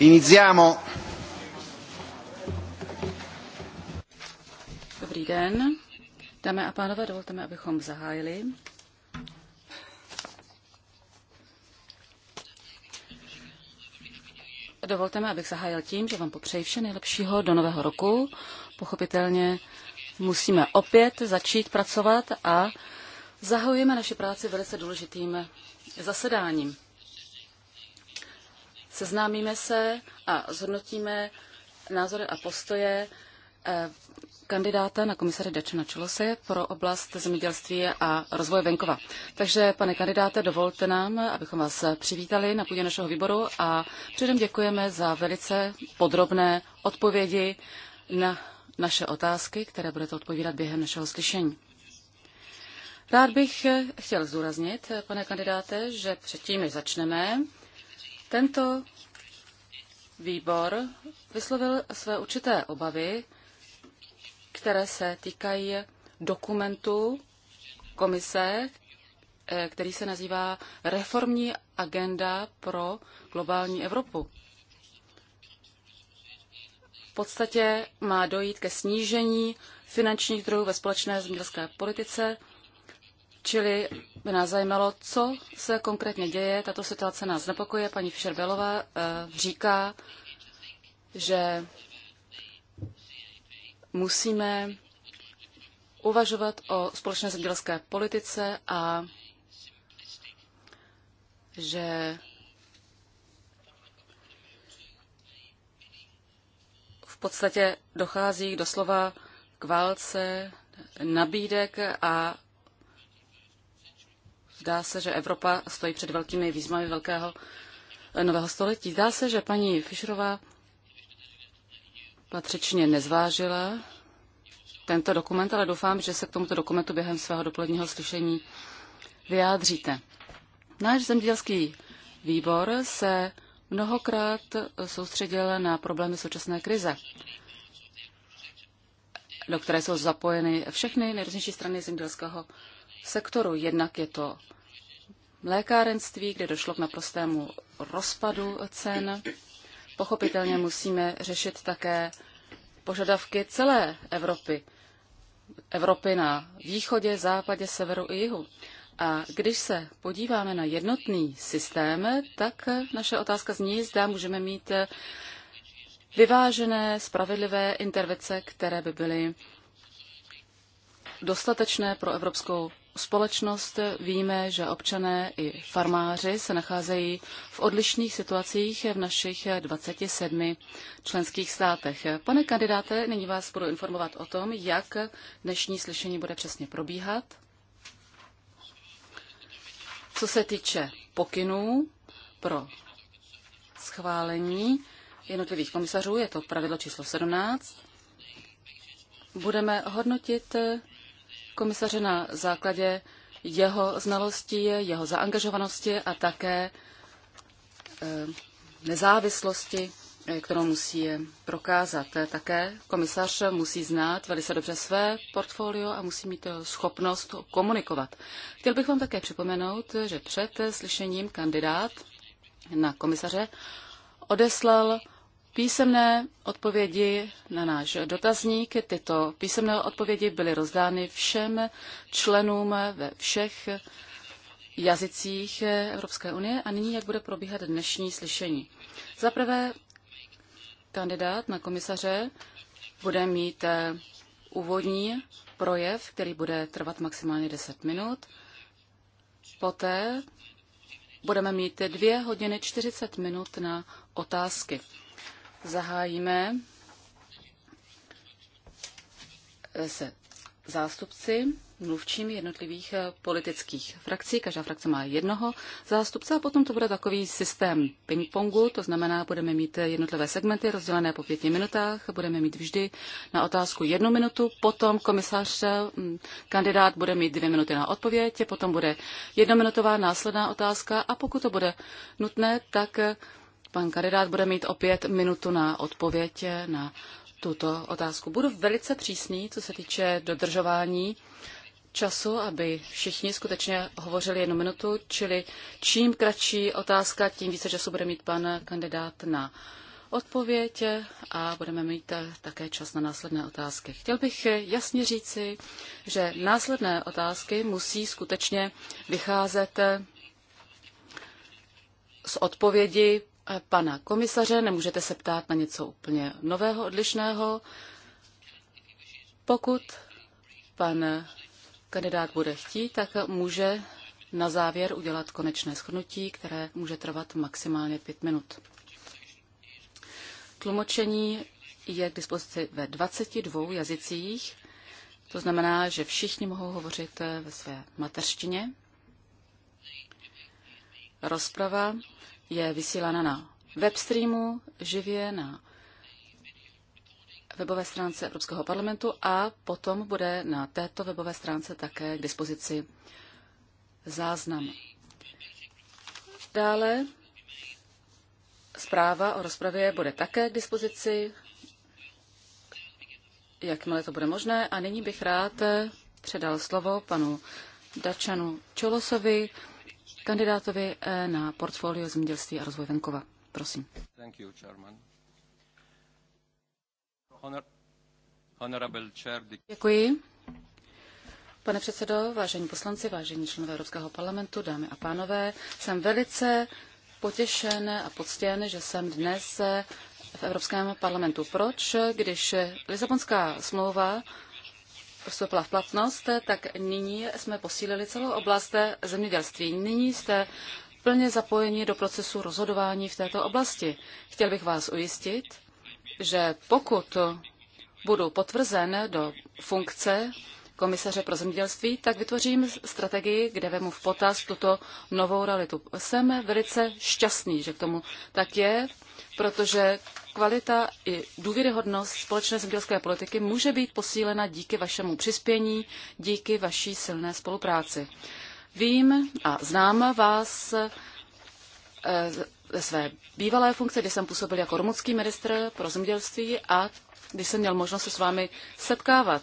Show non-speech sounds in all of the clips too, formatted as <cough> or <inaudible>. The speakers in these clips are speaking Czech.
Iniziamo. Dobrý den. Dámy a pánové, dovolte mi, abychom zahájili. Dovolte mi, abych zahájil tím, že vám popřeji vše nejlepšího do nového roku. Pochopitelně musíme opět začít pracovat a zahajujeme naši práci velice důležitým zasedáním. Seznámíme se a zhodnotíme názory a postoje eh, kandidáta na komisaře Dečena Čelose pro oblast zemědělství a rozvoje venkova. Takže, pane kandidáte, dovolte nám, abychom vás přivítali na půdě našeho výboru a předem děkujeme za velice podrobné odpovědi na naše otázky, které budete odpovídat během našeho slyšení. Rád bych chtěl zdůraznit, pane kandidáte, že předtím, než začneme, tento výbor vyslovil své určité obavy, které se týkají dokumentu komise, eh, který se nazývá Reformní agenda pro globální Evropu. V podstatě má dojít ke snížení finančních druhů ve společné zemědělské politice Čili by nás zajímalo, co se konkrétně děje. Tato situace nás nepokuje. Paní Fischerbelová eh, říká, že musíme uvažovat o společné zemědělské politice a že v podstatě dochází doslova k válce nabídek a Zdá se, že Evropa stojí před velkými výzvami velkého eh, nového století. Zdá se, že paní Fischerová patřičně nezvážila tento dokument, ale doufám, že se k tomuto dokumentu během svého dopoledního slyšení vyjádříte. Náš zemědělský výbor se mnohokrát soustředil na problémy současné krize, do které jsou zapojeny všechny nejrůznější strany zemědělského sektoru. Jednak je to mlékárenství, kde došlo k naprostému rozpadu cen. Pochopitelně musíme řešit také požadavky celé Evropy. Evropy na východě, západě, severu i jihu. A když se podíváme na jednotný systém, tak naše otázka zní, zda můžeme mít vyvážené, spravedlivé intervence, které by byly dostatečné pro evropskou společnost víme, že občané i farmáři se nacházejí v odlišných situacích v našich 27 členských státech. Pane kandidáte, nyní vás budu informovat o tom, jak dnešní slyšení bude přesně probíhat. Co se týče pokynů pro schválení jednotlivých komisařů, je to pravidlo číslo 17, budeme hodnotit komisaře na základě jeho znalostí, jeho zaangažovanosti a také eh, nezávislosti, eh, kterou musí prokázat. Také komisař musí znát velice dobře své portfolio a musí mít eh, schopnost komunikovat. Chtěl bych vám také připomenout, že před slyšením kandidát na komisaře odeslal písemné odpovědi na náš dotazník. Tyto písemné odpovědi byly rozdány všem členům ve všech jazycích Evropské unie. A nyní, jak bude probíhat dnešní slyšení. Za prvé, kandidát na komisaře bude mít eh, úvodní projev, který bude trvat maximálně 10 minut. Poté budeme mít dvě hodiny 40 minut na otázky zahájíme se zástupci, mluvčím jednotlivých eh, politických frakcí. Každá frakce má jednoho zástupce a potom to bude takový systém ping-pongu, to znamená, budeme mít eh, jednotlivé segmenty rozdělené po pěti minutách, budeme mít vždy na otázku jednu minutu, potom komisař, eh, kandidát bude mít dvě minuty na odpověď, potom bude jednominutová následná otázka a pokud to bude nutné, tak Pan kandidát bude mít opět minutu na odpověď eh, na tuto otázku. Budu velice přísný, co se týče dodržování času, aby všichni skutečně hovořili jednu minutu, čili čím kratší otázka, tím více času bude mít pan kandidát na odpověď eh, a budeme mít eh, také čas na následné otázky. Chtěl bych jasně říci, že následné otázky musí skutečně vycházet z odpovědi pana komisaře, nemůžete se ptát na něco úplně nového, odlišného. Pokud pan kandidát bude chtít, tak může na závěr udělat konečné shrnutí, které může trvat maximálně pět minut. Tlumočení je k dispozici ve 22 jazycích, to znamená, že všichni mohou hovořit ve své mateřštině. Rozprava je vysílána na webstreamu, živě na webové stránce Evropského parlamentu a potom bude na této webové stránce také k dispozici záznam. Dále zpráva o rozpravě bude také k dispozici, jakmile to bude možné. A nyní bych rád předal slovo panu Dačanu Čolosovi, kandidátovi eh, na portfolio zemědělství a rozvoj venkova. Prosím. Thank you, chairman. Honor, honorable chair... Děkuji. Pane předsedo, vážení poslanci, vážení členové Evropského parlamentu, dámy a pánové, jsem velice potěšen a poctěn, že jsem dnes eh, v Evropském parlamentu. Proč? Když eh, Lisabonská smlouva vstoupila v platnost, tak nyní jsme posílili celou oblast zemědělství. Nyní jste plně zapojeni do procesu rozhodování v této oblasti. Chtěl bych vás ujistit, že pokud budu potvrzen do funkce komisaře pro zemědělství, tak vytvořím strategii, kde vemu v potaz tuto novou realitu. Jsem velice šťastný, že k tomu tak je, protože kvalita i důvěryhodnost společné zemědělské politiky může být posílena díky vašemu přispění, díky vaší silné spolupráci. Vím a znám vás eh, ze své bývalé funkce, kdy jsem působil jako rumunský ministr pro zemědělství a když jsem měl možnost se s vámi setkávat.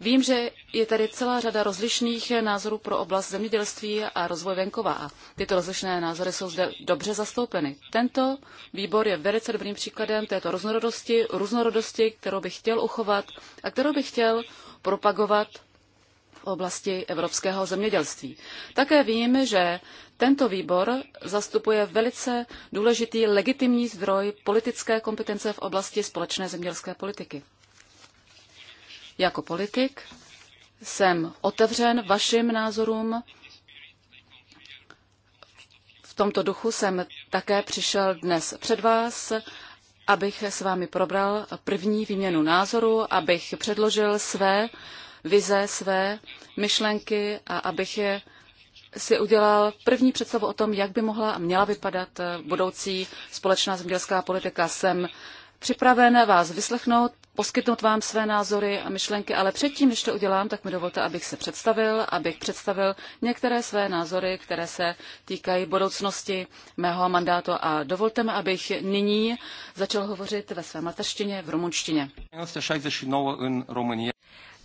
Vím, že je tady celá řada rozlišných názorů pro oblast zemědělství a rozvoj venkova a tyto rozlišné názory jsou zde dobře zastoupeny. Tento výbor je velice dobrým příkladem této různorodosti, různorodosti, kterou bych chtěl uchovat a kterou bych chtěl propagovat v oblasti evropského zemědělství. Také vím, že tento výbor zastupuje velice důležitý legitimní zdroj politické kompetence v oblasti společné zemědělské politiky. Jako politik jsem otevřen vašim názorům. V tomto duchu jsem také přišel dnes před vás, abych s vámi probral první výměnu názoru, abych předložil své vize, své myšlenky a abych je si udělal první představu o tom, jak by mohla a měla vypadat budoucí společná zemědělská politika. Jsem připraven vás vyslechnout, poskytnout vám své názory a myšlenky, ale předtím, než to udělám, tak mi dovolte, abych se představil, abych představil některé své názory, které se týkají budoucnosti mého mandátu a dovolte mi, abych nyní začal hovořit ve své mateřštině v rumunštině.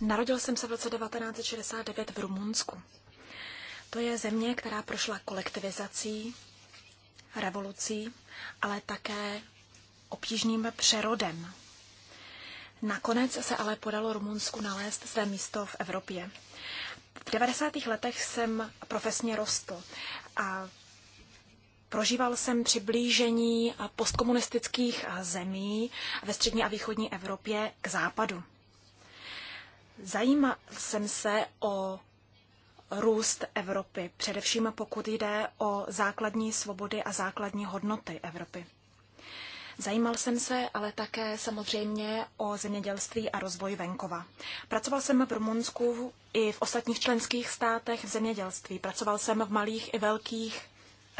Narodil jsem se v roce 1969 v Rumunsku. To je země, která prošla kolektivizací, revolucí, ale také obtížným přerodem Nakonec se ale podalo Rumunsku nalézt své místo v Evropě. V 90. letech jsem profesně rostl a prožíval jsem přiblížení postkomunistických zemí ve střední a východní Evropě k západu. Zajímal jsem se o růst Evropy, především pokud jde o základní svobody a základní hodnoty Evropy. Zajímal jsem se ale také samozřejmě o zemědělství a rozvoj venkova. Pracoval jsem v Rumunsku i v ostatních členských státech v zemědělství. Pracoval jsem v malých i velkých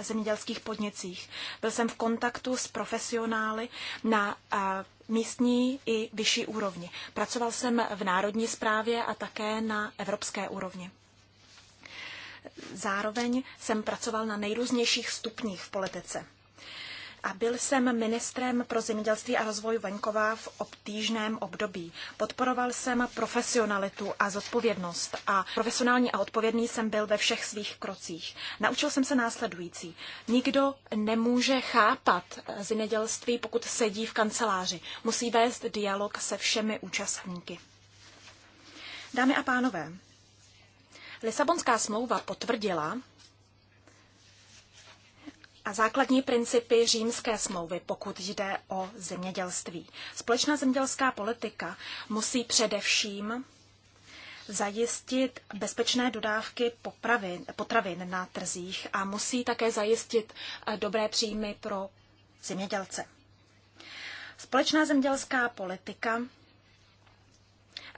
zemědělských podnicích. Byl jsem v kontaktu s profesionály na místní i vyšší úrovni. Pracoval jsem v národní správě a také na evropské úrovni. Zároveň jsem pracoval na nejrůznějších stupních v politice a byl jsem ministrem pro zemědělství a rozvoj venkova v obtížném období. Podporoval jsem profesionalitu a zodpovědnost a profesionální a odpovědný jsem byl ve všech svých krocích. Naučil jsem se následující. Nikdo nemůže chápat zemědělství, pokud sedí v kanceláři. Musí vést dialog se všemi účastníky. Dámy a pánové, Lisabonská smlouva potvrdila, a základní principy římské smlouvy, pokud jde o zemědělství. Společná zemědělská politika musí především zajistit bezpečné dodávky popravin, potravin na trzích a musí také zajistit eh, dobré příjmy pro zemědělce. Společná zemědělská politika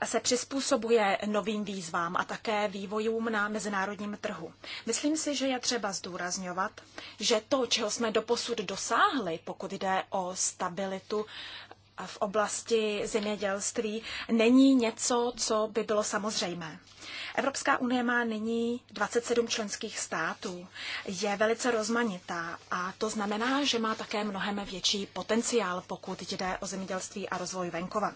se přizpůsobuje novým výzvám a také vývojům na mezinárodním trhu. Myslím si, že je třeba zdůrazňovat, že to, čeho jsme doposud dosáhli, pokud jde o stabilitu v oblasti zemědělství, není něco, co by bylo samozřejmé. Evropská unie má nyní 27 členských států, je velice rozmanitá a to znamená, že má také mnohem větší potenciál, pokud jde o zemědělství a rozvoj venkova.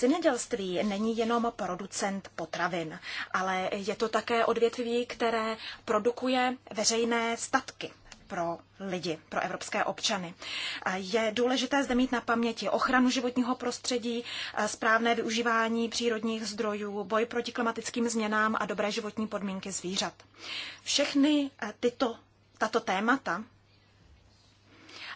Zemědělství není jenom producent potravin, ale je to také odvětví, které produkuje veřejné statky pro lidi, pro evropské občany. Je důležité zde mít na paměti ochranu životního prostředí, správné využívání přírodních zdrojů, boj proti klimatickým změnám a dobré životní podmínky zvířat. Všechny tyto, tato témata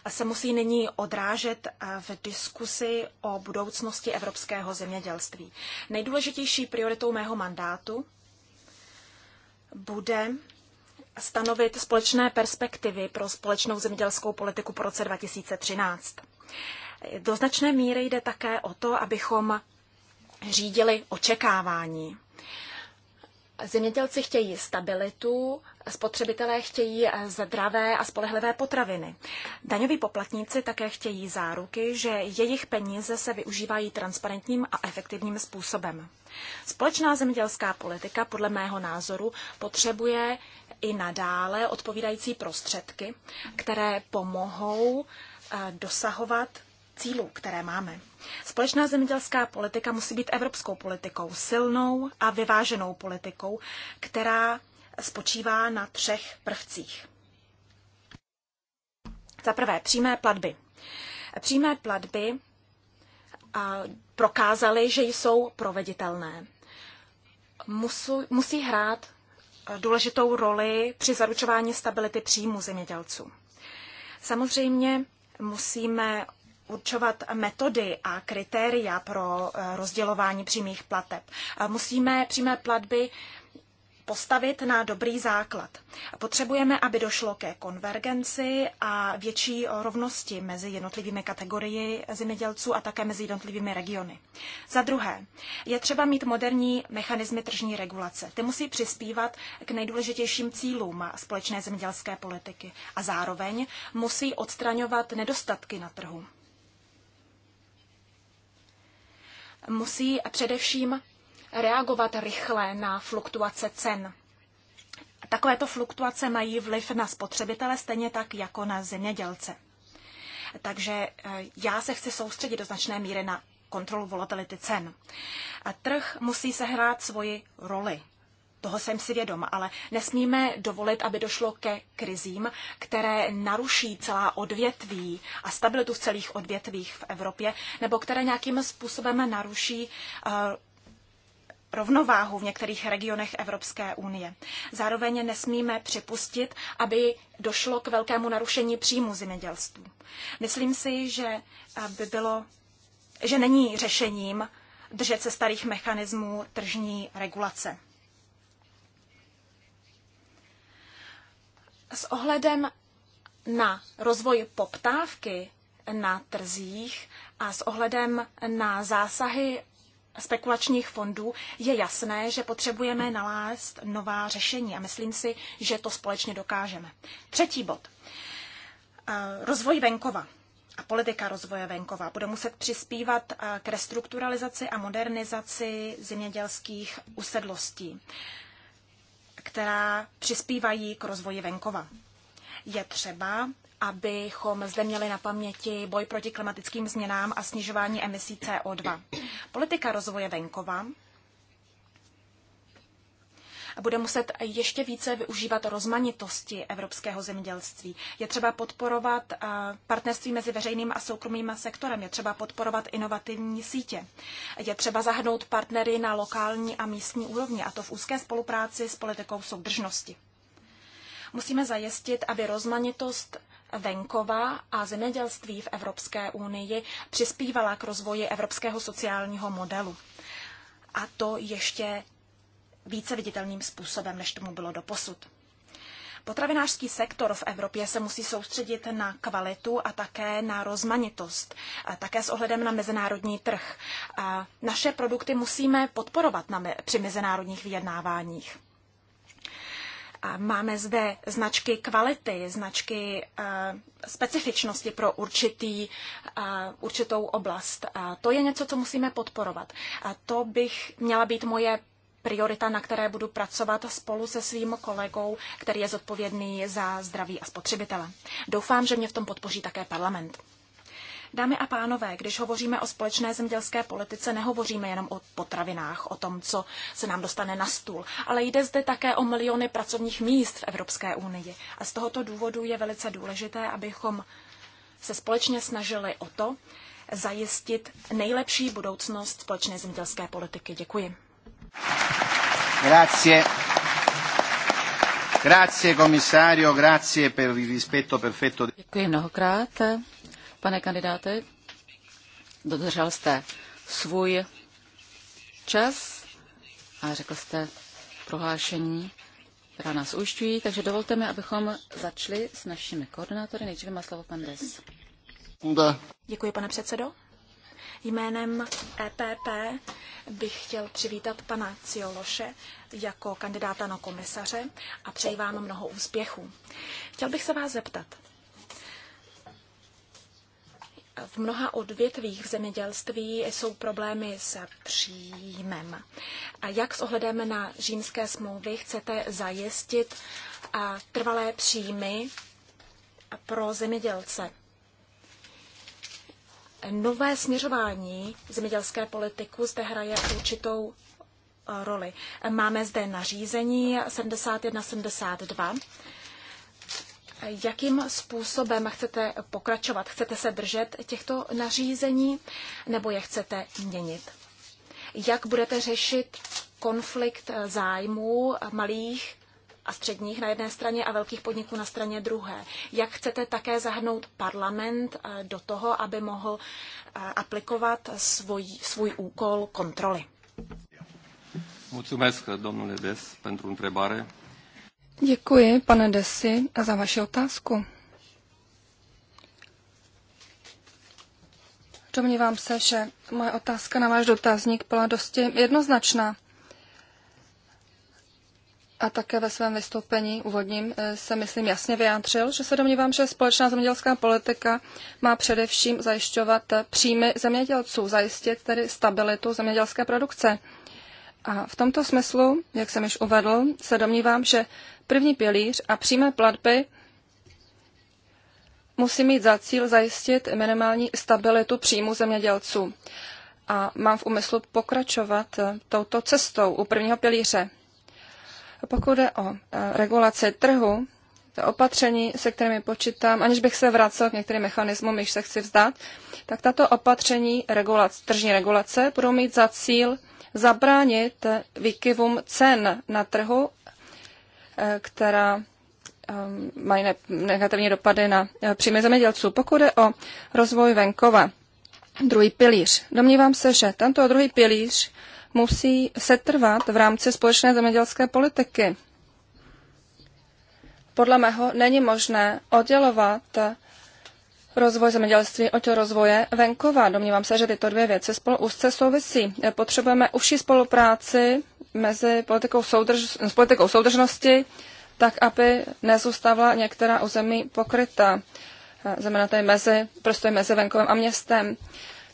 se musí nyní odrážet eh, v diskusi o budoucnosti evropského zemědělství. Nejdůležitější prioritou mého mandátu bude stanovit společné perspektivy pro společnou zemědělskou politiku po roce 2013. Do značné míry jde také o to, abychom řídili očekávání. Zemědělci chtějí stabilitu, spotřebitelé chtějí eh, zdravé a spolehlivé potraviny. Daňoví poplatníci také chtějí záruky, že jejich peníze se využívají transparentním a efektivním způsobem. Společná zemědělská politika podle mého názoru potřebuje i nadále odpovídající prostředky, které pomohou eh, dosahovat cílů, které máme. Společná zemědělská politika musí být evropskou politikou, silnou a vyváženou politikou, která spočívá na třech prvcích. Za prvé, přímé platby. Přímé platby prokázaly, že jsou proveditelné. Musu, musí hrát důležitou roli při zaručování stability příjmu zemědělců. Samozřejmě musíme určovat metody a kritéria pro eh, rozdělování přímých plateb. Musíme přímé platby postavit na dobrý základ. Potřebujeme, aby došlo ke konvergenci a větší rovnosti mezi jednotlivými kategorii zemědělců a také mezi jednotlivými regiony. Za druhé, je třeba mít moderní mechanismy tržní regulace. Ty musí přispívat k nejdůležitějším cílům společné zemědělské politiky a zároveň musí odstraňovat nedostatky na trhu. musí především reagovat rychle na fluktuace cen. Takovéto fluktuace mají vliv na spotřebitele stejně tak jako na zemědělce. Takže eh, já se chci soustředit do značné míry na kontrolu volatility cen. A trh musí sehrát svoji roli. Toho jsem si vědom, ale nesmíme dovolit, aby došlo ke krizím, které naruší celá odvětví a stabilitu v celých odvětvích v Evropě, nebo které nějakým způsobem naruší uh, rovnováhu v některých regionech Evropské unie. Zároveň nesmíme připustit, aby došlo k velkému narušení příjmu zemědělství. Myslím si, že eh, by bylo, že není řešením držet se starých mechanismů tržní regulace. S ohledem na rozvoj poptávky na trzích a s ohledem na zásahy spekulačních fondů je jasné, že potřebujeme nalézt nová řešení a myslím si, že to společně dokážeme. Třetí bod. Eh, rozvoj venkova a politika rozvoje venkova bude muset přispívat eh, k restrukturalizaci a modernizaci zemědělských usedlostí která přispívají k rozvoji venkova. Je třeba, abychom zde měli na paměti boj proti klimatickým změnám a snižování emisí CO2. Politika rozvoje venkova bude muset ještě více využívat rozmanitosti evropského zemědělství. Je třeba podporovat eh, partnerství mezi veřejným a soukromým sektorem, je třeba podporovat inovativní sítě, je třeba zahrnout partnery na lokální a místní úrovni, a to v úzké spolupráci s politikou soudržnosti. Musíme zajistit, aby rozmanitost venkova a zemědělství v Evropské unii přispívala k rozvoji evropského sociálního modelu. A to ještě více viditelným způsobem, než tomu bylo doposud. Potravinářský sektor v Evropě se musí soustředit na kvalitu a také na rozmanitost, také s ohledem na mezinárodní trh. Naše produkty musíme podporovat na, při mezinárodních vyjednáváních. Máme zde značky kvality, značky specifičnosti pro určitý, určitou oblast. To je něco, co musíme podporovat. To bych měla být moje priorita, na které budu pracovat spolu se svým kolegou, který je zodpovědný za zdraví a spotřebitele. Doufám, že mě v tom podpoří také parlament. Dámy a pánové, když hovoříme o společné zemědělské politice, nehovoříme jenom o potravinách, o tom, co se nám dostane na stůl, ale jde zde také o miliony pracovních míst v Evropské unii. A z tohoto důvodu je velice důležité, abychom se společně snažili o to, zajistit nejlepší budoucnost společné zemědělské politiky. Děkuji. Grazie. Grazie, komisario, grazie per il rispetto perfetto. Děkuji mnohokrát, pane kandidáte. Dodržel jste svůj čas a řekl jste prohlášení, která nás ujišťují, takže dovolte mi, abychom začali s našimi koordinátory. Nejdříve má slovo pan Des. Děkuji, pane předsedo. Jménem EPP bych chtěl přivítat pana Ciološe jako kandidáta na komisaře a přeji vám mnoho úspěchů. Chtěl bych se vás zeptat. V mnoha odvětvích v zemědělství jsou problémy s příjmem. A jak s ohledem na římské smlouvy chcete zajistit trvalé příjmy pro zemědělce? nové směřování zemědělské politiku zde hraje určitou eh, roli. Máme zde nařízení 71-72. Jakým způsobem chcete pokračovat? Chcete se držet těchto nařízení nebo je chcete měnit? Jak budete řešit konflikt eh, zájmů eh, malých a středních na jedné straně a velkých podniků na straně druhé. Jak chcete také zahrnout parlament eh, do toho, aby mohl eh, aplikovat svůj, svůj úkol kontroly? Mulțumesc, domnule Des, pentru întrebare. Děkuji, pane Desi, za vaši otázku. Domnívám se, že moje otázka na váš dotazník byla dosti jednoznačná a také ve svém vystoupení úvodním eh, se, myslím, jasně vyjádřil, že se domnívám, že společná zemědělská politika má především zajišťovat eh, příjmy zemědělců, zajistit tedy stabilitu zemědělské produkce. A v tomto smyslu, jak jsem již uvedl, se domnívám, že první pilíř a přímé platby musí mít za cíl zajistit minimální stabilitu příjmu zemědělců. A mám v úmyslu pokračovat eh, touto cestou u prvního pilíře. Pokud jde o e, regulaci trhu, to opatření, se kterými počítám, aniž bych se vracel k některým mechanismům, již se chci vzdát, tak tato opatření regulace, tržní regulace budou mít za cíl zabránit výkyvům cen na trhu, e, která e, mají negativní dopady na příjmy zemědělců. Pokud jde o rozvoj venkova, druhý pilíř. Domnívám se, že tento druhý pilíř musí setrvat v rámci společné zemědělské politiky. Podle mého není možné oddělovat rozvoj zemědělství od rozvoje venkova. Domnívám se, že tyto dvě věci spolu úzce souvisí. Potřebujeme užší spolupráci mezi politikou, soudrž, s politikou soudržnosti, tak aby nezůstala některá území pokryta, eh, znamená mezi, prostě mezi venkovem a městem.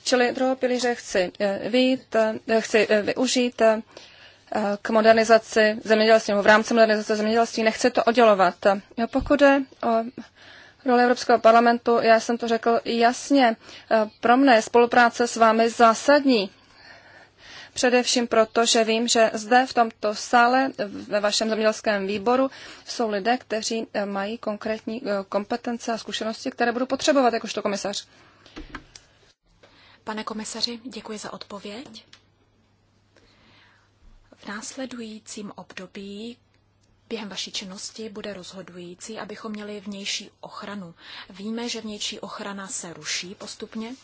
Čili druhého pilíře chci, eh, vít, eh, chci eh, využít k modernizaci zemědělství nebo v rámci modernizace zemědělství. Nechci to oddělovat. Pokud je o roli Evropského parlamentu, já jsem to řekl jasně. Pro mne je spolupráce s vámi zásadní. Především proto, že vím, že zde v tomto sále, ve vašem zemědělském výboru, jsou lidé, kteří mají konkrétní kompetence a zkušenosti, které budu potřebovat jakožto komisař. Pane komisaři, děkuji za odpověď. V následujícím období během vaší činnosti bude rozhodující, abychom měli vnější ochranu. Víme, že vnější ochrana se ruší postupně.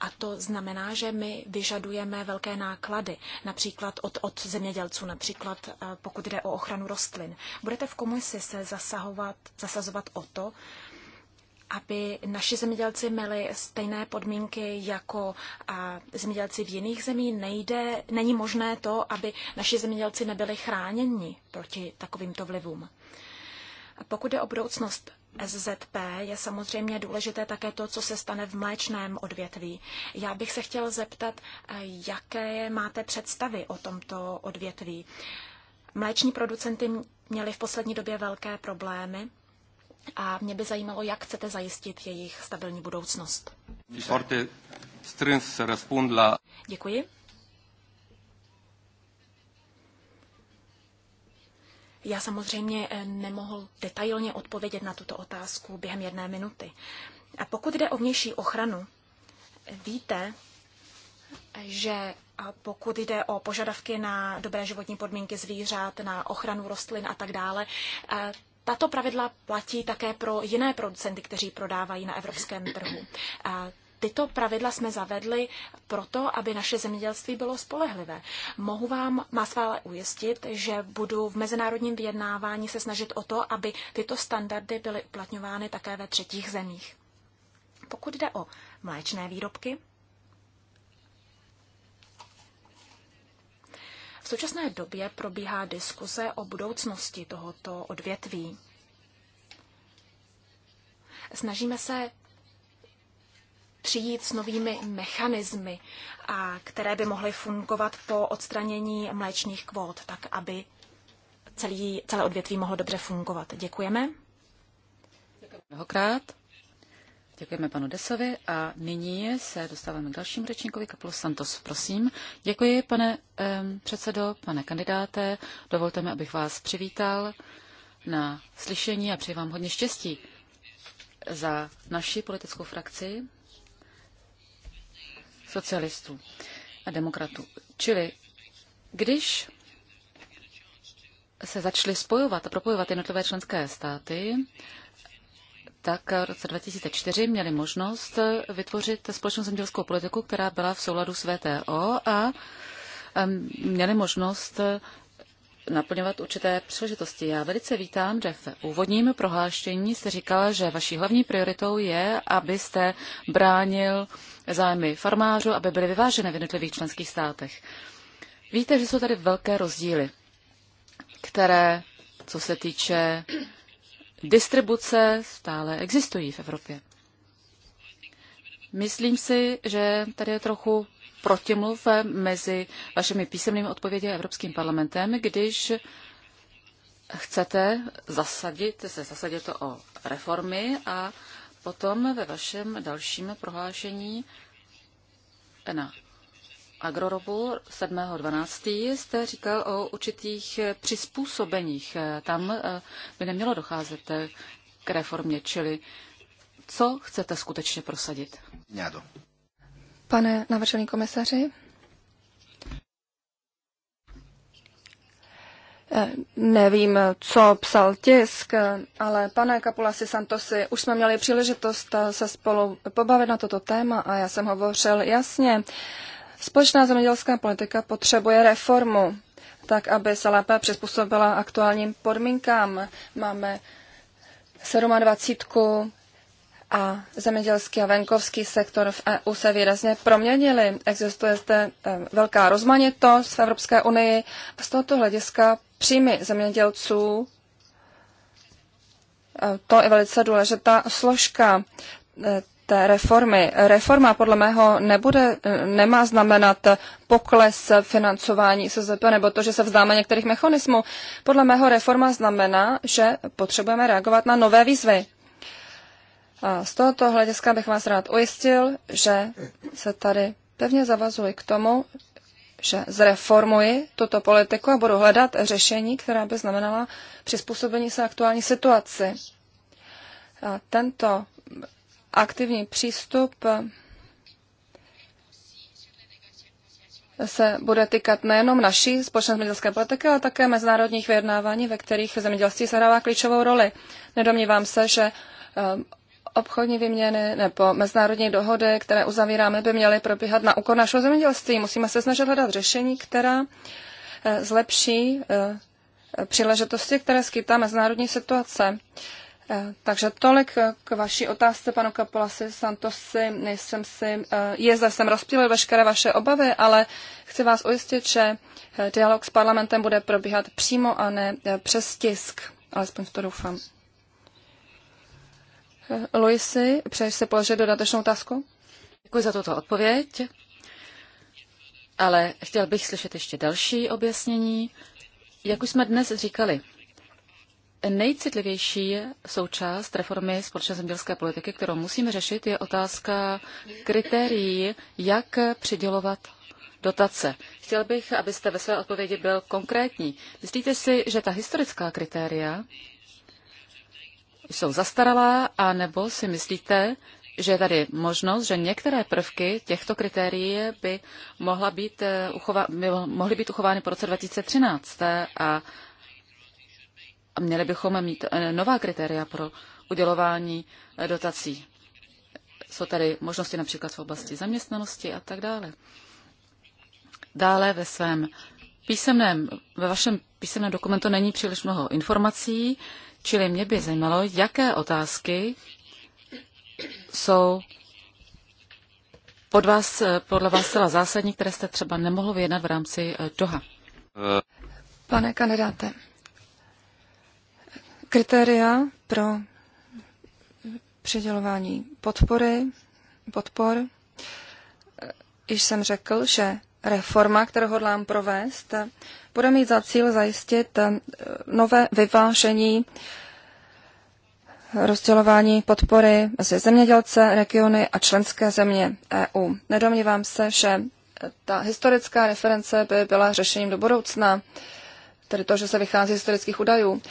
A to znamená, že my vyžadujeme velké náklady, například od, od zemědělců, například eh, pokud jde o ochranu rostlin. Budete v komisi se zasahovat, zasazovat o to, aby naši zemědělci měli stejné podmínky jako zemědělci v jiných zemí. Nejde, není možné to, aby naši zemědělci nebyli chráněni proti takovýmto vlivům. A pokud je o budoucnost SZP, je samozřejmě důležité také to, co se stane v mléčném odvětví. Já bych se chtěl zeptat, e, jaké máte představy o tomto odvětví. Mléční producenty měli v poslední době velké problémy a mě by zajímalo, jak chcete zajistit jejich stabilní budoucnost. Děkuji. Já samozřejmě eh, nemohl detailně odpovědět na tuto otázku během jedné minuty. A pokud jde o vnější ochranu, víte, že pokud jde o požadavky na dobré životní podmínky zvířat, na ochranu rostlin a tak dále, eh, tato pravidla platí také pro jiné producenty, kteří prodávají na evropském trhu. Tyto pravidla jsme zavedli proto, aby naše zemědělství bylo spolehlivé. Mohu vám má svále ujistit, že budu v mezinárodním vyjednávání se snažit o to, aby tyto standardy byly uplatňovány také ve třetích zemích. Pokud jde o mléčné výrobky, V současné době probíhá diskuse o budoucnosti tohoto odvětví. Snažíme se přijít s novými mechanismy, a které by mohly fungovat po odstranění mléčných kvót, tak aby celý, celé odvětví mohlo dobře fungovat. Děkujeme. Děkujeme mnohokrát. Děkujeme panu Desovi a nyní se dostáváme k dalšímu řečníkovi, Kapulu Santos, prosím. Děkuji, pane um, předsedo, pane kandidáte. Dovolte mi, abych vás přivítal na slyšení a přeji vám hodně štěstí za naši politickou frakci socialistů a demokratů. Čili když se začaly spojovat a propojovat jednotlivé členské státy, tak v roce 2004 měli možnost vytvořit společnou zemědělskou politiku, která byla v souladu s VTO a měli možnost naplňovat určité příležitosti. Já velice vítám, že v úvodním prohlášení jste říkala, že vaší hlavní prioritou je, abyste bránil zájmy farmářů, aby byly vyvážené v jednotlivých členských státech. Víte, že jsou tady velké rozdíly, které, co se týče distribuce stále existují v Evropě. Myslím si, že tady je trochu protimluv mezi vašimi písemnými odpovědi a Evropským parlamentem, když chcete zasadit, se zasadit o reformy a potom ve vašem dalším prohlášení na Agroropu 7.12. jste říkal o určitých přizpůsobeních. Tam eh, by nemělo docházet eh, k reformě, čili co chcete skutečně prosadit? Nědo. Pane navržený komisaři, eh, Nevím, co psal tisk, ale pane Kapulasi Santosi, už jsme měli příležitost se spolu pobavit na toto téma a já jsem hovořil jasně. Společná zemědělská politika potřebuje reformu, tak aby se lépe přizpůsobila aktuálním podmínkám. Máme 27 a zemědělský a venkovský sektor v EU se výrazně proměnili. Existuje zde eh, velká rozmanitost v Evropské unii a z tohoto hlediska příjmy zemědělců eh, to je velice důležitá složka. Eh, té reformy. Reforma podle mého nebude, nemá znamenat pokles financování SZP nebo to, že se vzdáme některých mechanismů. Podle mého reforma znamená, že potřebujeme reagovat na nové výzvy. A z tohoto hlediska bych vás rád ujistil, že se tady pevně zavazuji k tomu, že zreformuji tuto politiku a budu hledat řešení, která by znamenala přizpůsobení se aktuální situaci. A tento aktivní přístup se bude týkat nejenom naší společné zemědělské politiky, ale také mezinárodních vyjednávání, ve kterých zemědělství sehrává klíčovou roli. Nedomnívám se, že ehm, obchodní výměny nebo mezinárodní dohody, které uzavíráme, by měly probíhat na úkor našeho zemědělství. Musíme se snažit hledat řešení, která eh, zlepší eh, příležitosti, které skýtá mezinárodní situace. Eh, takže tolik eh, k vaší otázce, panu Kapolasi Santosi. Nejsem si, eh, je zde jsem rozptýlil veškeré vaše obavy, ale chci vás ujistit, že dialog s parlamentem bude probíhat přímo a ne přes tisk. Alespoň to doufám. Luisi, přeješ se položit dodatečnou otázku? Děkuji za tuto odpověď, ale chtěl bych slyšet ještě další objasnění. Jak už jsme dnes říkali, Nejcitlivější součást reformy společné zemědělské politiky, kterou musíme řešit, je otázka kritérií, jak přidělovat dotace. Chtěl bych, abyste ve své odpovědi byl konkrétní. Myslíte si, že ta historická kritéria jsou zastaralá, anebo si myslíte, že je tady možnost, že některé prvky těchto kritérií by, mohla být eh, uchova, by mohly být uchovány po roce 2013 a měli bychom mít eh, nová kritéria pro udělování eh, dotací. Jsou tady možnosti například v oblasti zaměstnanosti a tak dále. Dále ve svém písemném, ve vašem písemném dokumentu není příliš mnoho informací, čili mě by zajímalo, jaké otázky jsou pod vás, eh, podle vás zcela zásadní, které jste třeba nemohl vyjednat v rámci Doha. Pane kandidáte, Kritéria pro přidělování podpory, podpor, již jsem řekl, že reforma, kterou hodlám provést, bude mít za cíl zajistit eh, nové vyvážení rozdělování podpory mezi zemědělce, regiony a členské země EU. Nedomnívám se, že ta historická reference by byla řešením do budoucna, tedy to, že se vychází z historických údajů.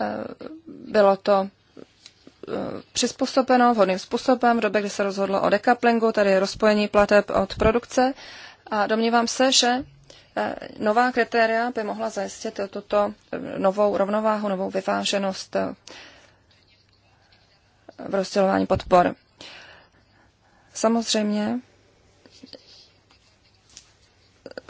Eh, bylo to eh, přizpůsobeno vhodným způsobem v době, kdy se rozhodlo o dekaplingu, tedy rozpojení plateb od produkce. A domnívám se, že eh, nová kritéria by mohla zajistit tuto novou rovnováhu, novou vyváženost v rozdělování podpor. Samozřejmě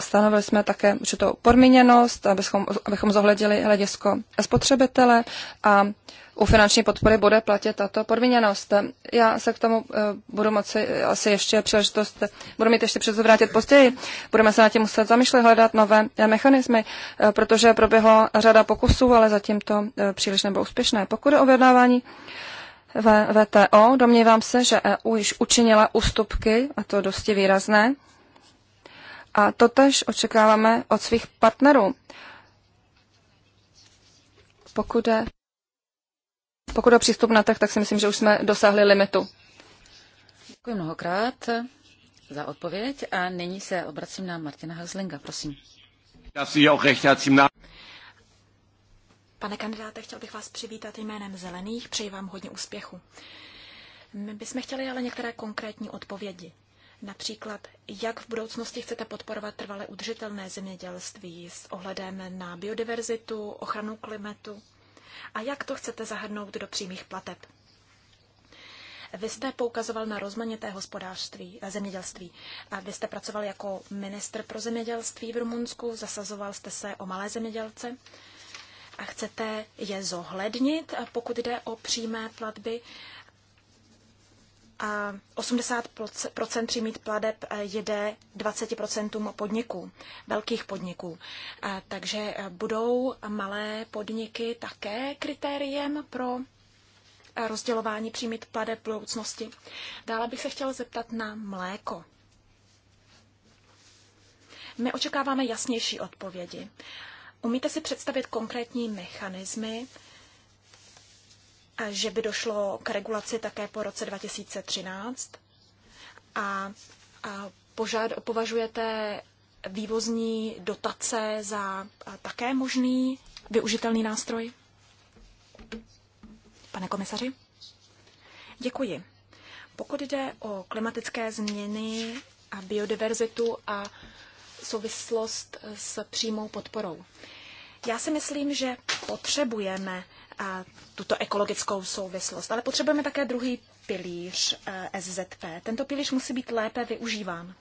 stanovili jsme také určitou podmíněnost, abychom, abychom zohledili hledisko spotřebitele a u finanční podpory bude platit tato podmíněnost. Já se k tomu eh, budu moci eh, asi ještě příležitost, budu mít ještě před vrátit později. Budeme se na tím muset zamýšlet, hledat nové eh, mechanismy, protože proběhla řada pokusů, ale zatím to příliš nebylo úspěšné. Pokud je o vyjednávání VTO, domnívám se, že EU již učinila ústupky, a to dosti výrazné, a totež očekáváme od svých partnerů. Pokud je, pokud je přístup na trh, tak si myslím, že už jsme dosáhli limitu. Děkuji mnohokrát za odpověď a nyní se obracím na Martina Hauslinga, prosím. Pane kandidáte, chtěl bych vás přivítat jménem Zelených, přeji vám hodně úspěchu. My bychom chtěli ale některé konkrétní odpovědi. Například, jak v budoucnosti chcete podporovat trvale udržitelné zemědělství s ohledem na biodiverzitu, ochranu klimatu a jak to chcete zahrnout do přímých plateb. Vy jste poukazoval na rozmanité hospodářství, eh, a zemědělství. Vy jste pracoval jako minister pro zemědělství v Rumunsku, zasazoval jste se o malé zemědělce a chcete je zohlednit, eh, pokud jde o přímé platby 80 přímých pladeb jde 20 podniků, velkých podniků. Eh, takže eh, budou malé podniky také kritériem pro eh, rozdělování přímých pladeb v budoucnosti. Dále bych se chtěla zeptat na mléko. My očekáváme jasnější odpovědi. Umíte si představit konkrétní mechanismy, že by došlo k regulaci také po roce 2013 a, a požád, považujete vývozní dotace za také možný využitelný nástroj? Pane komisaři? Děkuji. Pokud jde o klimatické změny a biodiverzitu a souvislost s přímou podporou, já si myslím, že potřebujeme tuto ekologickou souvislost. Ale potřebujeme také druhý pilíř eh, SZP. Tento pilíř musí být lépe využíván.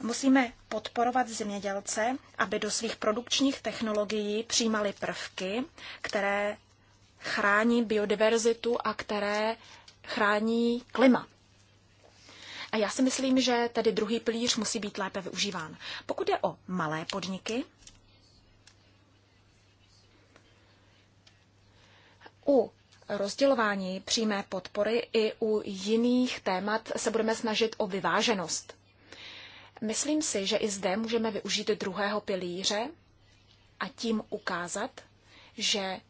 Musíme podporovat zemědělce, aby do svých produkčních technologií přijímali prvky, které chrání biodiverzitu a které chrání klima. A já si myslím, že tedy druhý pilíř musí být lépe využíván. Pokud je o malé podniky, U rozdělování přímé podpory i u jiných témat se budeme snažit o vyváženost. Myslím si, že i zde můžeme využít druhého pilíře a tím ukázat, že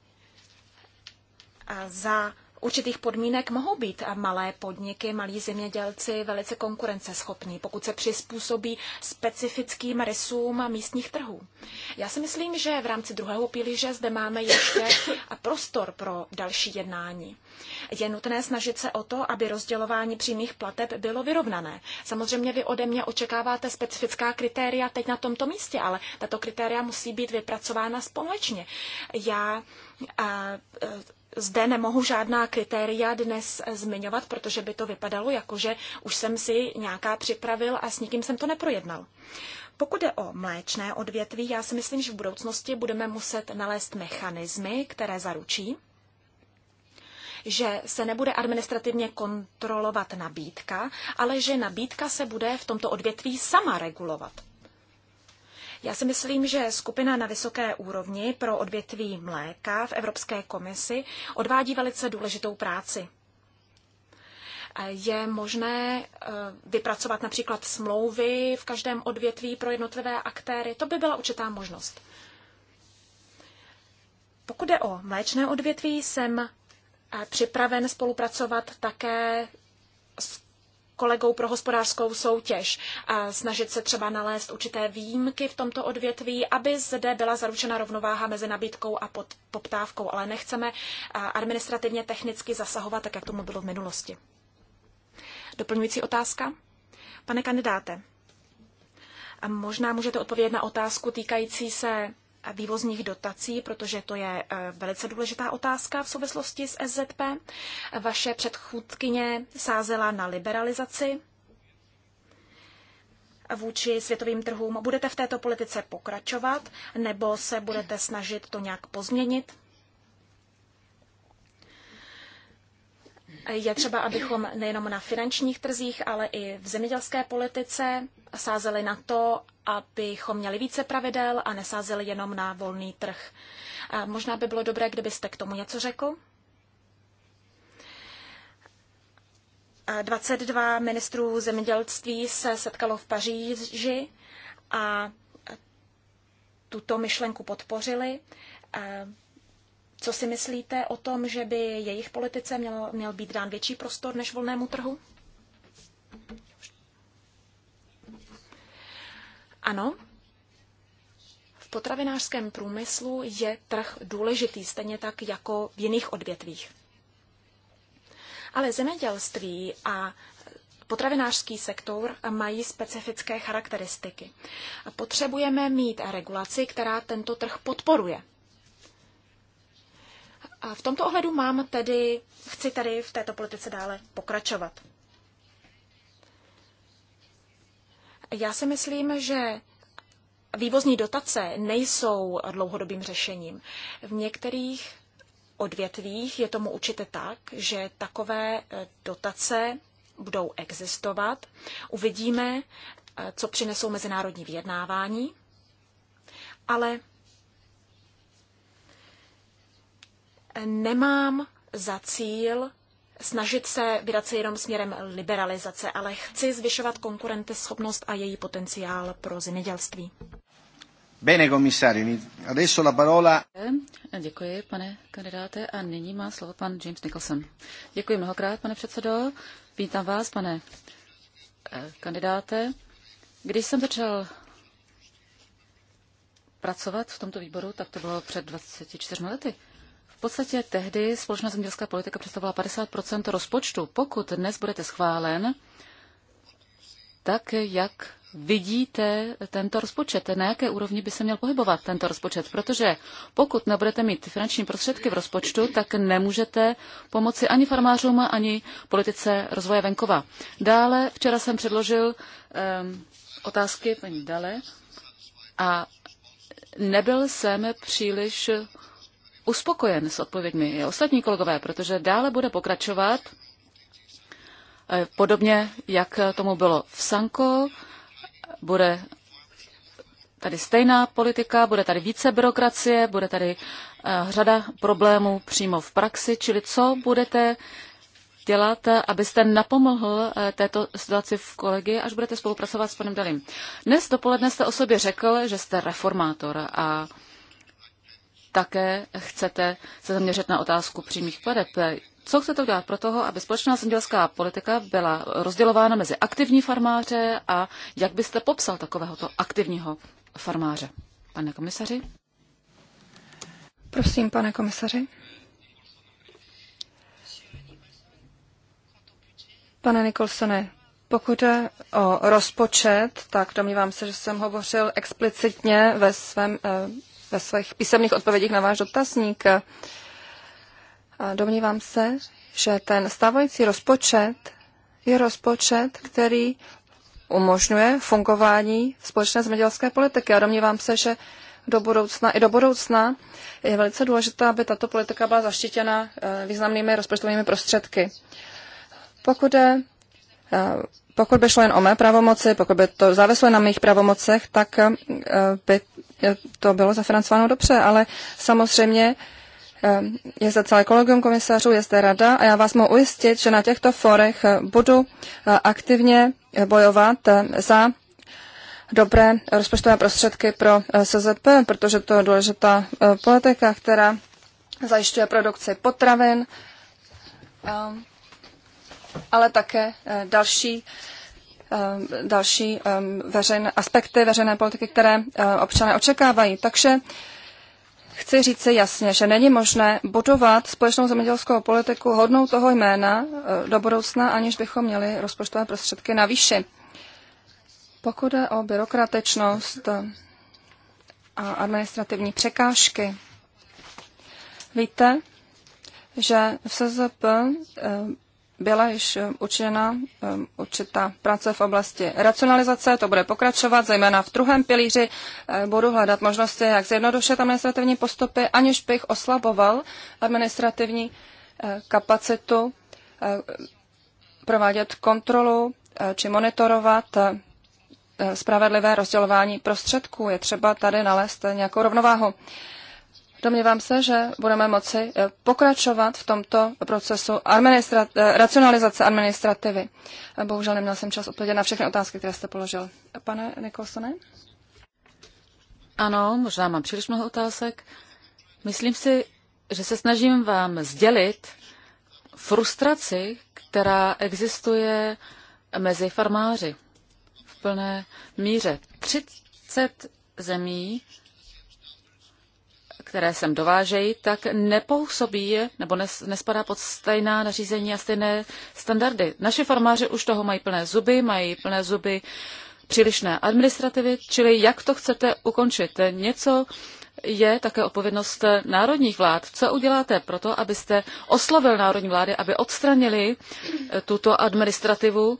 za určitých podmínek mohou být malé podniky, malí zemědělci velice konkurenceschopní, pokud se přizpůsobí specifickým rysům místních trhů. Já si myslím, že v rámci druhého pilíře zde máme ještě prostor pro další jednání. Je nutné snažit se o to, aby rozdělování přímých plateb bylo vyrovnané. Samozřejmě vy ode mě očekáváte specifická kritéria teď na tomto místě, ale tato kritéria musí být vypracována společně. Já a, a, e, zde nemohu žádná kritéria dnes zmiňovat, protože by to vypadalo jako, že už jsem si nějaká připravil a s nikým jsem to neprojednal. Pokud je o mléčné odvětví, já si myslím, že v budoucnosti budeme muset nalézt mechanismy, které zaručí, že se nebude administrativně kontrolovat nabídka, ale že nabídka se bude v tomto odvětví sama regulovat. Já si myslím, že skupina na vysoké úrovni pro odvětví mléka v Evropské komisi odvádí velice důležitou práci. Je možné eh, vypracovat například smlouvy v každém odvětví pro jednotlivé aktéry. To by byla určitá možnost. Pokud jde o mléčné odvětví, jsem eh, připraven spolupracovat také s kolegou pro hospodářskou soutěž, snažit se třeba nalézt určité výjimky v tomto odvětví, aby zde byla zaručena rovnováha mezi nabídkou a pod, poptávkou, ale nechceme administrativně technicky zasahovat, tak jak tomu bylo v minulosti. Doplňující otázka? Pane kandidáte, možná můžete odpovědět na otázku týkající se vývozních dotací, protože to je eh, velice důležitá otázka v souvislosti s SZP. Vaše předchůdkyně sázela na liberalizaci vůči světovým trhům. Budete v této politice pokračovat nebo se budete snažit to nějak pozměnit? Je třeba, abychom nejenom na finančních trzích, ale i v zemědělské politice sázeli na to, abychom měli více pravidel a nesázeli jenom na volný trh. Možná by bylo dobré, kdybyste k tomu něco řekl. 22 ministrů zemědělství se setkalo v Paříži a tuto myšlenku podpořili. Co si myslíte o tom, že by jejich politice měl, měl být dán větší prostor než volnému trhu? Ano, v potravinářském průmyslu je trh důležitý, stejně tak jako v jiných odvětvích. Ale zemědělství a potravinářský sektor mají specifické charakteristiky. Potřebujeme mít regulaci, která tento trh podporuje. A v tomto ohledu mám tedy, chci tady v této politice dále pokračovat. Já si myslím, že vývozní dotace nejsou dlouhodobým řešením. V některých odvětvích je tomu určitě tak, že takové eh, dotace budou existovat. Uvidíme, eh, co přinesou mezinárodní vyjednávání, ale nemám za cíl snažit se vydat se jenom směrem liberalizace, ale chci zvyšovat konkurenteschopnost a její potenciál pro zemědělství. Bene, komisari, adesso la parola... Děkuji, pane kandidáte, a nyní má slovo pan James Nicholson. Děkuji mnohokrát, pane předsedo. Vítám vás, pane eh, kandidáte. Když jsem začal pracovat v tomto výboru, tak to bylo před 24 lety. V podstatě tehdy společná zemědělská politika představovala 50 rozpočtu. Pokud dnes budete schválen, tak jak vidíte tento rozpočet? Na jaké úrovni by se měl pohybovat tento rozpočet? Protože pokud nebudete mít finanční prostředky v rozpočtu, tak nemůžete pomoci ani farmářům, ani politice rozvoje venkova. Dále včera jsem předložil um, otázky paní Dale a nebyl jsem příliš uspokojen s odpověďmi i ostatní kolegové, protože dále bude pokračovat eh, podobně, jak tomu bylo v Sanko, bude tady stejná politika, bude tady více byrokracie, bude tady eh, řada problémů přímo v praxi, čili co budete dělat, abyste napomohl eh, této situaci v kolegy, až budete spolupracovat s panem Dalím. Dnes dopoledne jste o sobě řekl, že jste reformátor a také chcete se zaměřit na otázku přímých pladeb. Co chcete udělat pro toho, aby společná zemědělská politika byla rozdělována mezi aktivní farmáře a jak byste popsal takovéhoto aktivního farmáře? Pane komisaři? Prosím, pane komisaři. Pane Nikolsone, pokud je o rozpočet, tak domnívám se, že jsem hovořil explicitně ve svém eh, ve svých písemných odpovědích na váš dotazník. Domnívám se, že ten stávající rozpočet je rozpočet, který umožňuje fungování společné zemědělské politiky. A domnívám se, že do budoucna, i do budoucna je velice důležité, aby tato politika byla zaštítěna eh, významnými rozpočtovými prostředky. Pokud je Eh, pokud by šlo jen o mé pravomoci, pokud by to záveslo na mých pravomocech, tak eh, by to bylo zafinancováno dobře, ale samozřejmě eh, je zde celé kolegium komisařů, je zde rada a já vás mohu ujistit, že na těchto forech budu aktivně bojovat za dobré rozpočtové prostředky pro SZP, protože to je důležitá politika, která zajišťuje produkci potravin ale také eh, další eh, další eh, veřejné, aspekty veřejné politiky, které občané očekávají. Takže chci říct si jasně, že není možné budovat společnou zemědělskou politiku hodnou toho jména do budoucna, aniž bychom měli rozpočtové prostředky na výši. Pokud je o byrokratečnost a administrativní překážky, víte, že v SZP byla již eh, učiněna eh, určitá práce v oblasti racionalizace, to bude pokračovat, zejména v druhém pilíři eh, budu hledat možnosti, jak zjednodušit administrativní postupy, aniž bych oslaboval administrativní kapacitu provádět kontrolu či monitorovat spravedlivé rozdělování prostředků. Je třeba tady nalézt nějakou rovnováhu. Domnívám se, že budeme moci eh, pokračovat v tomto procesu administrat- eh, racionalizace administrativy. Eh, Bohužel neměl jsem čas odpovědět na všechny otázky, které jste položil. Pane Nikolsone? Ano, možná mám příliš mnoho otázek. Myslím si, že se snažím vám sdělit frustraci, která existuje mezi farmáři v plné míře. 30 zemí které sem dovážejí, tak nepůsobí nebo nespadá pod stejná nařízení a stejné standardy. Naši farmáři už toho mají plné zuby, mají plné zuby přílišné administrativy, čili jak to chcete ukončit? Něco je také odpovědnost národních vlád. Co uděláte pro to, abyste oslovil národní vlády, aby odstranili eh, tuto administrativu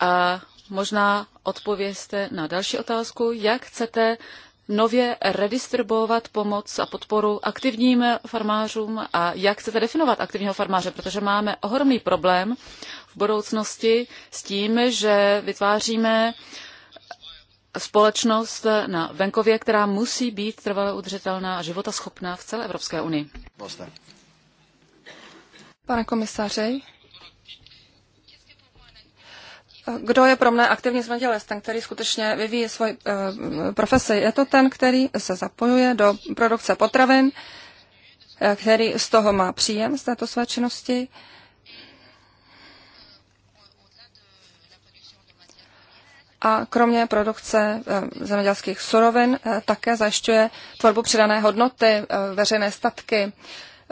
a možná odpověste na další otázku, jak chcete nově redistribuovat pomoc a podporu aktivním farmářům a jak chcete definovat aktivního farmáře, protože máme ohromný problém v budoucnosti s tím, že vytváříme společnost na venkově, která musí být trvale udržitelná a životaschopná v celé Evropské unii. Pane komisaři, kdo je pro mne aktivní zemědělec, ten, který skutečně vyvíjí svoji uh, profesi? Je to ten, který se zapojuje do produkce potravin, eh, který z toho má příjem z této své činnosti. A kromě produkce eh, zemědělských surovin také zajišťuje tvorbu přidané hodnoty, veřejné statky,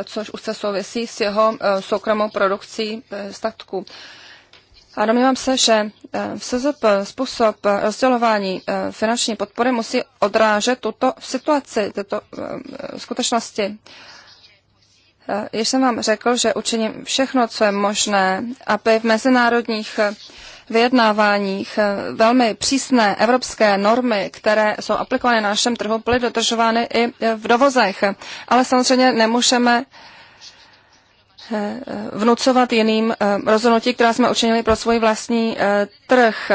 což už se souvisí s jeho e, soukromou produkcí statků. A domnívám se, že v eh, SZP způsob eh, rozdělování eh, finanční podpory musí odrážet tuto situaci, tyto skutečnosti. Již jsem vám řekl, že učiním všechno, co je možné, aby v mezinárodních vyjednáváních velmi přísné evropské normy, které jsou aplikovány na našem trhu, byly dodržovány i v dovozech. Ale samozřejmě nemůžeme Eh, vnucovat jiným eh, rozhodnutí, která jsme učinili pro svůj vlastní eh, trh.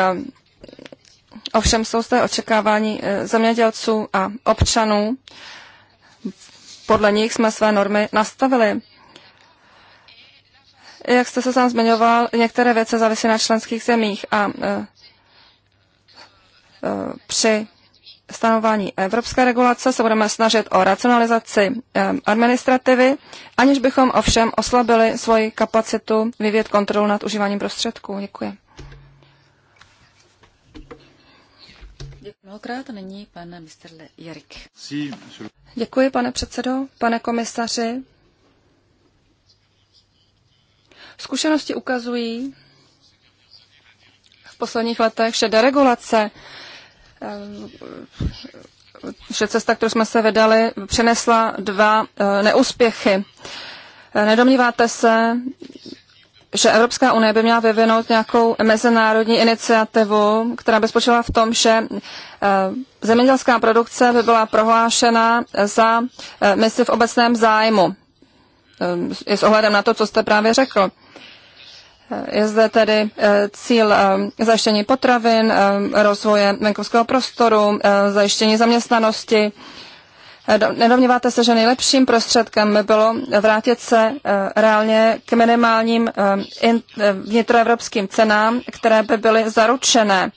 Ovšem jsou zde očekávání zemědělců a občanů. Podle nich jsme své normy nastavili. Jak jste se sám zmiňoval, některé věci závisí na členských zemích a při stanování evropské regulace se budeme snažit o racionalizaci eh, administrativy, aniž bychom ovšem oslabili svoji kapacitu vyvět kontrolu nad užíváním prostředků. Děkuji. Děkuji mnohokrát. pan Mr. Jarik. Děkuji, pane předsedo, pane komisaři. Zkušenosti ukazují v posledních letech, že deregulace Eh, že cesta, kterou jsme se vydali, přinesla dva eh, neúspěchy. Eh, nedomníváte se, že Evropská unie by měla vyvinout nějakou mezinárodní iniciativu, která by spočívala v tom, že zemědělská produkce by byla prohlášena za misi v obecném zájmu. I s ohledem na to, co jste právě řekl. Je zde tedy eh, cíl eh, zajištění potravin, eh, rozvoje venkovského prostoru, zajištění zaměstnanosti. Nedomníváte se, že nejlepším prostředkem by bylo vrátit se reálně k minimálním vnitroevropským cenám, které by byly zaručené.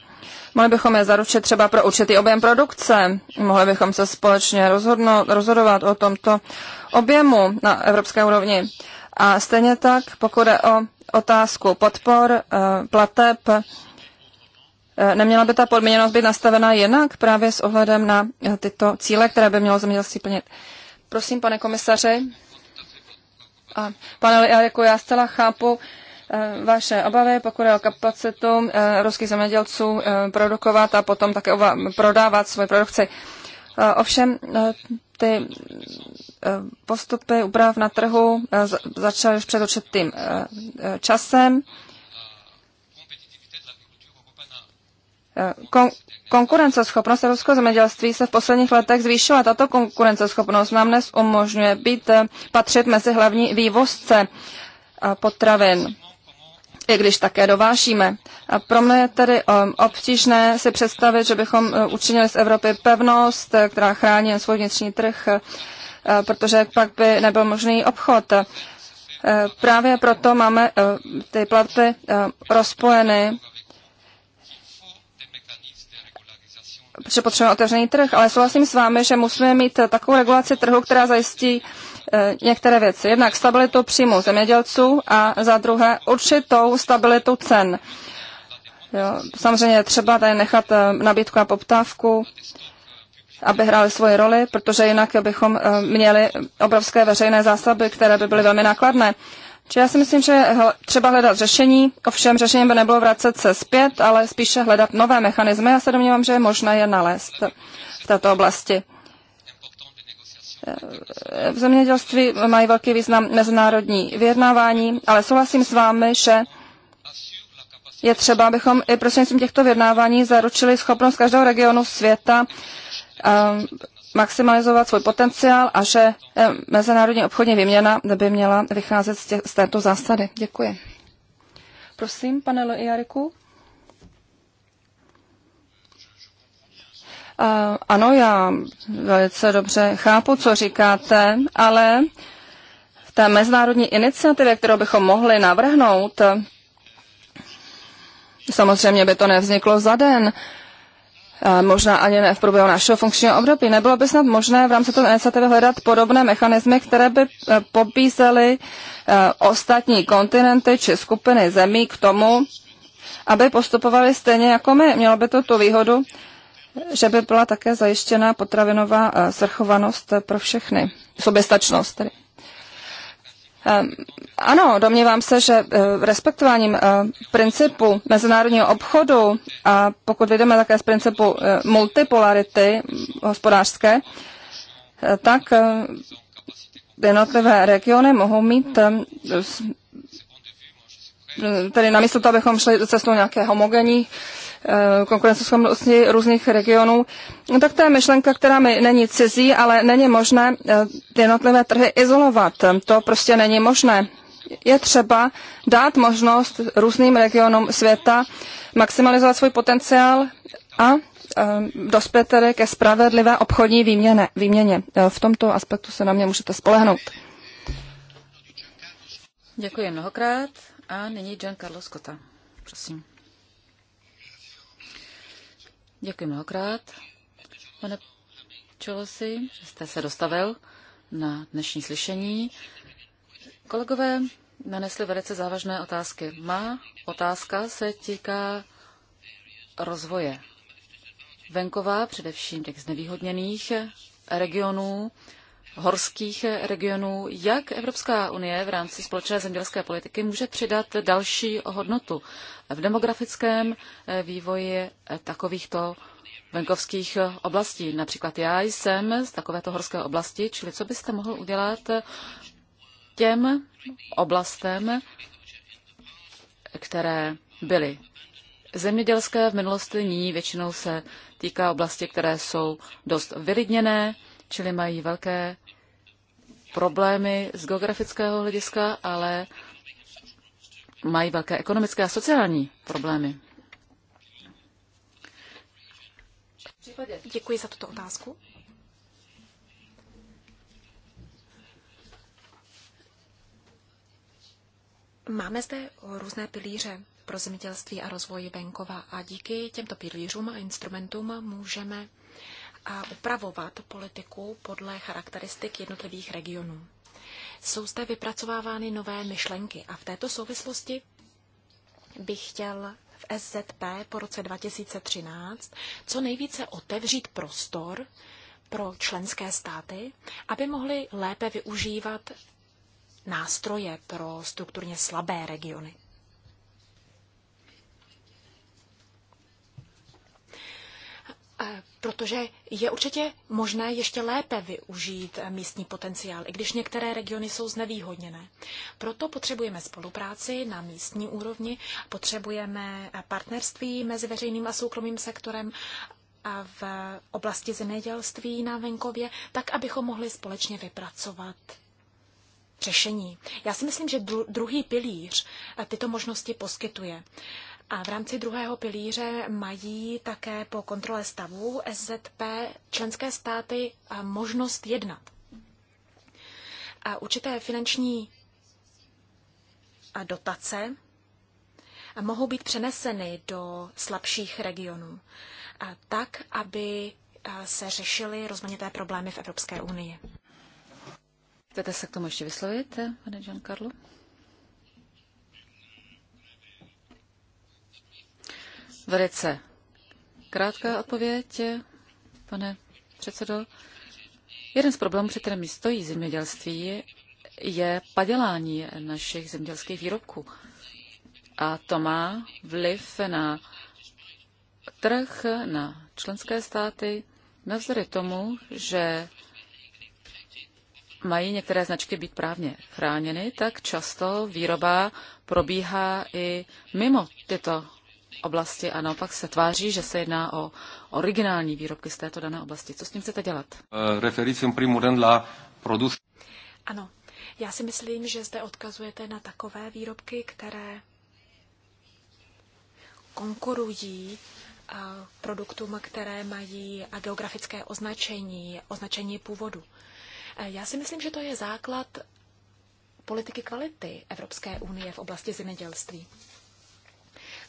Mohli bychom je zaručit třeba pro určitý objem produkce. Mohli bychom se společně rozhodovat o tomto objemu na evropské úrovni. A stejně tak, pokud je o otázku podpor, eh, plateb, eh, neměla by ta podmíněnost být nastavena jinak právě s ohledem na eh, tyto cíle, které by mělo zemědělství plnit. Prosím, pane komisaři. A pane Liariku, jako já zcela chápu vaše obavy, pokud je o kapacitu ruských zemědělců produkovat a potom také prodávat svoje produkci. Ovšem, ty eh, postupy úprav na trhu eh, začaly už před určitým eh, časem. Kon- konkurenceschopnost evropského zemědělství se v posledních letech zvýšila. Tato konkurenceschopnost nám dnes umožňuje být, patřit mezi hlavní vývozce potravin i když také dovážíme. A pro mě je tedy um, obtížné si představit, že bychom uh, učinili z Evropy pevnost, eh, která chrání svůj vnitřní trh, eh, protože pak by nebyl možný obchod. Eh, právě proto máme ty platby rozpojeny, protože potřebujeme otevřený trh, ale souhlasím s vámi, že musíme mít takovou regulaci trhu, která zajistí Eh, některé věci. Jednak stabilitu příjmu zemědělců a za druhé určitou stabilitu cen. Jo, samozřejmě je třeba tady nechat eh, nabídku a poptávku, aby hrály svoji roli, protože jinak bychom eh, měli obrovské veřejné zásoby, které by byly velmi nákladné. Či já si myslím, že třeba hledat řešení, ovšem řešením by nebylo vracet se zpět, ale spíše hledat nové mechanismy. Já se domnívám, že je možné je nalézt v této oblasti. Eh, v zemědělství mají velký význam mezinárodní vyjednávání, ale souhlasím s vámi, že je třeba, abychom i prostřednictvím těchto vyjednávání zaručili schopnost každého regionu světa eh, maximalizovat svůj potenciál a že eh, mezinárodní obchodní výměna by měla vycházet z, tě, z této zásady. Děkuji. Prosím, pane Loiariku. Ano, já velice dobře chápu, co říkáte, ale v té mezinárodní iniciativě, kterou bychom mohli navrhnout, samozřejmě by to nevzniklo za den, možná ani ne v průběhu našeho funkčního období. Nebylo by snad možné v rámci této iniciativy hledat podobné mechanismy, které by e, pobízely e, ostatní kontinenty či skupiny zemí k tomu, aby postupovali stejně jako my. Mělo by to tu výhodu, že by byla také zajištěna potravinová eh, svrchovanost eh, pro všechny, soběstačnost tedy. Ehm, ano, domnívám se, že eh, respektováním principu mezinárodního obchodu a pokud vyjdeme také z principu multipolarity hm, hospodářské, tak jednotlivé regiony mohou mít hm, tedy namísto toho, abychom šli cestou nějaké homogenní Eh, konkurenceschopnosti různých regionů, no tak to je myšlenka, která mi není cizí, ale není možné eh, ty jednotlivé trhy izolovat. To prostě není možné. Je třeba dát možnost různým regionům světa maximalizovat svůj potenciál a eh, dospět tedy ke spravedlivé obchodní výměně. výměně. V tomto aspektu se na mě můžete spolehnout. Děkuji mnohokrát a nyní John Carlos Kota. Prosím. Děkuji mnohokrát, pane Čolosi, že jste se dostavil na dnešní slyšení. Kolegové nanesli velice závažné otázky. Má otázka se týká rozvoje venkova, především těch znevýhodněných regionů horských regionů, jak Evropská unie v rámci společné zemědělské politiky může přidat další hodnotu v demografickém vývoji takovýchto venkovských oblastí. Například já jsem z takovéto horské oblasti, čili co byste mohl udělat těm oblastem, které byly zemědělské v minulosti, nyní většinou se týká oblasti, které jsou dost vylidněné, čili mají velké problémy z geografického hlediska, ale mají velké ekonomické a sociální problémy. Děkuji za tuto otázku. Máme zde různé pilíře pro zemědělství a rozvoj venkova a díky těmto pilířům a instrumentům můžeme a upravovat politiku podle charakteristik jednotlivých regionů. Jsou zde vypracovávány nové myšlenky a v této souvislosti bych chtěl v SZP po roce 2013 co nejvíce otevřít prostor pro členské státy, aby mohly lépe využívat nástroje pro strukturně slabé regiony. Eh, protože je určitě možné ještě lépe využít eh, místní potenciál, i když některé regiony jsou znevýhodněné. Proto potřebujeme spolupráci na místní úrovni, potřebujeme eh, partnerství mezi veřejným a soukromým sektorem a v oblasti zemědělství na venkově, tak abychom mohli společně vypracovat řešení. Já si myslím, že druhý pilíř tyto možnosti poskytuje. A v rámci druhého pilíře mají také po kontrole stavu SZP členské státy možnost jednat. A určité finanční dotace mohou být přeneseny do slabších regionů, a tak, aby se řešily rozmanité problémy v Evropské unii. Chcete se k tomu ještě vyslovit, pane Giancarlo? Velice krátká odpověď, pane předsedo. Jeden z problémů, před kterými stojí zemědělství, je padělání našich zemědělských výrobků. A to má vliv na trh, na členské státy, navzdory tomu, že mají některé značky být právně chráněny, tak často výroba probíhá i mimo tyto oblasti a naopak se tváří, že se jedná o originální výrobky z této dané oblasti. Co s tím chcete dělat? Eh, ano, já si myslím, že zde odkazujete na takové výrobky, které konkurují eh, produktům, které mají geografické označení, označení původu. Eh, já si myslím, že to je základ politiky kvality Evropské unie v oblasti zemědělství.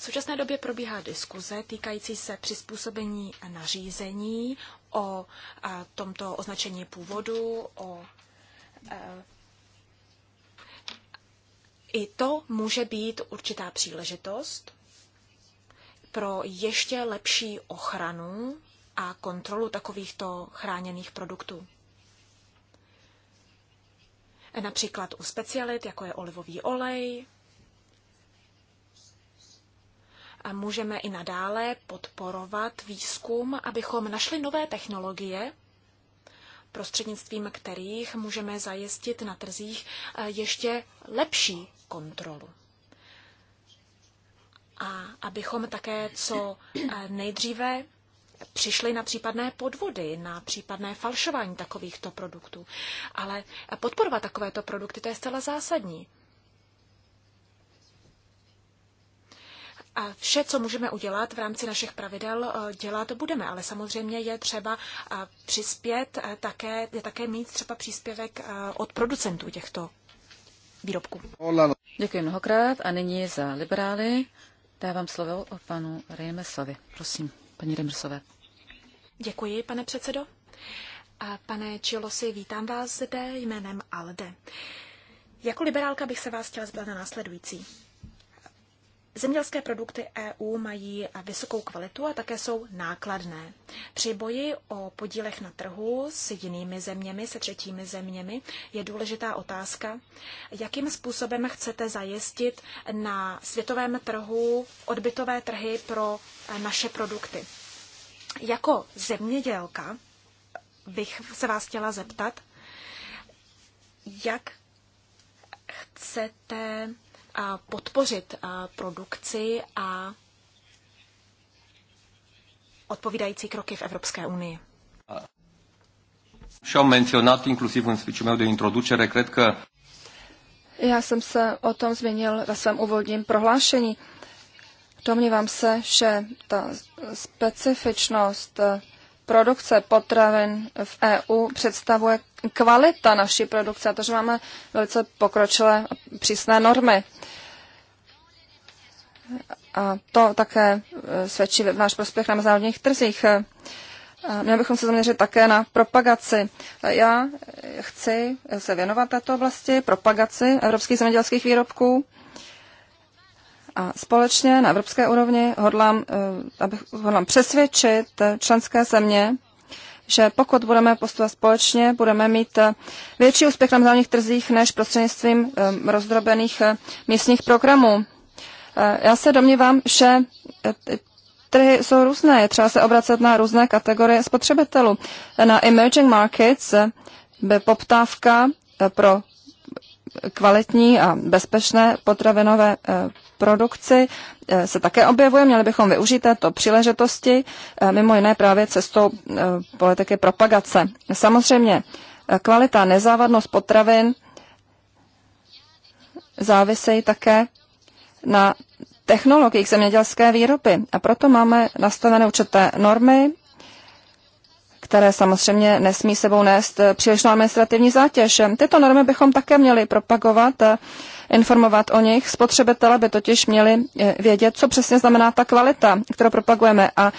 V současné době probíhá diskuze týkající se přizpůsobení nařízení o tomto označení původu, o e, i to může být určitá příležitost pro ještě lepší ochranu a kontrolu takovýchto chráněných produktů. Například u specialit, jako je olivový olej, a můžeme i nadále podporovat výzkum, abychom našli nové technologie, prostřednictvím kterých můžeme zajistit na trzích eh, ještě lepší kontrolu. A abychom také co eh, nejdříve přišli na případné podvody, na případné falšování takovýchto produktů. Ale podporovat takovéto produkty, to je zcela zásadní. A vše, co můžeme udělat v rámci našich pravidel, eh, dělat budeme, ale samozřejmě je třeba eh, přispět eh, také, je také mít třeba příspěvek od producentů těchto výrobků. Děkuji mnohokrát a nyní za liberály dávám slovo o panu Rejmesovi. Prosím, paní Rejmesové. Děkuji, pane předsedo. A pane Čilosi, vítám vás zde jménem ALDE. Jako liberálka bych se vás chtěla zeptat na následující. Zemědělské produkty EU mají vysokou kvalitu a také jsou nákladné. Při boji o podílech na trhu s jinými zeměmi, se třetími zeměmi, je důležitá otázka, jakým způsobem chcete zajistit na světovém trhu odbytové trhy pro eh, naše produkty. Jako zemědělka bych se vás chtěla zeptat, jak chcete podpořit produkci a odpovídající kroky v Evropské unii. Și am menționat speech de introducere, cred că já jsem se o tom zmínil ve svém úvodním prohlášení. Domnívám se, že ta specifičnost eh, produkce potravin v EU představuje kvalita naší produkce a to, že máme velice pokročilé přísné normy. A to také e, svědčí váš prospěch na mezinárodních trzích. E, měli bychom se zaměřit také na propagaci. E, já chci se věnovat této oblasti, propagaci evropských zemědělských výrobků. A společně na evropské úrovni hodlám, abych, hodlám přesvědčit členské země, že pokud budeme postupovat společně, budeme mít větší úspěch na mezinárodních trzích než prostřednictvím rozdrobených místních programů. Eh, já se domnívám, že eh, trhy jsou různé. Je třeba se obracet na různé kategorie spotřebitelů. Na emerging markets eh, by poptávka pro kvalitní a bezpečné potravinové produkci se také objevuje. Měli bychom využít této příležitosti, mimo jiné právě cestou politiky propagace. Samozřejmě kvalita, nezávadnost potravin závisejí také na technologiích zemědělské výroby. A proto máme nastavené určité normy, které samozřejmě nesmí sebou nést přílišnou administrativní zátěž. Tyto normy bychom také měli propagovat, a informovat o nich. Spotřebitele by totiž měli eh, vědět, co přesně znamená ta kvalita, kterou propagujeme. A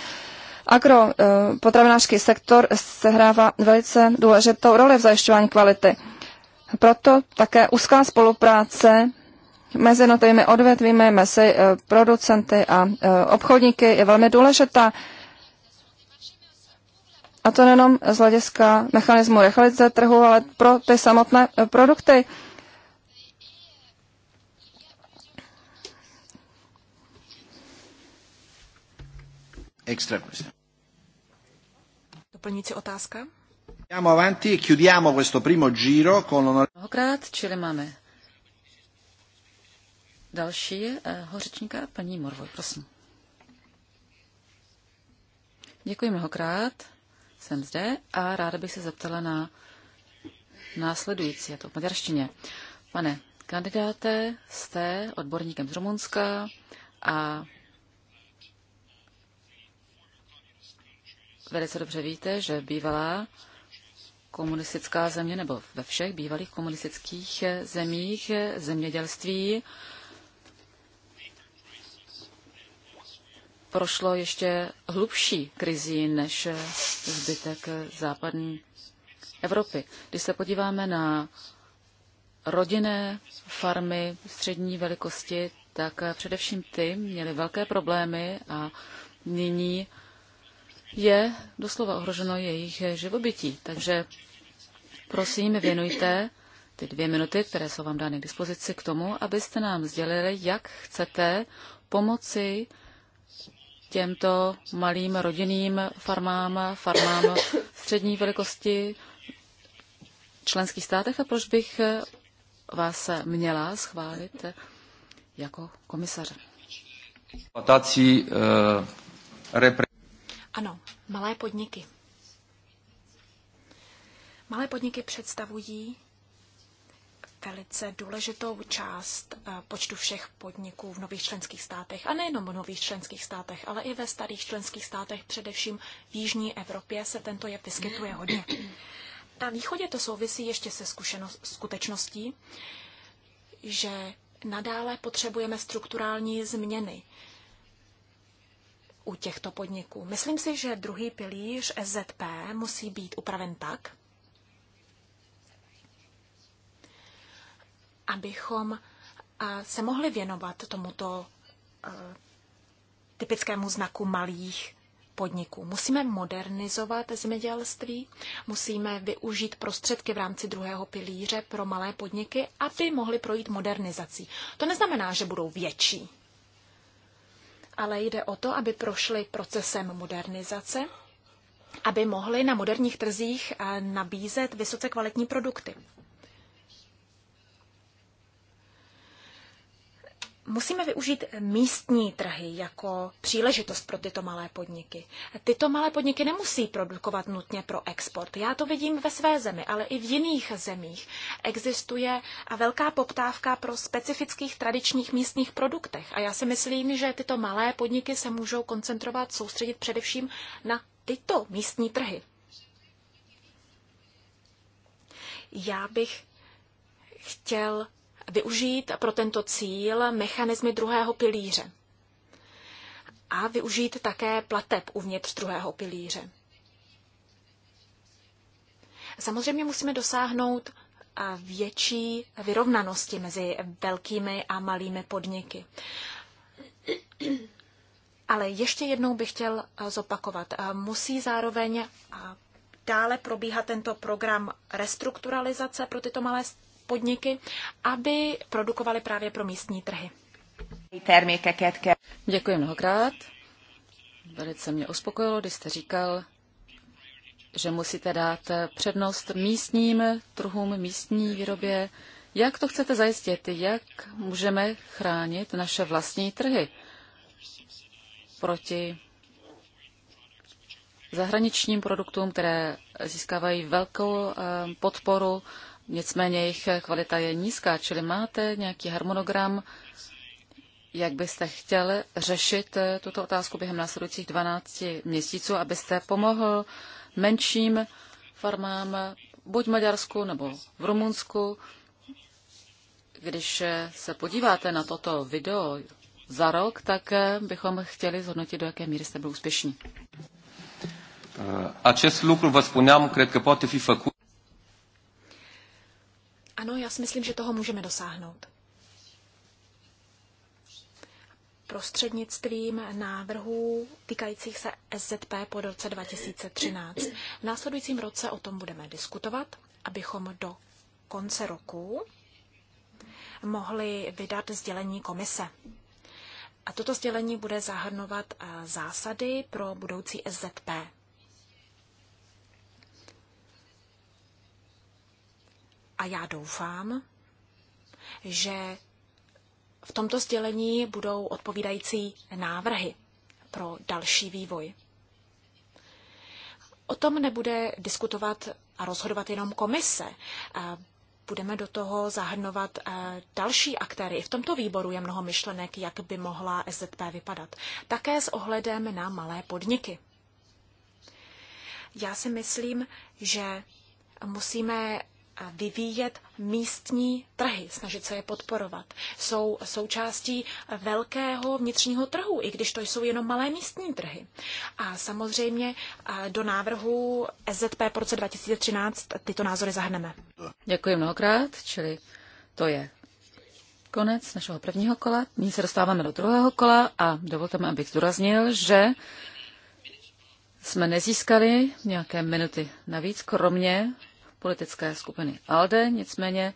agropotravinářský eh, sektor sehrává velice důležitou roli v zajišťování kvality. Proto také úzká spolupráce mezi notovými odvětvími, mezi eh, producenty a eh, obchodníky je velmi důležitá. A to nejenom z hlediska mechanismu rychlice trhu, ale pro ty samotné eh, produkty. Extra Doplňující otázka? Andiamo avanti e chiudiamo questo primo giro con l'onorevole. Mnohokrát, čili máme Další eh, řečníka, paní Morvoj, prosím. Děkuji mnohokrát, jsem zde a ráda bych se zeptala na následující, a to v maďarštině. Pane kandidáte, jste odborníkem z Rumunska a velice dobře víte, že bývalá komunistická země, nebo ve všech bývalých komunistických zemích zemědělství prošlo ještě hlubší krizí než zbytek západní Evropy. Když se podíváme na rodinné farmy střední velikosti, tak především ty měly velké problémy a nyní je doslova ohroženo jejich živobytí. Takže prosím, věnujte ty dvě minuty, které jsou vám dány k dispozici k tomu, abyste nám sdělili, jak chcete pomoci těmto malým rodinným farmám, farmám střední velikosti v členských státech a proč bych vás měla schválit jako komisaře. Eh, ano, malé podniky. Malé podniky představují velice důležitou část eh, počtu všech podniků v nových členských státech, a nejenom v nových členských státech, ale i ve starých členských státech, především v jižní Evropě se tento jev vyskytuje hodně. Na východě to souvisí ještě se skutečností, že nadále potřebujeme strukturální změny u těchto podniků. Myslím si, že druhý pilíř SZP musí být upraven tak, abychom se mohli věnovat tomuto typickému znaku malých podniků. Musíme modernizovat zemědělství, musíme využít prostředky v rámci druhého pilíře pro malé podniky, aby mohly projít modernizací. To neznamená, že budou větší, ale jde o to, aby prošly procesem modernizace, aby mohly na moderních trzích nabízet vysoce kvalitní produkty. Musíme využít místní trhy jako příležitost pro tyto malé podniky. Tyto malé podniky nemusí produkovat nutně pro export. Já to vidím ve své zemi, ale i v jiných zemích existuje velká poptávka pro specifických tradičních místních produktech. A já si myslím, že tyto malé podniky se můžou koncentrovat, soustředit především na tyto místní trhy. Já bych chtěl využít pro tento cíl mechanismy druhého pilíře a využít také plateb uvnitř druhého pilíře. Samozřejmě musíme dosáhnout větší vyrovnanosti mezi velkými a malými podniky. <clears throat> Ale ještě jednou bych chtěl zopakovat. Musí zároveň dále probíhat tento program restrukturalizace pro tyto malé podniky, aby produkovaly právě pro místní trhy. Děkuji mnohokrát. Velice mě uspokojilo, když jste říkal, že musíte dát přednost místním trhům, místní výrobě. Jak to chcete zajistit? Jak můžeme chránit naše vlastní trhy proti zahraničním produktům, které získávají velkou eh, podporu nicméně jejich kvalita je nízká, čili máte nějaký harmonogram, jak byste chtěl řešit eh, tuto otázku během následujících 12 měsíců, abyste pomohl menším farmám buď v Maďarsku nebo v Rumunsku. Když eh, se podíváte na toto video za rok, tak eh, bychom chtěli zhodnotit, do jaké míry jste byl úspěšní. Acest lucru, vă spuneam, cred că poate fi făcut. Ano, já si myslím, že toho můžeme dosáhnout. prostřednictvím návrhů týkajících se SZP po roce 2013. V následujícím roce o tom budeme diskutovat, abychom do konce roku mohli vydat sdělení komise. A toto sdělení bude zahrnovat eh, zásady pro budoucí SZP. A já doufám, že v tomto sdělení budou odpovídající návrhy pro další vývoj. O tom nebude diskutovat a rozhodovat jenom komise. Budeme do toho zahrnovat další aktéry. V tomto výboru je mnoho myšlenek, jak by mohla SZP vypadat. Také s ohledem na malé podniky. Já si myslím, že musíme vyvíjet místní trhy, snažit se je podporovat. Jsou součástí velkého vnitřního trhu, i když to jsou jenom malé místní trhy. A samozřejmě do návrhu SZP po roce 2013 tyto názory zahrneme. Děkuji mnohokrát, čili to je konec našeho prvního kola. Nyní se dostáváme do druhého kola a dovolte mi, abych zdůraznil, že jsme nezískali nějaké minuty navíc, kromě politické skupiny ALDE, nicméně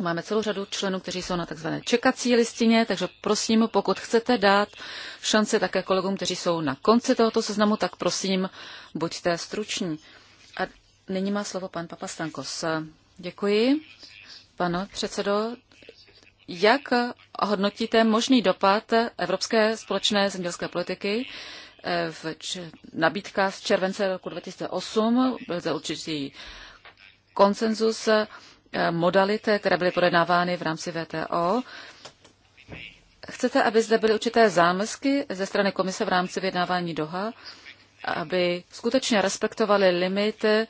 Máme celou řadu členů, kteří jsou na takzvané čekací listině, takže prosím, pokud chcete dát šance také kolegům, kteří jsou na konci tohoto seznamu, tak prosím, buďte struční. A nyní má slovo pan Papastankos. Děkuji. Pane předsedo, jak hodnotíte možný dopad Evropské společné zemědělské politiky? Eh, v nabídka z července roku 2008 byl za určitý konsenzus eh, modality, eh, které byly projednávány v rámci VTO. Chcete, aby zde byly určité zámezky ze strany komise v rámci vyjednávání Doha, aby skutečně respektovali limit eh,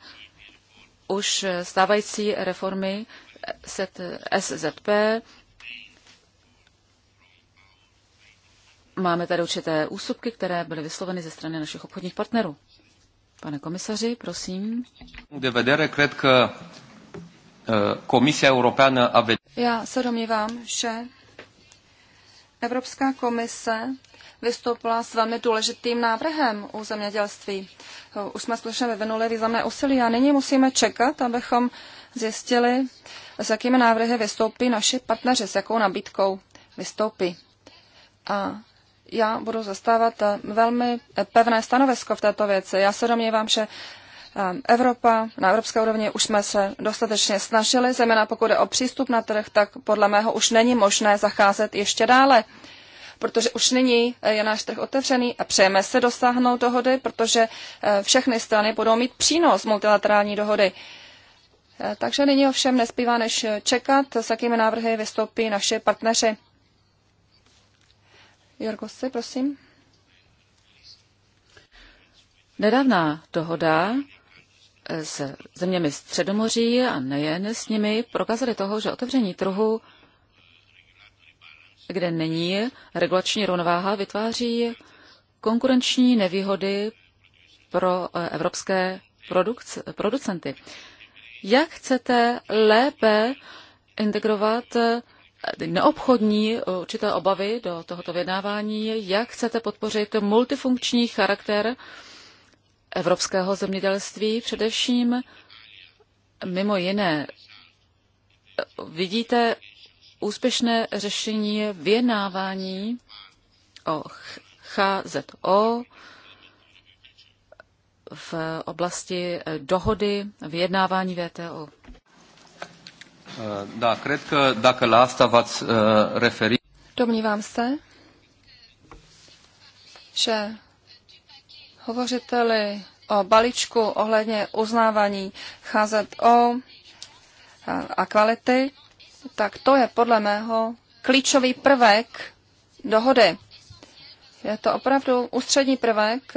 už stávající reformy SZP. Máme tady určité ústupky, které byly vysloveny ze strany našich obchodních partnerů. Pane komisaři, prosím. De vedere, cred că uh, Comisia Europeană a Já se domnívám, že Evropská komise vystoupila s velmi důležitým návrhem u zemědělství. Už jsme skutečně vyvinuli významné úsilí a nyní musíme čekat, abychom zjistili, s jakými návrhy vystoupí naši partneři, s jakou nabídkou vystoupí. A já budu zastávat eh, velmi eh, pevné stanovisko v této věci. Já se domnívám, že eh, Evropa, na evropské úrovni už jsme se dostatečně snažili, zejména pokud je o přístup na trh, tak podle mého už není možné zacházet ještě dále, protože už nyní je náš trh otevřený a přejeme se dosáhnout dohody, protože všechny strany budou mít přínos multilaterální dohody. Takže nyní ovšem nespívá, než čekat, s jakými návrhy vystoupí naši partneři. Jorgose, prosím. Nedávná dohoda s zeměmi Středomoří a nejen s nimi prokázaly toho, že otevření trhu, kde není regulační rovnováha, vytváří konkurenční nevýhody pro eh, evropské producenty. Jak chcete lépe integrovat eh, neobchodní eh, určité obavy do tohoto vyjednávání. Jak chcete podpořit multifunkční charakter evropského zemědělství, především mimo jiné? Vidíte úspěšné řešení vyjednávání o HZO v oblasti dohody vyjednávání VTO? Eh, da, cred că dacă la asta v-ați eh, referit... Domnívám se, že hovořiteli o balíčku ohledně uznávání HZO a kvality, tak to je podle mého klíčový prvek dohody. Je to opravdu ústřední prvek,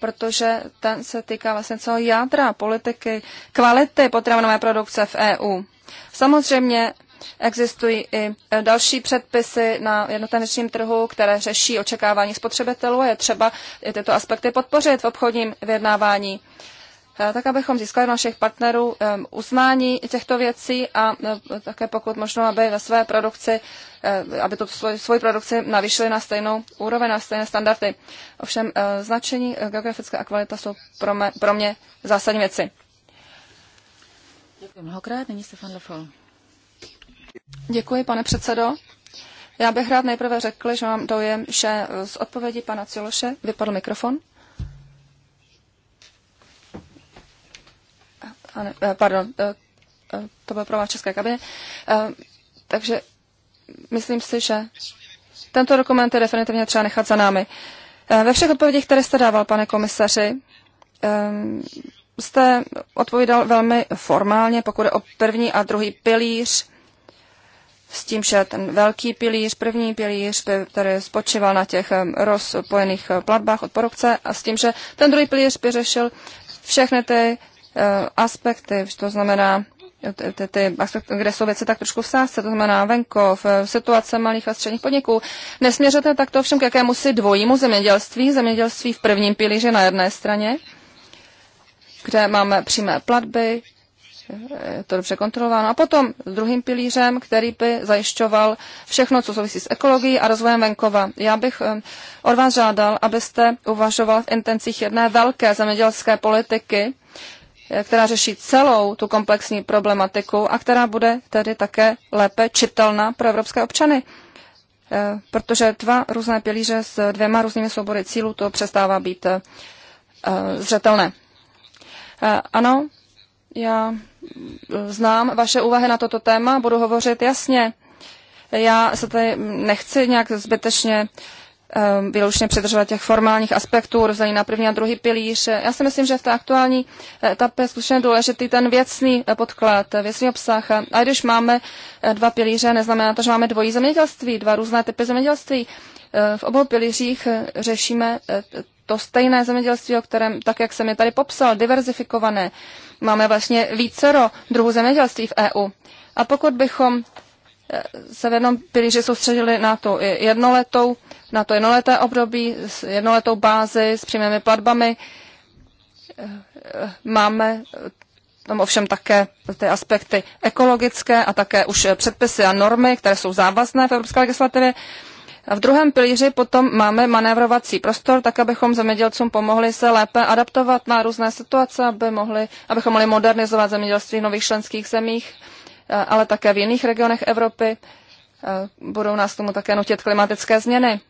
protože ten se týká vlastně celého jádra politiky, kvality potravinové produkce v EU. Samozřejmě existují i e, další předpisy na jednotném trhu, které řeší očekávání spotřebitelů a je třeba tyto aspekty podpořit v obchodním vyjednávání e, tak abychom získali našich partnerů e, uznání těchto věcí a také pokud možno, aby ve své produkci, aby tu svoji, produkci navýšili na stejnou úroveň, na stejné standardy. Ovšem značení, geografická a kvalita jsou pro mě, pro mě zásadní věci. Děkuji pane předsedo. Já bych rád nejprve řekl, že mám dojem, že z odpovědi pana Ciološe vypadl mikrofon. Eh, pardon, eh, eh, to byl pro vás české kabině. Takže myslím si, že tento dokument je definitivně třeba nechat za námi. Ve všech odpovědích, které jste dával, pane komisaři, jste odpovídal velmi formálně, pokud je o první a druhý pilíř, s tím, že ten velký pilíř, první pilíř, který tady spočíval na těch rozpojených eh, platbách od porukce, a s tím, že ten druhý pilíř by řešil všechny ty eh, aspekty, to znamená ty, ty, ty aspekty, kde jsou věci tak trošku v sásce, to znamená venkov, eh, situace malých a středních podniků. Nesměřete takto všem k jakému si dvojímu zemědělství, zemědělství v prvním pilíři na jedné straně kde máme přímé platby, je to dobře kontrolováno. A potom s druhým pilířem, který by zajišťoval všechno, co souvisí s ekologií a rozvojem venkova. Já bych od vás žádal, abyste uvažoval v intencích jedné velké zemědělské politiky, eh, která řeší celou tu komplexní problematiku a která bude tedy také lépe čitelná pro evropské občany. Eh, protože dva různé pilíře s dvěma různými soubory cílů, to přestává být eh, zřetelné. Eh, ano, já eh, znám vaše úvahy na toto téma, budu hovořit jasně. Já se tady nechci nějak zbytečně eh, výlučně předržovat těch formálních aspektů, rozdělení na první a druhý pilíř. Já si myslím, že v té aktuální etapě je skutečně důležitý ten věcný podklad, věcný obsah. A když máme dva pilíře, neznamená to, že máme dvojí zemědělství, dva různé typy zemědělství. V obou pilířích řešíme to stejné zemědělství, o kterém, tak jak jsem je tady popsal, diverzifikované. Máme vlastně vícero druhů zemědělství v EU. A pokud bychom eh, se v jednom pilíři soustředili na tu jednoletou, na to jednoleté období, s jednoletou bázi, s přímými platbami, eh, eh, máme tam ovšem také ty aspekty ekologické a také už předpisy a normy, které jsou závazné v evropské legislativě v druhém pilíři potom máme manévrovací prostor, tak abychom zemědělcům pomohli se lépe adaptovat na různé situace, aby mohli, abychom mohli modernizovat zemědělství v nových členských zemích, eh, ale také v jiných regionech Evropy. Eh, Budou nás tomu také nutit klimatické změny.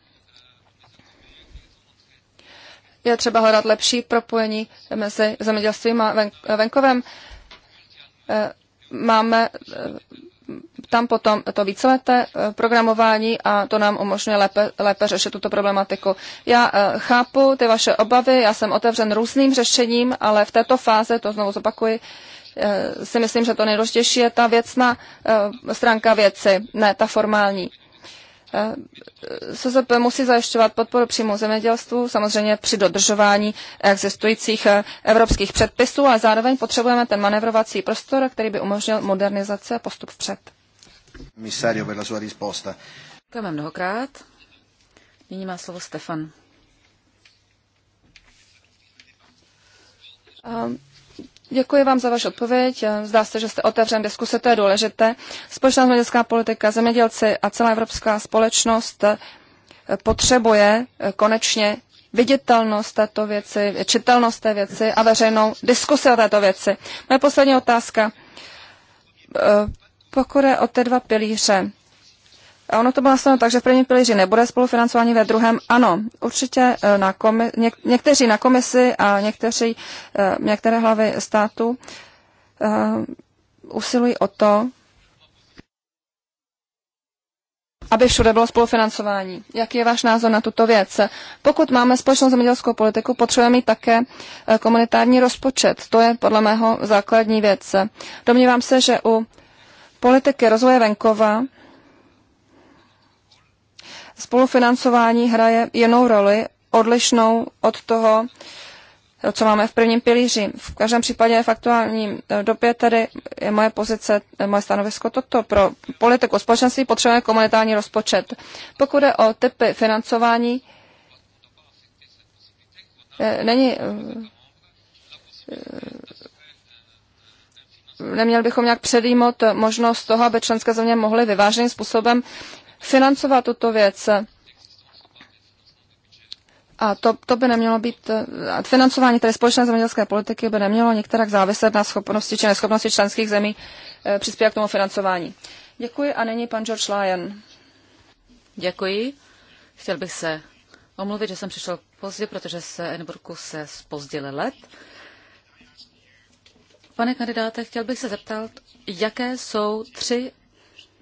Je třeba hledat lepší propojení mezi zemědělstvím a venkovem. Eh, máme tam potom to víceleté eh, programování a to nám umožňuje lépe, lépe řešit tuto problematiku. Já eh, chápu ty vaše obavy, já jsem otevřen různým řešením, ale v této fázi, to znovu zopakuji, eh, si myslím, že to nejdůležitější je ta věcná stránka věci, ne ta formální. Eh, SZP musí zajišťovat podporu přímo zemědělstvu, samozřejmě při dodržování existujících eh, evropských předpisů, a zároveň potřebujeme ten manevrovací prostor, který by umožnil modernizaci a postup vpřed. Misario, sua risposta. Děkujeme mnohokrát. Nyní má slovo Stefan. Um, Děkuji vám za vaši odpověď. Zdá se, že jste otevřen diskuse, to je důležité. Společná zemědělská politika, zemědělci a celá evropská společnost eh, potřebuje eh, konečně viditelnost této věci, čitelnost té věci a veřejnou diskusi o této věci. Moje poslední otázka. Eh, pokud je o ty dva pilíře, a ono to bylo nastaveno tak, že v prvním pilíři nebude spolufinancování, ve druhém ano. Určitě eh, na komi- něk- někteří na komisi a někteří, eh, některé hlavy státu uh, usilují o to, aby všude bylo spolufinancování. Jaký je váš názor na tuto věc? Pokud máme společnou zemědělskou politiku, potřebujeme mít také komunitární rozpočet. To je podle mého základní věc. Domnívám se, že u politiky rozvoje venkova spolufinancování hraje jinou roli, odlišnou od toho, co máme v prvním pilíři. V každém případě v aktuální eh, době tedy je moje pozice, eh, moje stanovisko toto. Pro politiku společenství potřebujeme komunitární rozpočet. Pokud je o typy financování, eh, není neměl bychom nějak předjímat možnost toho, aby členské země mohly vyváženým způsobem financovat tuto věc. A to, to by nemělo být, financování tedy společné zemědělské politiky by nemělo některak záviset na schopnosti či neschopnosti členských zemí eh, přispět k tomu financování. Děkuji a nyní pan George Lyon. Děkuji. Chtěl bych se omluvit, že jsem přišel pozdě, protože se Edinburghu se spozdili let. Pane kandidáte, chtěl bych se zeptat, jaké jsou tři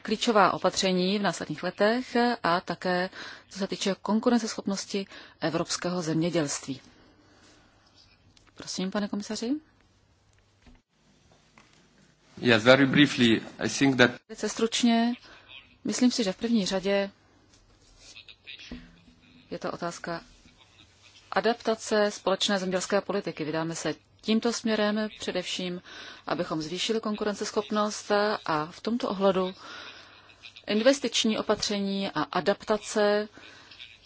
klíčová opatření v následných letech a také co se týče konkurenceschopnosti evropského zemědělství. Prosím, pane komisaři. Yes, very briefly, I think that... Velice stručně, myslím si, že v první řadě je to otázka adaptace společné zemědělské politiky. Vydáme se tímto směrem především, abychom zvýšili konkurenceschopnost a v tomto ohledu investiční opatření a adaptace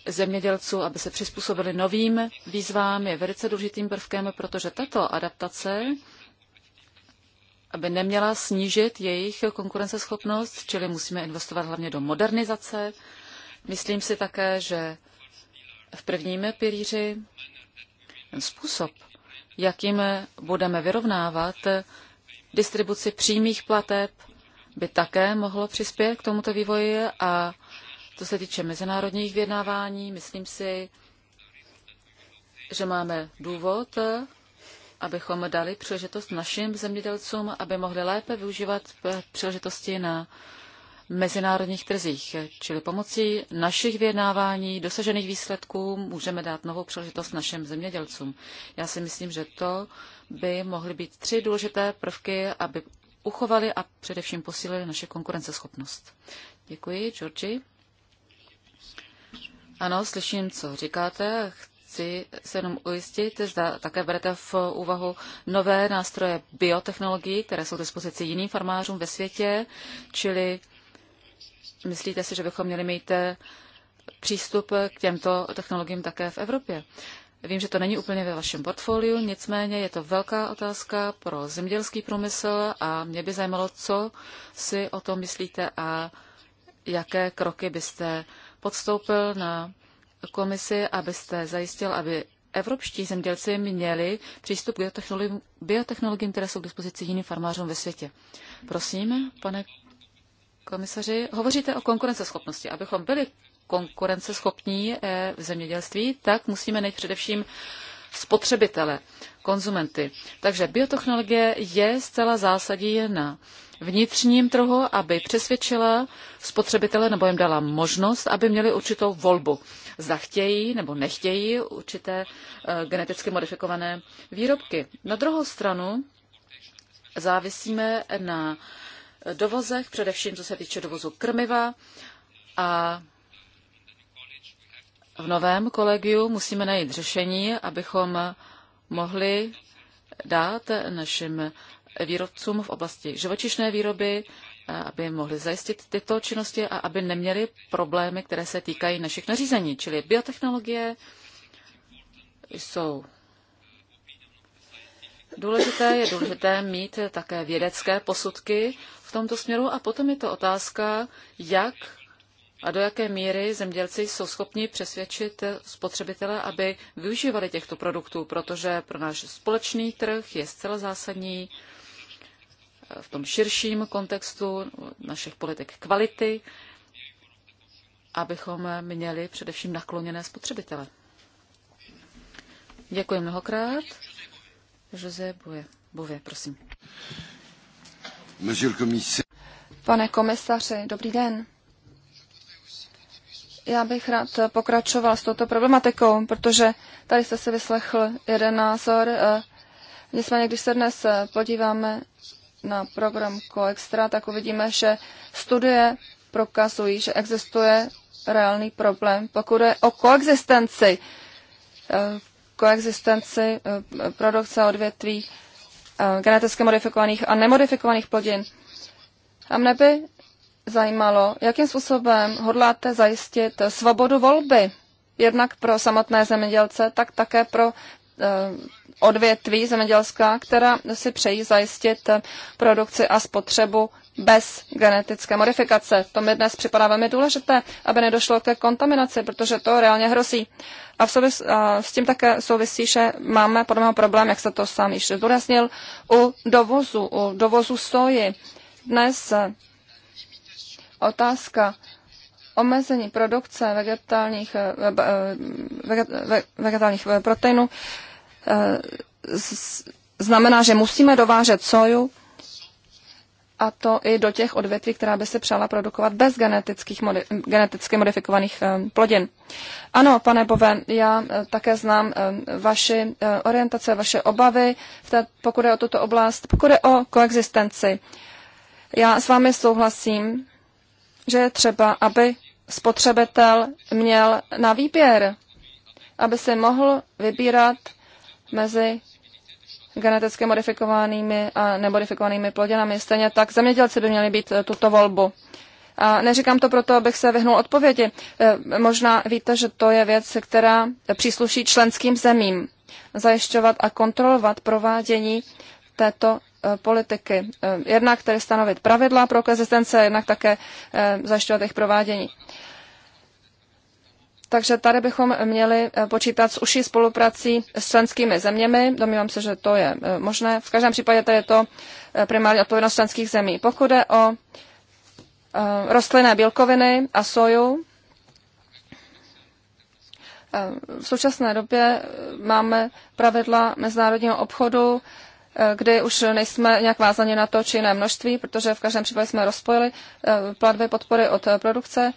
zemědělců, aby se přizpůsobili novým výzvám, je velice důležitým prvkem, protože tato adaptace aby neměla snížit jejich konkurenceschopnost, čili musíme investovat hlavně do modernizace. Myslím si také, že v prvním pilíři ten způsob, jakým budeme vyrovnávat distribuci přímých plateb by také mohlo přispět k tomuto vývoji a co se týče mezinárodních vyjednávání, myslím si, že máme důvod, abychom dali příležitost našim zemědělcům, aby mohli lépe využívat příležitosti na mezinárodních trzích. Čili pomocí našich vyjednávání, dosažených výsledků, můžeme dát novou příležitost našim zemědělcům. Já si myslím, že to by mohly být tři důležité prvky, aby uchovali a především posílili naše konkurenceschopnost. Děkuji, Georgi. Ano, slyším, co říkáte. Chci se jenom ujistit, zda také berete v úvahu nové nástroje biotechnologií, které jsou k dispozici jiným farmářům ve světě, čili myslíte si, že bychom měli mít eh, přístup k těmto technologiím také v Evropě. Vím, že to není úplně ve vašem portfoliu, nicméně je to velká otázka pro zemědělský průmysl a mě by zajímalo, co si o tom myslíte a jaké kroky byste podstoupil na komisi, abyste zajistil, aby evropští zemědělci měli přístup k biotechnologi- biotechnologiím, které jsou k dispozici jiným farmářům ve světě. Prosím, pane komisaři, hovoříte o konkurenceschopnosti. Abychom byli konkurenceschopní eh, v zemědělství, tak musíme najít především spotřebitele, konzumenty. Takže biotechnologie je zcela zásadní na vnitřním trhu, aby přesvědčila spotřebitele nebo jim dala možnost, aby měli určitou volbu. Zda chtějí nebo nechtějí určité eh, geneticky modifikované výrobky. Na druhou stranu závisíme na dovozech, především co se týče dovozu krmiva a v novém kolegiu musíme najít řešení, abychom mohli dát našim výrobcům v oblasti živočišné výroby, aby mohli zajistit tyto činnosti a aby neměli problémy, které se týkají našich nařízení. Čili biotechnologie jsou důležité. Je důležité mít také vědecké posudky v tomto směru a potom je to otázka, jak a do jaké míry zemědělci jsou schopni přesvědčit spotřebitele, aby využívali těchto produktů, protože pro náš společný trh je zcela zásadní eh, v tom širším kontextu našich politik kvality, abychom měli především nakloněné spotřebitele. Děkuji mnohokrát. José Bouvier, Bouvier prosím. Pane komisaři, dobrý den. Já bych rád pokračoval s touto problematikou, protože tady jste si vyslechl jeden názor. E, nicméně, když se dnes e, podíváme na program Coextra, tak uvidíme, že studie prokazují, že existuje reálný problém, pokud je o koexistenci, e, koexistenci produkce odvětví geneticky modifikovaných a nemodifikovaných plodin. A mne by zajímalo, jakým způsobem hodláte zajistit svobodu volby, jednak pro samotné zemědělce, tak také pro eh, odvětví zemědělská, která si přejí zajistit eh, produkci a spotřebu bez genetické modifikace. To mi dnes připadá velmi důležité, aby nedošlo ke kontaminaci, protože to reálně hrozí. A, v souvis, a s tím také souvisí, že máme podobný problém, jak se to sám již zdůraznil, u dovozu, u dovozu soji. Dnes eh, otázka omezení produkce vegetálních, eh, eh, vegetálních eh, proteinů znamená, že musíme dovážet soju a to i do těch odvětví, která by se přála produkovat bez genetických modi- geneticky modifikovaných plodin. Ano, pane Bove, já také znám vaši orientace, vaše obavy, v té, pokud je o tuto oblast, pokud je o koexistenci. Já s vámi souhlasím, že je třeba, aby spotřebitel měl na výběr, aby si mohl vybírat mezi geneticky modifikovanými a nemodifikovanými plodinami. Stejně tak zemědělci by měli být eh, tuto volbu. A neříkám to proto, abych se vyhnul odpovědi. Eh, možná víte, že to je věc, která přísluší členským zemím. Zajišťovat a kontrolovat provádění této Eh, politiky. Eh, jednak tedy stanovit pravidla pro konzistence, jednak také eh, zajišťovat jejich provádění. Takže tady bychom měli počítat s užší spoluprací s členskými zeměmi. Domnívám se, že to je možné. V každém případě tady je to primární odpovědnost členských zemí. Pokud je o rostlinné bílkoviny a soju, v současné době máme pravidla mezinárodního obchodu, kdy už nejsme nějak vázaní na to či jiné množství, protože v každém případě jsme rozpojili eh, platby podpory od eh, produkce.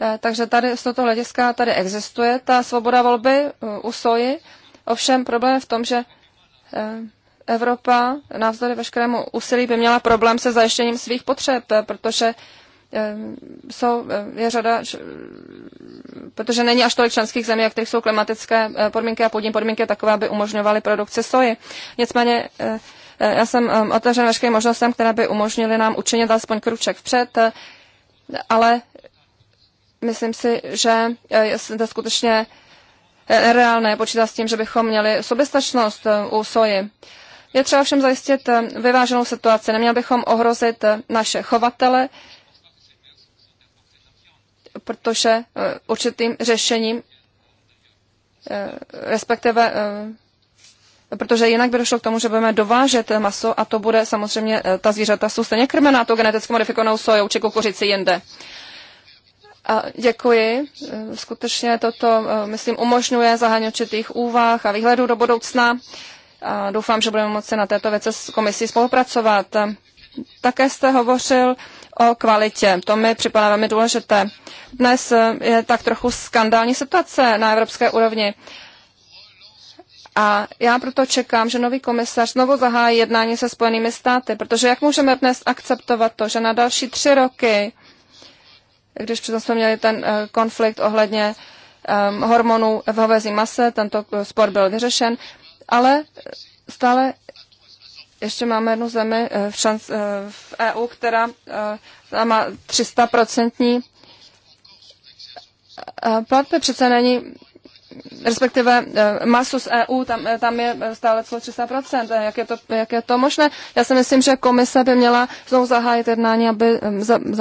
Eh, takže tady z tohoto hlediska tady existuje ta svoboda volby u soji. Ovšem problém je v tom, že Evropa navzdory veškerému úsilí by měla problém se zajištěním svých potřeb, protože Ehm, jsou, eh, je řada, protože není až tolik členských zemí, jak jsou klimatické eh, podmínky a půdní podmínky takové, aby umožňovaly produkci soji. Nicméně eh, já jsem ehm, otevřen veškerým možnostem, které by umožnily nám učinit alespoň kruček vpřed, ale myslím si, že je to skutečně reálné počítat s tím, že bychom měli soběstačnost u soji. Je třeba všem zajistit vyváženou situaci. Neměl bychom ohrozit naše chovatele, protože eh, určitým řešením, eh, respektive eh, protože jinak by došlo k tomu, že budeme dovážet maso a to bude samozřejmě, ta zvířata jsou stejně krmená tou geneticky modifikovanou sojou či kukuřici jinde. A děkuji. Skutečně toto, myslím, umožňuje zahání určitých úvah a výhledů do budoucna. A doufám, že budeme moci na této věci s komisí spolupracovat. Také jste hovořil o kvalitě. To mi připadá velmi důležité. Dnes eh, je tak trochu skandální situace na evropské úrovni. A já proto čekám, že nový komisař znovu zahájí jednání se Spojenými státy, protože jak můžeme dnes akceptovat to, že na další tři roky, když přitom jsme měli ten eh, konflikt ohledně um, hormonů v hovězí mase, tento eh, spor byl vyřešen, ale stále ještě máme jednu zemi eh, v, šans, eh, v EU, která eh, má 300% platby. Přece není, respektive masu z EU, tam, tam je stále celo 300%. Jak je, to, jak je to možné? Já si myslím, že komise by měla znovu zahájit jednání, aby,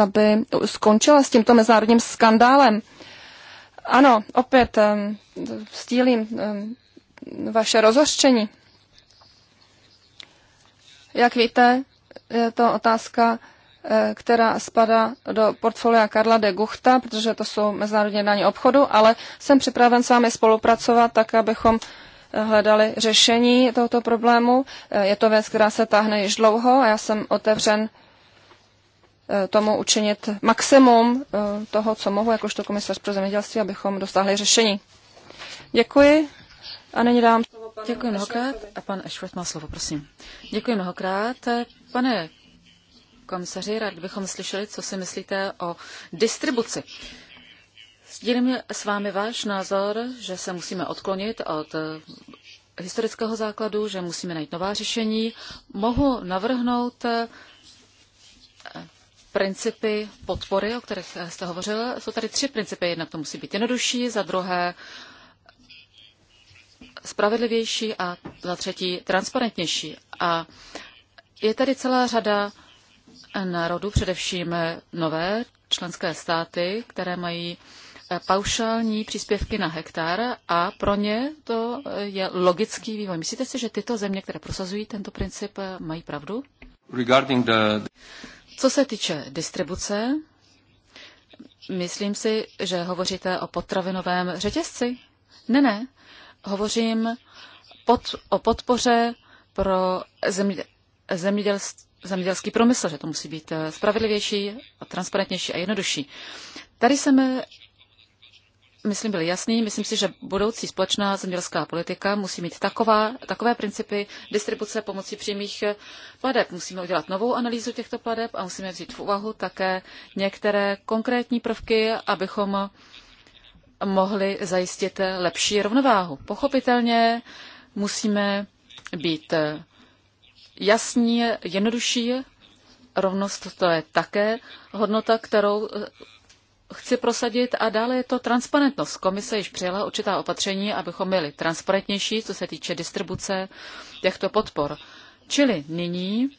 aby skončila s tímto mezinárodním skandálem. Ano, opět stílím vaše rozhořčení. Jak víte, je to otázka, eh, která spadá do portfolia Karla de Guchta, protože to jsou mezinárodní daní obchodu, ale jsem připraven s vámi spolupracovat tak, abychom eh, hledali řešení tohoto problému. Eh, je to věc, která se táhne již dlouho a já jsem otevřen tomu učinit maximum toho, co mohu, jakožto komisař pro zemědělství, abychom dosáhli řešení. Děkuji. A nyní dám slovo panu Děkuji mnohokrát. A pan Ashworth má slovo, prosím. Děkuji mnohokrát. Pane komisaři, rád bychom slyšeli, co si myslíte o distribuci. Sdílím s vámi váš názor, že se musíme odklonit od historického základu, že musíme najít nová řešení. Mohu navrhnout eh, principy podpory, o kterých jste hovořil. Jsou tady tři principy. Jednak to musí být jednodušší, za druhé spravedlivější a za třetí transparentnější. A je tady celá řada národů, především nové členské státy, které mají eh, paušální příspěvky na hektar a pro ně to eh, je logický vývoj. Myslíte si, že tyto země, které prosazují tento princip, eh, mají pravdu? Co se týče distribuce, myslím si, že hovoříte o potravinovém řetězci. Ne, ne, hovořím pod, o podpoře pro země, zemědělství zemědělský promysl, že to musí být eh, spravedlivější, transparentnější a jednodušší. Tady jsme, myslím, byli jasný. Myslím si, že budoucí společná zemědělská politika musí mít taková, takové principy distribuce pomocí přímých eh, pladeb. Musíme udělat novou analýzu těchto pladeb a musíme vzít v úvahu také některé konkrétní prvky, abychom mohli zajistit lepší rovnováhu. Pochopitelně musíme být jasní, jednodušší. Rovnost to je také hodnota, kterou eh, chci prosadit a dále je to transparentnost. Komise již přijala určitá opatření, abychom byli transparentnější, co se týče distribuce těchto podpor. Čili nyní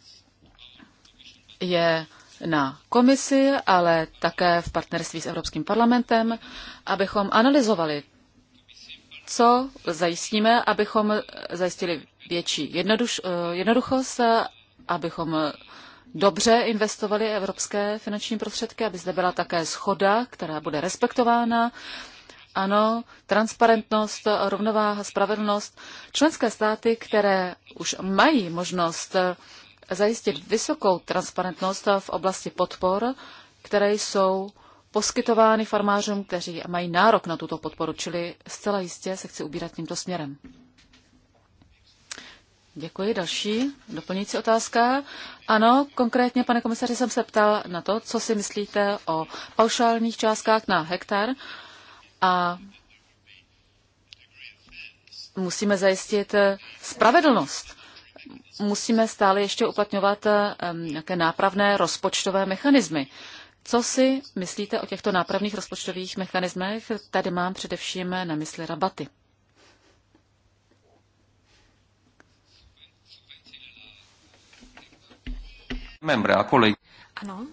je na komisi, ale také v partnerství s Evropským parlamentem, abychom analyzovali, co zajistíme, abychom zajistili větší jednoduš, eh, jednoduchost, abychom dobře investovali evropské finanční prostředky, aby zde byla také schoda, která bude respektována. Ano, transparentnost, rovnováha, spravedlnost. Členské státy, které už mají možnost zajistit vysokou transparentnost v oblasti podpor, které jsou poskytovány farmářům, kteří mají nárok na tuto podporu, čili zcela jistě se chci ubírat tímto směrem. Děkuji. Další doplňující otázka. Ano, konkrétně, pane komisaři, jsem se ptal na to, co si myslíte o paušálních částkách na hektar a musíme zajistit spravedlnost musíme stále ještě uplatňovat eh, nějaké nápravné rozpočtové mechanismy. Co si myslíte o těchto nápravných rozpočtových mechanismech? Tady mám především na mysli rabaty. Membra, kolik? Ano.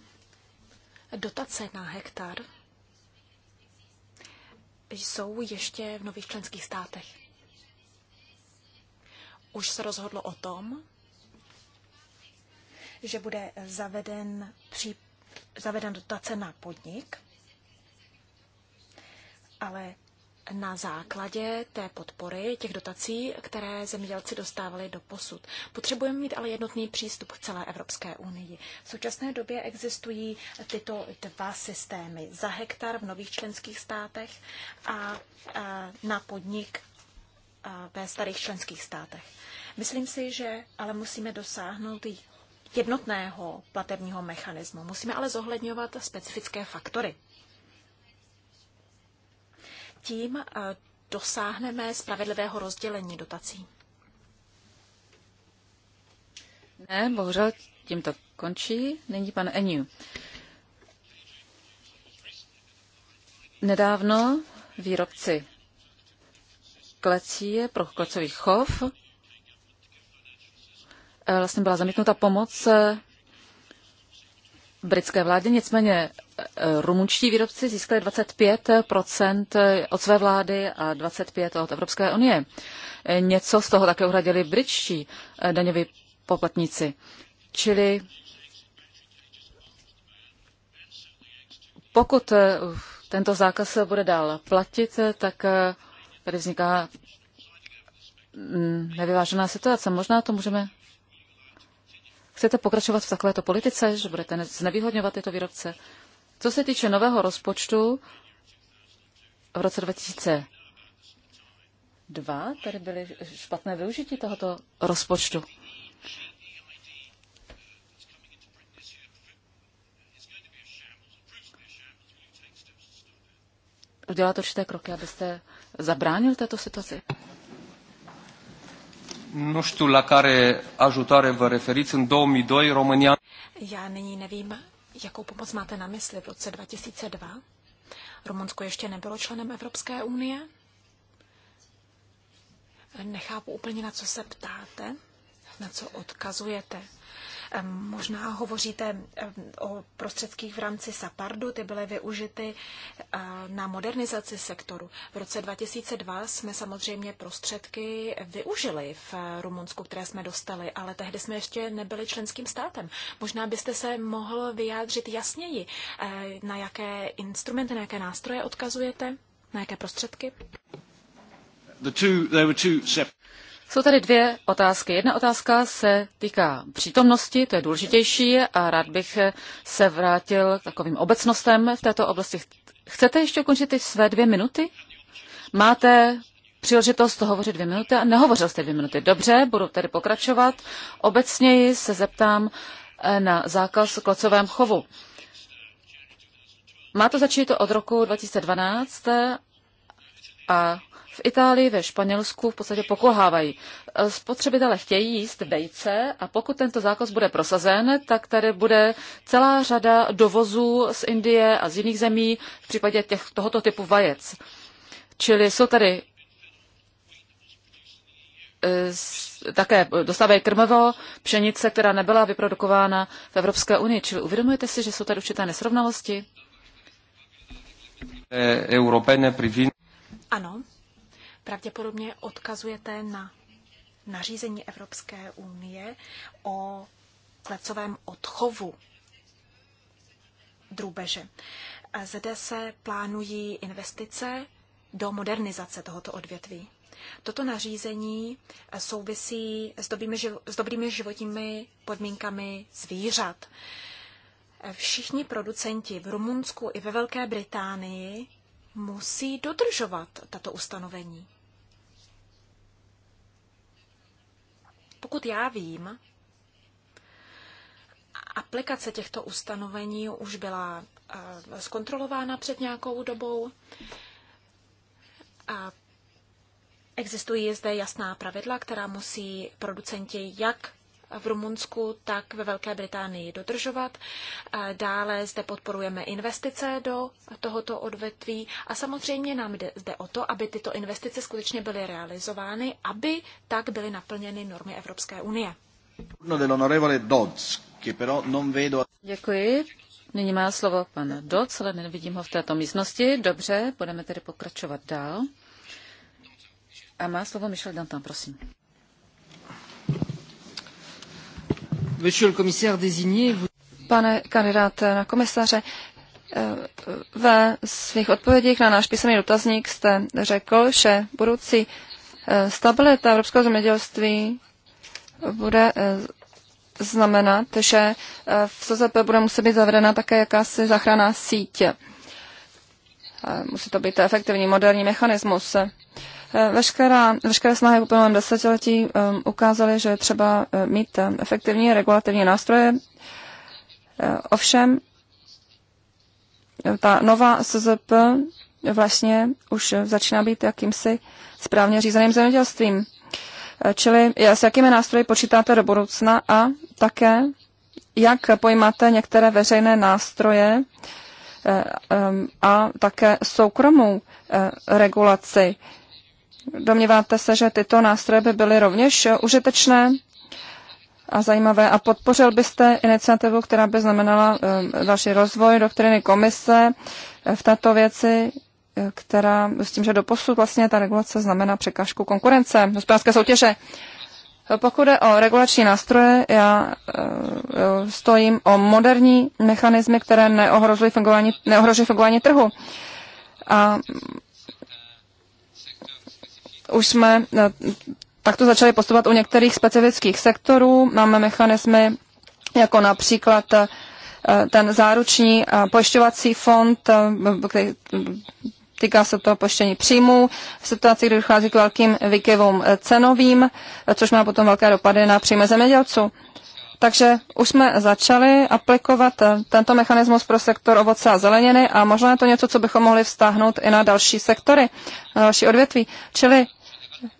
Dotace na hektar jsou ještě v nových členských státech už se rozhodlo o tom, že bude zaveden, pří, zaveden dotace na podnik, ale na základě té podpory, těch dotací, které zemědělci dostávali do posud. Potřebujeme mít ale jednotný přístup k celé Evropské unii. V současné době existují tyto dva systémy. Za hektar v nových členských státech a na podnik ve starých členských státech. Myslím si, že ale musíme dosáhnout jednotného platebního mechanismu. Musíme ale zohledňovat specifické faktory. Tím eh, dosáhneme spravedlivého rozdělení dotací. Ne, bohužel tím to končí. Není pan Eniu. Nedávno výrobci klecí, pro klecový chov. E, vlastně byla zamítnuta pomoc e, britské vládě, nicméně e, rumunští výrobci získali 25 od své vlády a 25 od Evropské unie. Něco z toho také uhradili britští daňoví poplatníci. Čili pokud tento zákaz bude dál platit, tak tady vzniká mm, nevyvážená situace. Možná to můžeme... Chcete pokračovat v takovéto politice, že budete znevýhodňovat tyto výrobce? Co se týče nového rozpočtu v roce 2002, tady byly špatné využití tohoto rozpočtu. Udělat určité kroky, abyste zabránil této situaci? Nu știu la care ajutare vă referiți. În 2002 România... Já nyní nevím, jakou pomoc máte na mysli v roce 2002. Rumunsko ještě nebylo členem Evropské unie. Nechápu úplně, na co se ptáte, na co odkazujete. Možná hovoříte o prostředcích v rámci SAPARDu, ty byly využity eh, na modernizaci sektoru. V roce 2002 jsme samozřejmě prostředky využili v eh, Rumunsku, které jsme dostali, ale tehdy jsme ještě nebyli členským státem. Možná byste se mohl vyjádřit jasněji, eh, na jaké instrumenty, na jaké nástroje odkazujete, na jaké prostředky? The two, there were two separate... Jsou tady dvě otázky. Jedna otázka se týká přítomnosti, to je důležitější a rád bych se vrátil k takovým obecnostem v této oblasti. Chcete ještě ukončit ty své dvě minuty? Máte příležitost to hovořit dvě minuty a nehovořil jste dvě minuty. Dobře, budu tedy pokračovat. Obecněji se zeptám eh, na zákaz klocovém chovu. Má to začít od roku 2012 eh, a v Itálii, ve Španělsku v podstatě pokohávají. Eh, spotřebitelé chtějí jíst vejce a pokud tento zákaz bude prosazen, tak tady bude celá řada dovozů z Indie a z jiných zemí v případě těch, tohoto typu vajec. Čili jsou tady eh, také dostávají krmivo, pšenice, která nebyla vyprodukována v Evropské unii. Čili uvědomujete si, že jsou tady určité nesrovnalosti? Eh, ano, pravděpodobně odkazujete na nařízení Evropské unie o klecovém odchovu drůbeže. Zde se plánují investice do modernizace tohoto odvětví. Toto nařízení souvisí s, dobrými, s dobrými životními podmínkami zvířat. Všichni producenti v Rumunsku i ve Velké Británii musí dodržovat tato ustanovení. Pokud já vím, aplikace těchto ustanovení už byla eh, zkontrolována před nějakou dobou. A existují zde jasná pravidla, která musí producenti jak v Rumunsku, tak ve Velké Británii dodržovat. Dále zde podporujeme investice do tohoto odvetví a samozřejmě nám jde zde o to, aby tyto investice skutečně byly realizovány, aby tak byly naplněny normy Evropské unie. Děkuji. Nyní má slovo pan Doc, ale nevidím ho v této místnosti. Dobře, budeme tedy pokračovat dál. A má slovo Michel Dantan, prosím. Pane kandidáte na komisaře, eh, ve svých odpovědích na náš písemný dotazník jste řekl, že budoucí eh, stabilita evropského zemědělství bude eh, znamenat, že v SZP bude muset být zavedena také jakási záchranná síť. Musí to být efektivní moderní mechanismus. Eh, veškerá, veškeré snahy v uplynulém desetiletí ehm, ukázaly, že je třeba eh, mít eh, efektivní regulativní nástroje. Ovšem, ta nová SZP vlastně už začíná být jakýmsi správně řízeným zemědělstvím. Čili s jakými nástroji počítáte do budoucna a také jak pojímáte některé veřejné nástroje ehm, a také soukromou regulaci Domníváte se, že tyto nástroje by byly rovněž užitečné a zajímavé a podpořil byste iniciativu, která by znamenala eh, další rozvoj doktriny komise v této věci, eh, která s tím, že doposud vlastně ta regulace znamená překážku konkurence, hospodářské soutěže. Pokud je o regulační nástroje, já eh, stojím o moderní mechanizmy, které neohrožují fungování, neohrožují fungování trhu. A už jsme eh, takto začali postupovat u některých specifických sektorů. Máme mechanismy jako například eh, ten záruční eh, pojišťovací fond, který týká se to pojištění příjmů, v situaci, kdy dochází k velkým vykyvům cenovým, což má potom velké dopady na příjmy zemědělců. Takže už jsme začali aplikovat eh, tento mechanismus pro sektor ovoce a zeleniny a možná je to něco, co bychom mohli vztáhnout i na další sektory, na další odvětví. Čili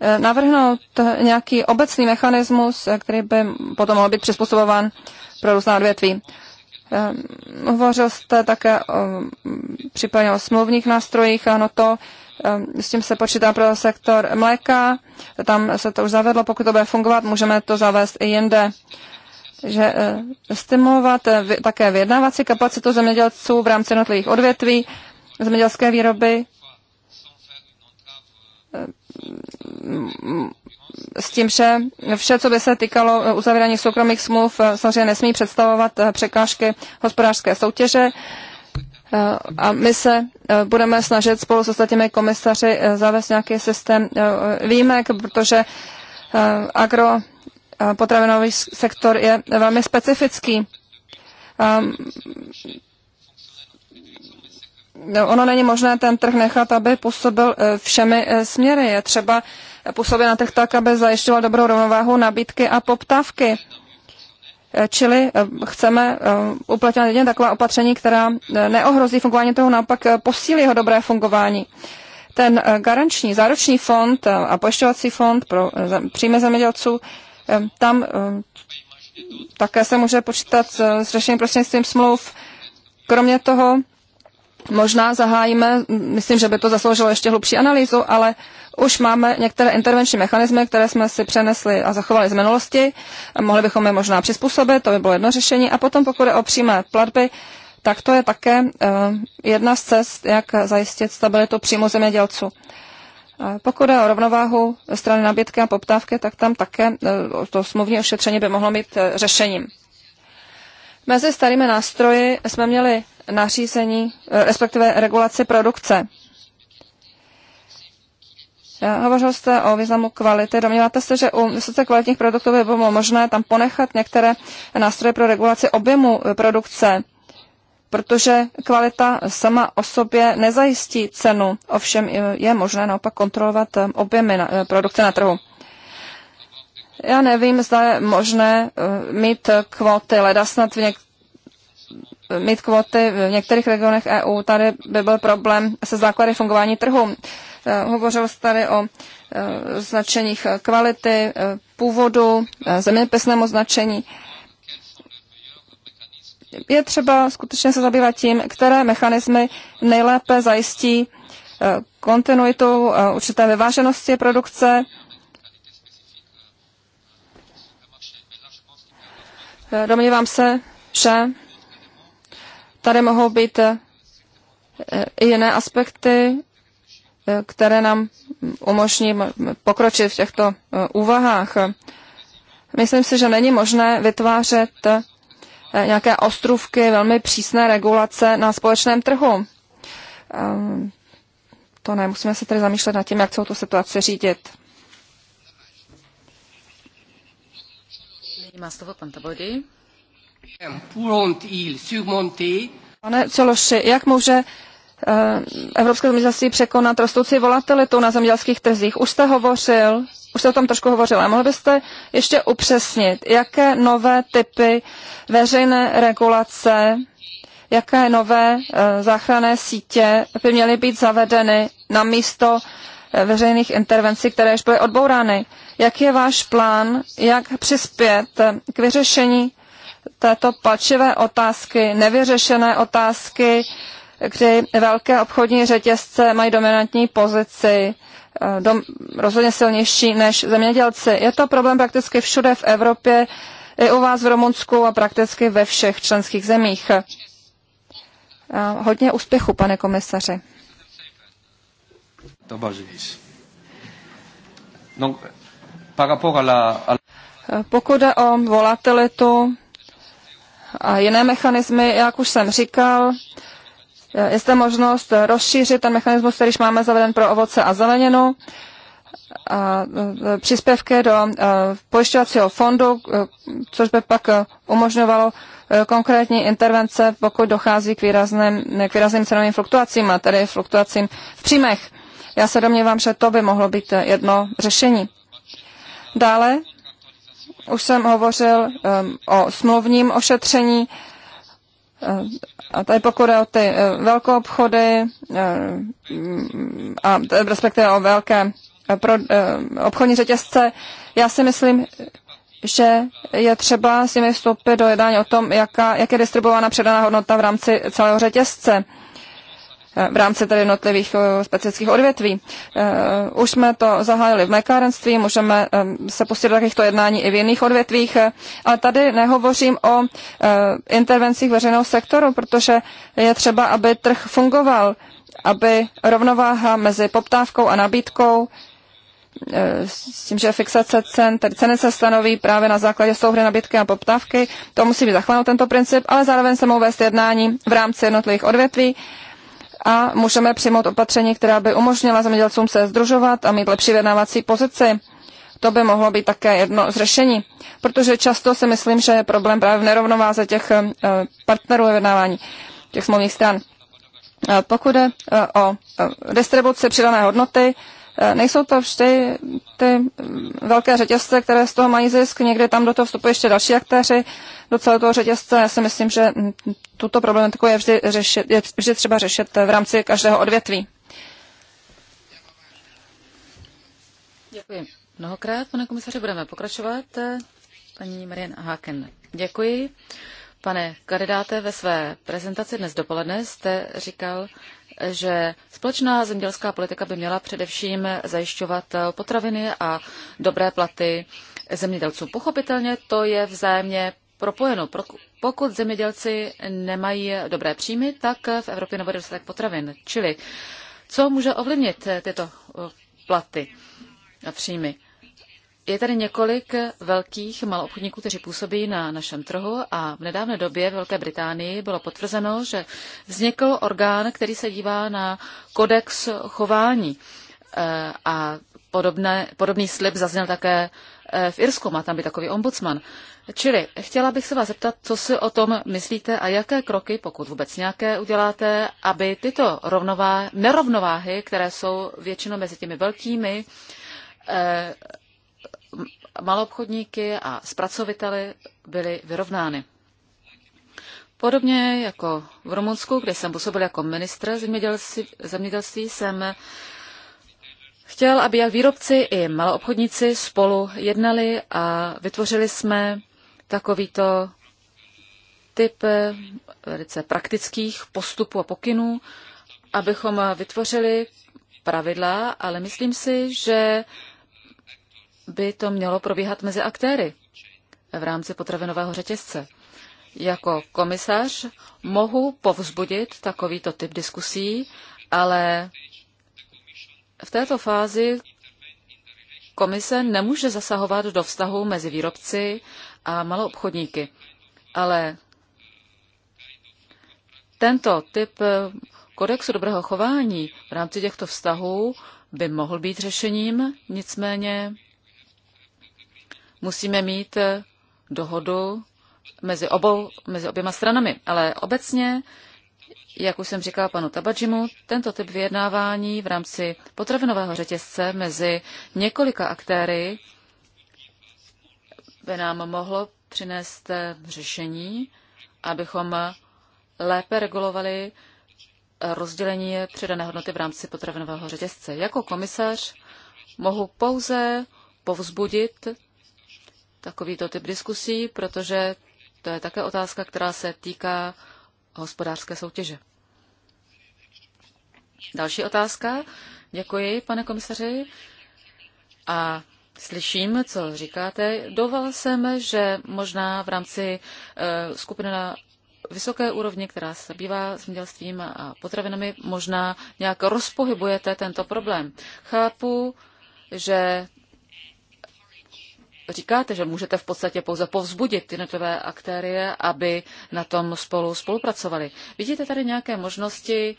eh, navrhnout nějaký obecný mechanismus, eh, který by potom mohl být přizpůsobován pro různá odvětví. Hovořil jste také o, mm, případně o smluvních nástrojích, ano to, s tím se počítá pro sektor mléka, tam se to už zavedlo, pokud to bude fungovat, můžeme to zavést i jinde že eh, stimulovat eh, také vyjednávací kapacitu zemědělců v rámci jednotlivých odvětví zemědělské výroby eh, s tím, že vše, co by se týkalo uzavírání soukromých smluv, samozřejmě nesmí představovat překážky hospodářské soutěže. A my se budeme snažit spolu s ostatními komisaři zavést nějaký systém výjimek, protože agro potravinový sektor je velmi specifický. Ehm, no, ono není možné ten trh nechat, aby působil e, všemi e, směry. Je třeba působit na trh tak, aby zajišťoval dobrou rovnováhu nabídky a poptávky. E, čili chceme uplatňovat jedině taková opatření, která neohrozí fungování toho, naopak posílí jeho dobré fungování. Ten garanční, záruční fond a pojišťovací fond pro příjmy zemědělců tam také se může počítat eh, s řešením prostřednictvím smluv. Kromě toho možná zahájíme, myslím, že by to zasloužilo ještě hlubší analýzu, ale už máme některé intervenční mechanismy, které jsme si přenesli a zachovali z minulosti. Mohli bychom je možná přizpůsobit, to by bylo jedno řešení. A potom, pokud je o přímé platby, tak to je také eh, jedna z cest, jak zajistit stabilitu přímo zemědělců. Pokud je o rovnováhu strany nabídky a poptávky, tak tam také e, to smluvní ošetření by mohlo být e, řešením. Mezi starými nástroji jsme měli nařízení, e, respektive regulaci produkce. Hovořil jste o významu kvality. Domníváte se, že u vysoce kvalitních produktů by bylo možné tam ponechat některé nástroje pro regulaci objemu produkce? protože kvalita sama o sobě nezajistí cenu, ovšem je možné naopak kontrolovat eh, objemy na, eh, produkce na trhu. Já nevím, zda je možné eh, mít kvóty, leda snad v něk- mít kvóty v některých regionech EU. Tady by byl problém se základy fungování trhu. Hovořil jste tady o značeních kvality, původu, zeměpisnému značení je třeba skutečně se zabývat tím, které mechanismy nejlépe zajistí eh, kontinuitu eh, určité vyváženosti produkce. Eh, domnívám se, že tady mohou být i jiné aspekty, které nám umožní pokročit v těchto úvahách. Myslím si, že není možné vytvářet Eh, nějaké ostrůvky velmi přísné regulace na společném trhu. Ehm, to ne, musíme se tedy zamýšlet nad tím, jak celou tu situaci řídit. má slovo pan Tabody. Pane Celoši, jak může eh, Evropská zemědělství překonat rostoucí volatilitu na zemědělských trzích? Už jste hovořil už jste o tom trošku hovořila. Mohli byste ještě upřesnit, jaké nové typy veřejné regulace, jaké nové eh, záchranné sítě by měly být zavedeny na místo eh, veřejných intervencí, které už byly odbourány. Jak je váš plán, jak přispět eh, k vyřešení této palčivé otázky, nevyřešené otázky, kdy velké obchodní řetězce mají dominantní pozici Eh, dom, rozhodně silnější než zemědělci. Je to problém prakticky všude v Evropě, i u vás v Rumunsku a prakticky ve všech členských zemích. Eh, hodně úspěchu, pane komisaři. No, eh, pokud jde o volatilitu a jiné mechanismy, jak už jsem říkal, Eh, je zde možnost rozšířit ten mechanismus, který máme zaveden pro ovoce a zeleninu, a eh, eh, příspěvky do pojišťovacího fondu, což by pak umožňovalo konkrétní intervence, pokud dochází k výrazným, k výrazným cenovým fluktuacím, a tedy fluktuacím v příjmech. Já se domnívám, že to by mohlo být jedno řešení. Dále už jsem hovořil um, o smluvním ošetření. Uh, a tady pokud o ty eh, velké obchody, eh, a eh, respektive o velké pro, obchodní řetězce, já si myslím, že je třeba s nimi vstoupit do jednání o tom, jaká, jak je distribuována předaná hodnota v rámci celého řetězce. Eh, v rámci tedy jednotlivých eh, specifických odvětví. Eh, už jsme to zahájili v mlékárenství, můžeme se pustit do takovýchto jednání i v jiných odvětvích, ale tady nehovořím o intervencích veřejného sektoru, protože je třeba, aby trh fungoval, aby rovnováha mezi poptávkou a nabídkou s tím, že fixace cen, tedy ceny se stanoví právě na základě souhry nabídky a poptávky, to musí být zachováno tento princip, ale zároveň se mohou vést jednání v rámci jednotlivých odvětví a můžeme přijmout opatření, která by umožnila zemědělcům se združovat a mít lepší vyjednávací pozici. To by mohlo být také jedno z řešení, protože často si myslím, že je problém právě v nerovnováze těch eh, partnerů vyjednávání, těch smluvních stran. Pokud je eh, o eh, distribuci přidané hodnoty, Eh, nejsou to vždy ty velké řetězce, které z toho mají zisk, někdy tam do toho vstupují ještě další aktéři do celého toho řetězce. Já si myslím, že tuto problematiku je vždy, řešit, je vždy třeba řešit v rámci každého odvětví. Děkuji mnohokrát, pane komisaři. Budeme pokračovat. Paní Marian Haken, děkuji. Pane kandidáte, ve své prezentaci dnes dopoledne jste říkal, že společná zemědělská politika by měla především zajišťovat potraviny a dobré platy zemědělců. Pochopitelně to je vzájemně propojeno. Pokud zemědělci nemají dobré příjmy, tak v Evropě nebude dostatek potravin. Čili co může ovlivnit tyto eh, platy a příjmy? Je tady několik velkých maloobchodníků, kteří působí na našem trhu a v nedávné době v Velké Británii bylo potvrzeno, že vznikl orgán, který se dívá na kodex chování. Eh, a podobné, podobný slib zazněl také eh, v Irsku, má tam být takový ombudsman. Čili chtěla bych se vás zeptat, co si o tom myslíte a jaké kroky, pokud vůbec nějaké, uděláte, aby tyto rovnová, nerovnováhy, které jsou většinou mezi těmi velkými, eh, malobchodníky a zpracoviteli byly vyrovnány. Podobně jako v Rumunsku, kde jsem působil jako ministr zemědělství, zemědělství jsem chtěl, aby jak výrobci i maloobchodníci spolu jednali a vytvořili jsme takovýto typ eh, velice praktických postupů a pokynů, abychom vytvořili pravidla, ale myslím si, že by to mělo probíhat mezi aktéry v rámci potravinového řetězce. Jako komisař mohu povzbudit takovýto typ diskusí, ale v této fázi komise nemůže zasahovat do vztahu mezi výrobci a maloobchodníky. Ale tento typ kodexu dobrého chování v rámci těchto vztahů by mohl být řešením, nicméně musíme mít eh, dohodu mezi, obou, mezi oběma stranami. Ale obecně, jak už jsem říkala panu Tabadžimu, tento typ vyjednávání v rámci potravinového řetězce mezi několika aktéry by nám mohlo přinést eh, řešení, abychom lépe regulovali rozdělení přidané hodnoty v rámci potravinového řetězce. Jako komisař mohu pouze povzbudit takovýto typ diskusí, protože to je také otázka, která se týká hospodářské soutěže. Další otázka. Děkuji, pane komisaři. A slyším, co říkáte. Doval jsem, že možná v rámci eh, skupiny na vysoké úrovni, která se zabývá zemědělstvím a potravinami, možná nějak rozpohybujete tento problém. Chápu, že říkáte, že můžete v podstatě pouze povzbudit jednotlivé aktéry, aby na tom spolu spolupracovali. Vidíte tady nějaké možnosti,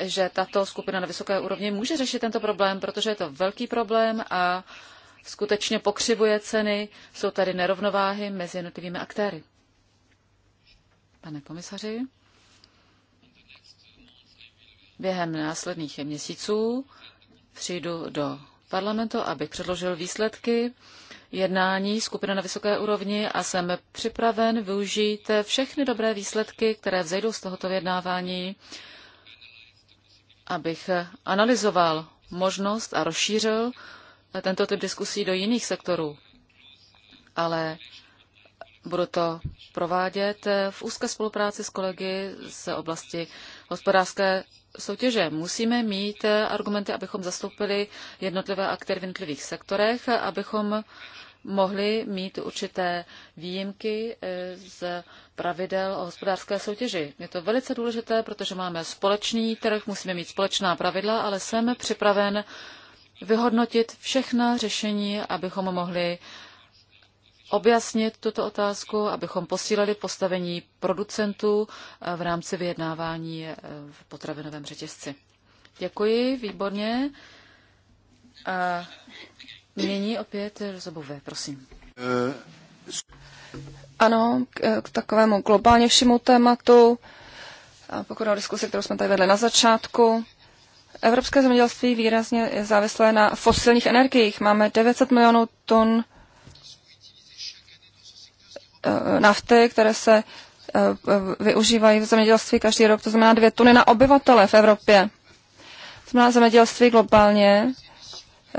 že tato skupina na vysoké úrovni může řešit tento problém, protože je to velký problém a skutečně pokřivuje ceny, jsou tady nerovnováhy mezi jednotlivými aktéry. Pane komisaři, během následných měsíců přijdu do parlamentu, abych předložil výsledky jednání skupina na vysoké úrovni a jsem připraven využít všechny dobré výsledky, které vzejdou z tohoto vyjednávání, abych analyzoval možnost a rozšířil tento typ diskusí do jiných sektorů. Ale budu to provádět v úzké spolupráci s kolegy z oblasti hospodářské soutěže. Musíme mít argumenty, abychom zastoupili jednotlivé aktéry v jednotlivých sektorech, abychom mohli mít určité výjimky eh, z pravidel o hospodářské soutěži. Je to velice důležité, protože máme společný trh, musíme mít společná pravidla, ale jsem připraven vyhodnotit všechna řešení, abychom mohli objasnit tuto otázku, abychom posílili postavení producentů eh, v rámci vyjednávání eh, v potravinovém řetězci. Děkuji, výborně. A Nyní opět Rozobové, prosím. Eh, ano, k eh, takovému globálně všemu tématu, pokud na diskusi, kterou jsme tady vedli na začátku, Evropské zemědělství výrazně je závislé na fosilních energiích. Máme 900 milionů tun eh, nafty, které se využívají v zemědělství každý rok, to znamená dvě tuny na obyvatele v Evropě. To znamená zemědělství globálně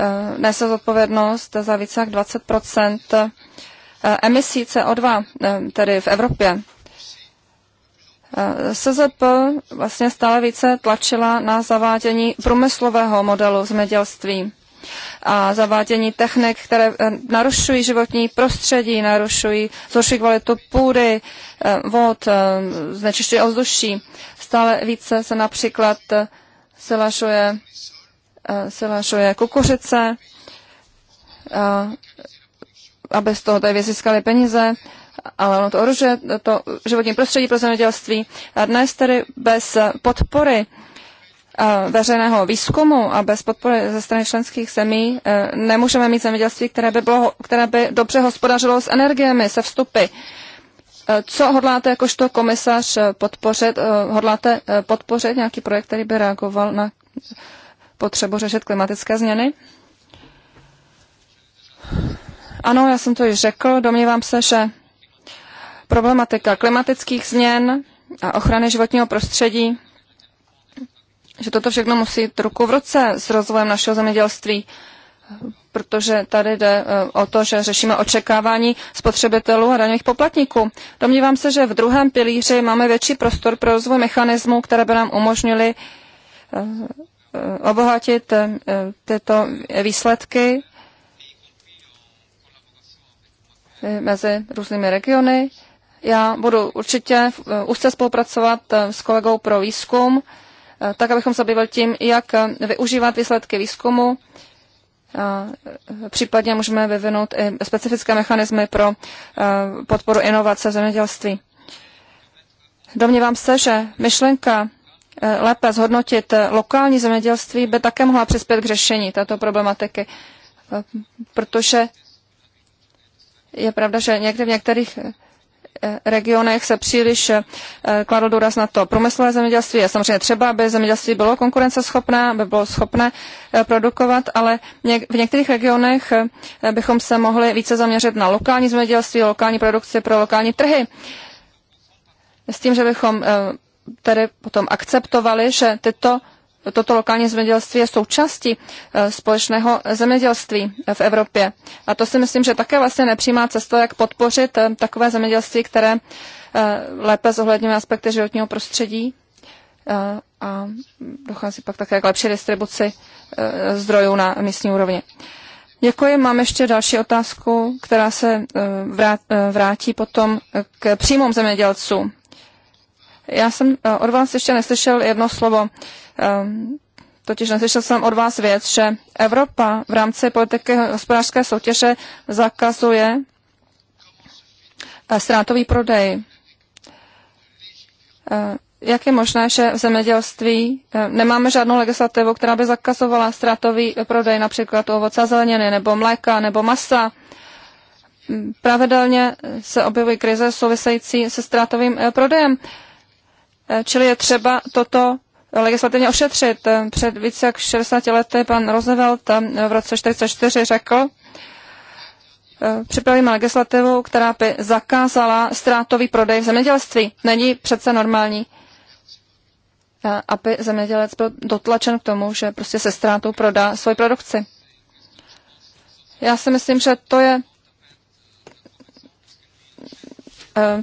Eh, nese zodpovědnost za více jak 20 eh, emisí CO2, eh, tedy v Evropě. SZP vlastně stále více tlačila na zavádění průmyslového modelu zemědělství a zavádění technik, které narušují životní prostředí, narušují, zhorší kvalitu půdy, vod, znečišťují ovzduší. Stále více se například selažuje se vášuje jako kukuřice, aby z toho tady získali peníze, ale ono to oružuje to životní prostředí pro zemědělství. A dnes tedy bez podpory veřejného výzkumu a bez podpory ze strany členských zemí e, nemůžeme mít zemědělství, které by, bylo, které by dobře hospodařilo s energiemi, se vstupy. E, co hodláte jakožto komisař podpořit? E, hodláte podpořit nějaký projekt, který by reagoval na potřebu řešit klimatické změny? Ano, já jsem to již řekl. Domnívám se, že problematika klimatických změn a ochrany životního prostředí, že toto všechno musí jít ruku v ruce s rozvojem našeho zemědělství, protože tady jde e, o to, že řešíme očekávání spotřebitelů a daňových poplatníků. Domnívám se, že v druhém pilíři máme větší prostor pro rozvoj mechanismů, které by nám umožnili e, Eh, obohatit eh, tyto výsledky eh, mezi různými regiony. Já budu určitě úzce spolupracovat s kolegou pro výzkum, tak abychom se zabývali tím, jak využívat výsledky výzkumu. Případně můžeme vyvinout i specifické mechanismy pro podporu inovace v zemědělství. Domnívám se, že myšlenka Eh, lépe zhodnotit eh, lokální zemědělství, by také mohla přispět k řešení této problematiky, eh, protože je pravda, že někde v některých regionech se příliš kladl důraz na to průmyslové zemědělství. Je samozřejmě třeba, aby zemědělství bylo konkurenceschopné, aby bylo schopné produkovat, ale v některých regionech bychom se mohli více zaměřit na lokální zemědělství, lokální produkci pro lokální trhy. S tím, že bychom tedy potom akceptovali, že tyto, toto lokální zemědělství je součástí eh, společného zemědělství eh, v Evropě. A to si myslím, že také vlastně nepřímá cesta, jak podpořit eh, takové zemědělství, které lépe zohledňuje aspekty životního prostředí a dochází pak také k lepší distribuci zdrojů na místní úrovni. Děkuji. Mám ještě další otázku, která se vrátí potom k příjmům zemědělcům? Já jsem eh, od vás ještě neslyšel jedno slovo. Ehm, totiž neslyšel jsem od vás věc, že Evropa v rámci politiky hospodářské soutěže zakazuje ztrátový eh, prodej. Eh, jak je možné, že v zemědělství nemáme žádnou legislativu, která by zakazovala ztrátový prodej například ovoce a zeleniny, nebo mléka, nebo masa? Pravidelně se objevují krize související se ztrátovým prodejem. Eh, čili je třeba toto legislativně ošetřit. Eh, před více jak 60 lety pan Roosevelt eh, v roce 44 řekl, připravíme legislativu, která by zakázala ztrátový prodej v zemědělství. Není přece normální, aby zemědělec byl dotlačen k tomu, že prostě se ztrátou prodá svoji produkci. Já si myslím, že to je Eh,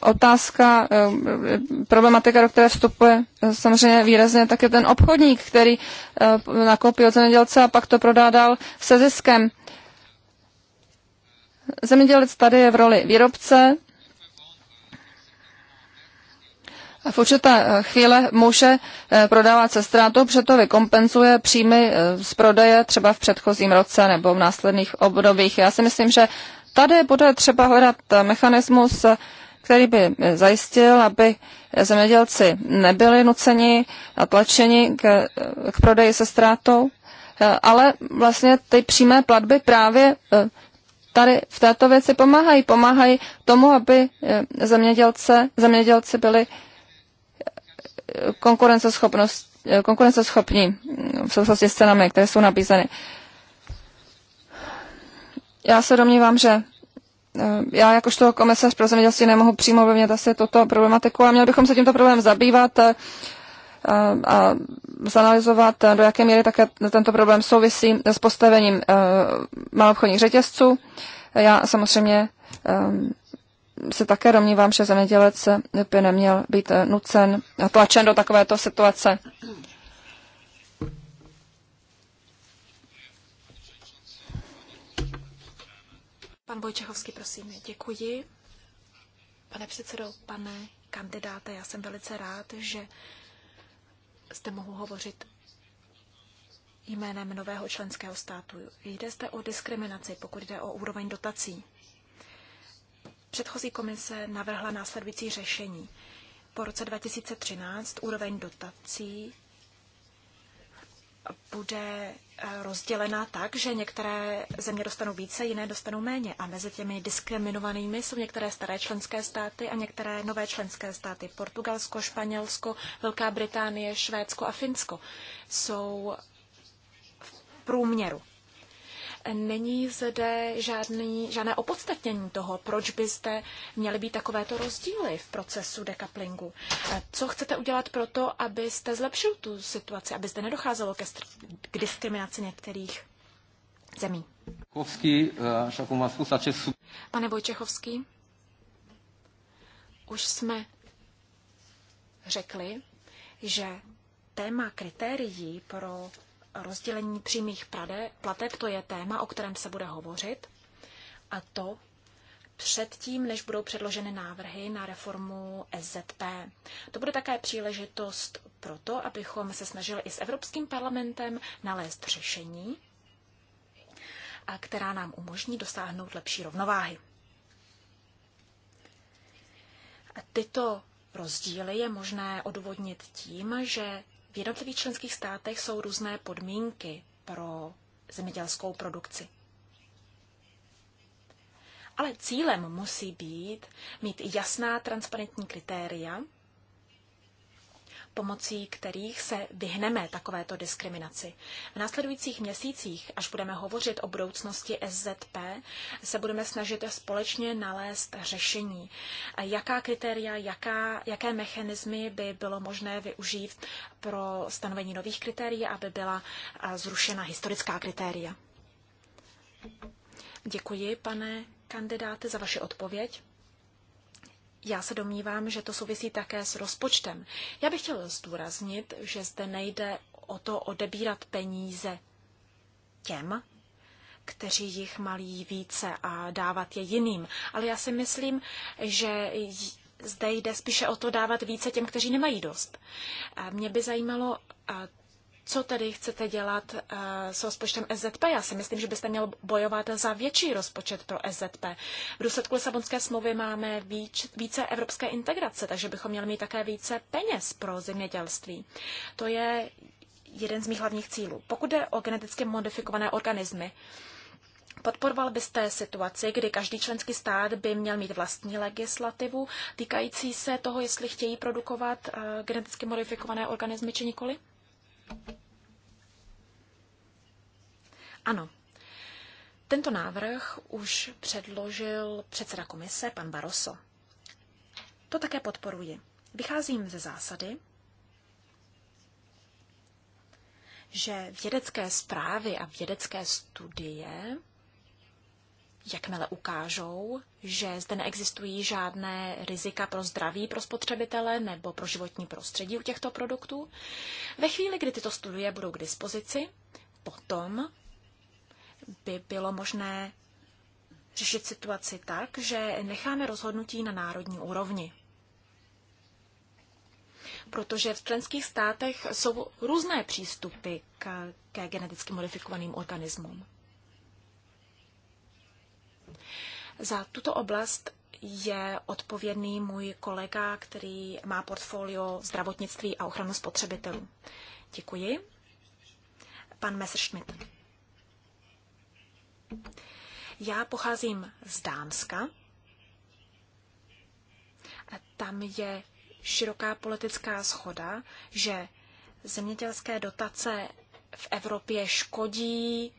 otázka, eh, problematika, do které vstupuje eh, samozřejmě výrazně, tak je ten obchodník, který nakoupil zemědělce a pak to prodá dál se ziskem. Zemědělec tady je v roli výrobce a v určité chvíle může prodávat se ztrátou, protože to vykompenzuje příjmy z prodeje třeba v předchozím roce nebo v následných obdobích. Já si myslím, že tady bude třeba hledat mechanismus, který by zajistil, aby zemědělci nebyli nuceni a tlačeni k, k prodeji se ztrátou, ale vlastně ty přímé platby právě eh, tady v této věci pomáhají. Pomáhají tomu, aby eh, zemědělce, zemědělci byli eh, konkurenceschopní mm, v souvislosti s cenami, které jsou nabízeny. Já se domnívám, že eh, já jakožto komisař pro zemědělství nemohu přímo ovlivnit asi tuto problematiku a měli bychom se tímto problémem zabývat a, eh, a zanalizovat, eh, do jaké míry také tento problém souvisí s postavením malobchodních řetězců. Já samozřejmě se také domnívám, že zemědělec by neměl být nucen a tlačen do takovéto situace. Pan Vojčechovský, prosím, děkuji. Pane předsedo, pane kandidáte, já jsem velice rád, že zde mohu hovořit jménem nového členského státu. Jde zde o diskriminaci, pokud jde o úroveň dotací. Předchozí komise navrhla následující řešení. Po roce 2013 úroveň dotací bude rozdělena tak, že některé země dostanou více, jiné dostanou méně. A mezi těmi diskriminovanými jsou některé staré členské státy a některé nové členské státy. Portugalsko, Španělsko, Velká Británie, Švédsko a Finsko jsou v průměru. Není zde žádný, žádné opodstatnění toho, proč by zde měly být takovéto rozdíly v procesu dekaplingu. Eh, co chcete udělat pro to, abyste zlepšil tu situaci, aby zde nedocházelo ke k diskriminaci některých zemí? Eh, Pane Vojčechovský, už jsme řekli, že téma kritérií pro rozdělení přímých prade, plateb, to je téma, o kterém se bude hovořit. A to předtím, než budou předloženy návrhy na reformu SZP. To bude také příležitost pro to, abychom se snažili i s Evropským parlamentem nalézt řešení, a která nám umožní dosáhnout lepší rovnováhy. A tyto rozdíly je možné odvodnit tím, že v jednotlivých členských státech jsou různé podmínky pro zemědělskou produkci. Ale cílem musí být mít jasná transparentní kritéria, pomocí kterých se vyhneme takovéto diskriminaci. V následujících měsících, až budeme hovořit o budoucnosti SZP, se budeme snažit společně nalézt řešení. Jaká kritéria, jaká, jaké mechanismy by bylo možné využít pro stanovení nových kritérií, aby byla zrušena historická kritéria? Děkuji, pane kandidáte, za vaši odpověď. Já se domnívám, že to souvisí také s rozpočtem. Já bych chtěl zdůraznit, že zde nejde o to odebírat peníze těm, kteří jich malí více a dávat je jiným. Ale já si myslím, že zde jde spíše o to dávat více těm, kteří nemají dost. Mě by zajímalo, co tedy chcete dělat eh, s rozpočtem SZP? Já si myslím, že byste měl bojovat za větší rozpočet pro SZP. V důsledku Lisabonské smlouvy máme víč, více evropské integrace, takže bychom měli mít také více peněz pro zemědělství. To je jeden z mých hlavních cílů. Pokud jde o geneticky modifikované organismy, Podporoval byste situaci, kdy každý členský stát by měl mít vlastní legislativu týkající se toho, jestli chtějí produkovat eh, geneticky modifikované organismy či nikoli? Ano. Tento návrh už předložil předseda komise, pan Barroso. To také podporuji. Vycházím ze zásady, že vědecké zprávy a vědecké studie jakmile ukážou, že zde neexistují žádné rizika pro zdraví pro spotřebitele nebo pro životní prostředí u těchto produktů, ve chvíli, kdy tyto studie budou k dispozici, potom by bylo možné řešit situaci tak, že necháme rozhodnutí na národní úrovni. Protože v členských státech jsou různé přístupy k, ke geneticky modifikovaným organismům. Za tuto oblast je odpovědný můj kolega, který má portfolio zdravotnictví a ochranu spotřebitelů. Děkuji. Pan Messerschmidt. Já pocházím z Dánska. Tam je široká politická schoda, že zemědělské dotace v Evropě škodí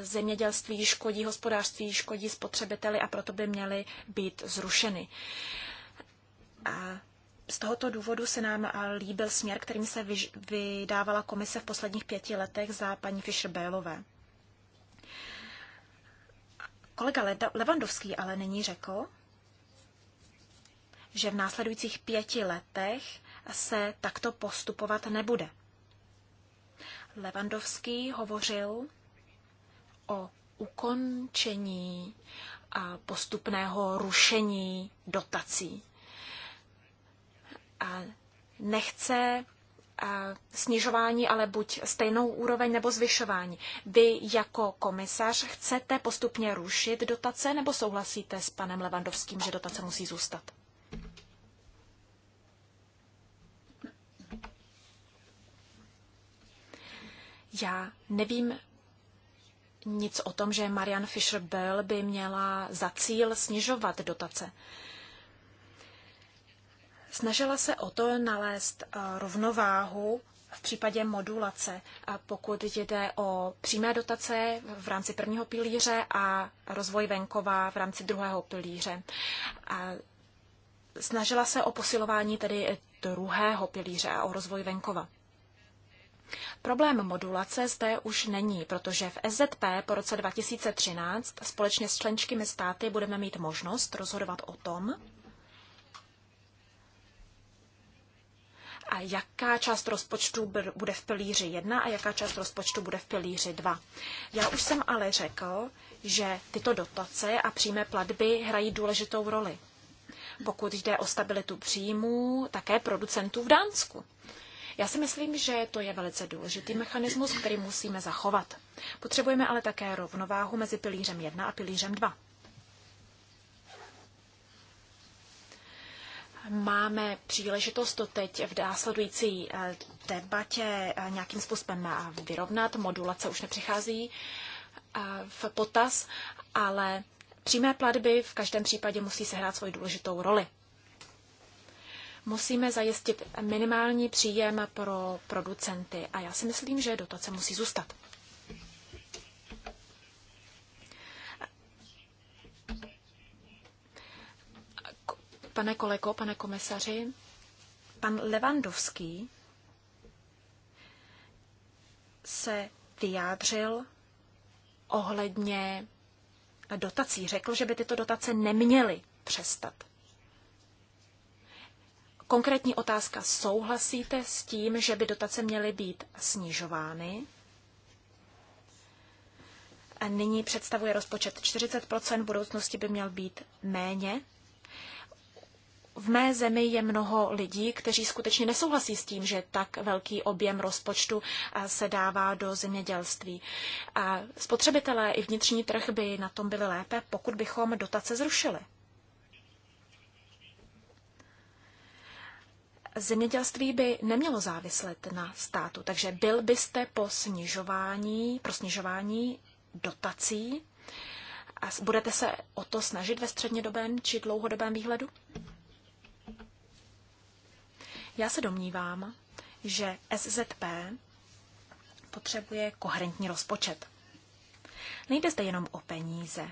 zemědělství škodí hospodářství, škodí spotřebiteli a proto by měly být zrušeny. A z tohoto důvodu se nám líbil směr, kterým se vydávala komise v posledních pěti letech za paní Fischer-Bélové. Kolega Levandovský ale není řekl, že v následujících pěti letech se takto postupovat nebude. Levandovský hovořil o ukončení a postupného rušení dotací. A nechce snižování, ale buď stejnou úroveň nebo zvyšování. Vy jako komisař chcete postupně rušit dotace nebo souhlasíte s panem Levandovským, že dotace musí zůstat? Já nevím nic o tom, že Marian Fisher Bell by měla za cíl snižovat dotace. Snažila se o to nalézt eh, rovnováhu v případě modulace, a pokud jde o přímé dotace v rámci prvního pilíře a rozvoj venkova v rámci druhého pilíře. A snažila se o posilování tedy druhého pilíře a o rozvoj venkova. Problém modulace zde už není, protože v SZP po roce 2013 společně s členskými státy budeme mít možnost rozhodovat o tom, a jaká část rozpočtu bude v pilíři 1 a jaká část rozpočtu bude v pilíři 2. Já už jsem ale řekl, že tyto dotace a přímé platby hrají důležitou roli. Pokud jde o stabilitu příjmů, také producentů v Dánsku. Já si myslím, že to je velice důležitý mechanismus, který musíme zachovat. Potřebujeme ale také rovnováhu mezi pilířem 1 a pilířem 2. máme příležitost to teď v následující eh, debatě eh, nějakým způsobem eh, vyrovnat. Modulace už nepřichází v potaz, ale přímé platby v každém případě musí sehrát svoji důležitou roli musíme zajistit minimální příjem pro producenty a já si myslím, že dotace musí zůstat. Pane kolego, pane komisaři, pan Levandovský se vyjádřil ohledně dotací. Řekl, že by tyto dotace neměly přestat. Konkrétní otázka, souhlasíte s tím, že by dotace měly být snižovány? A nyní představuje rozpočet 40 v budoucnosti by měl být méně. V mé zemi je mnoho lidí, kteří skutečně nesouhlasí s tím, že tak velký objem rozpočtu se dává do zemědělství. Spotřebitelé i vnitřní trh by na tom byli lépe, pokud bychom dotace zrušili. zemědělství by nemělo záviset na státu, takže byl byste po snižování, pro snižování dotací a budete se o to snažit ve střednědobém či dlouhodobém výhledu? Já se domnívám, že SZP potřebuje koherentní rozpočet. Nejde zde jenom o peníze,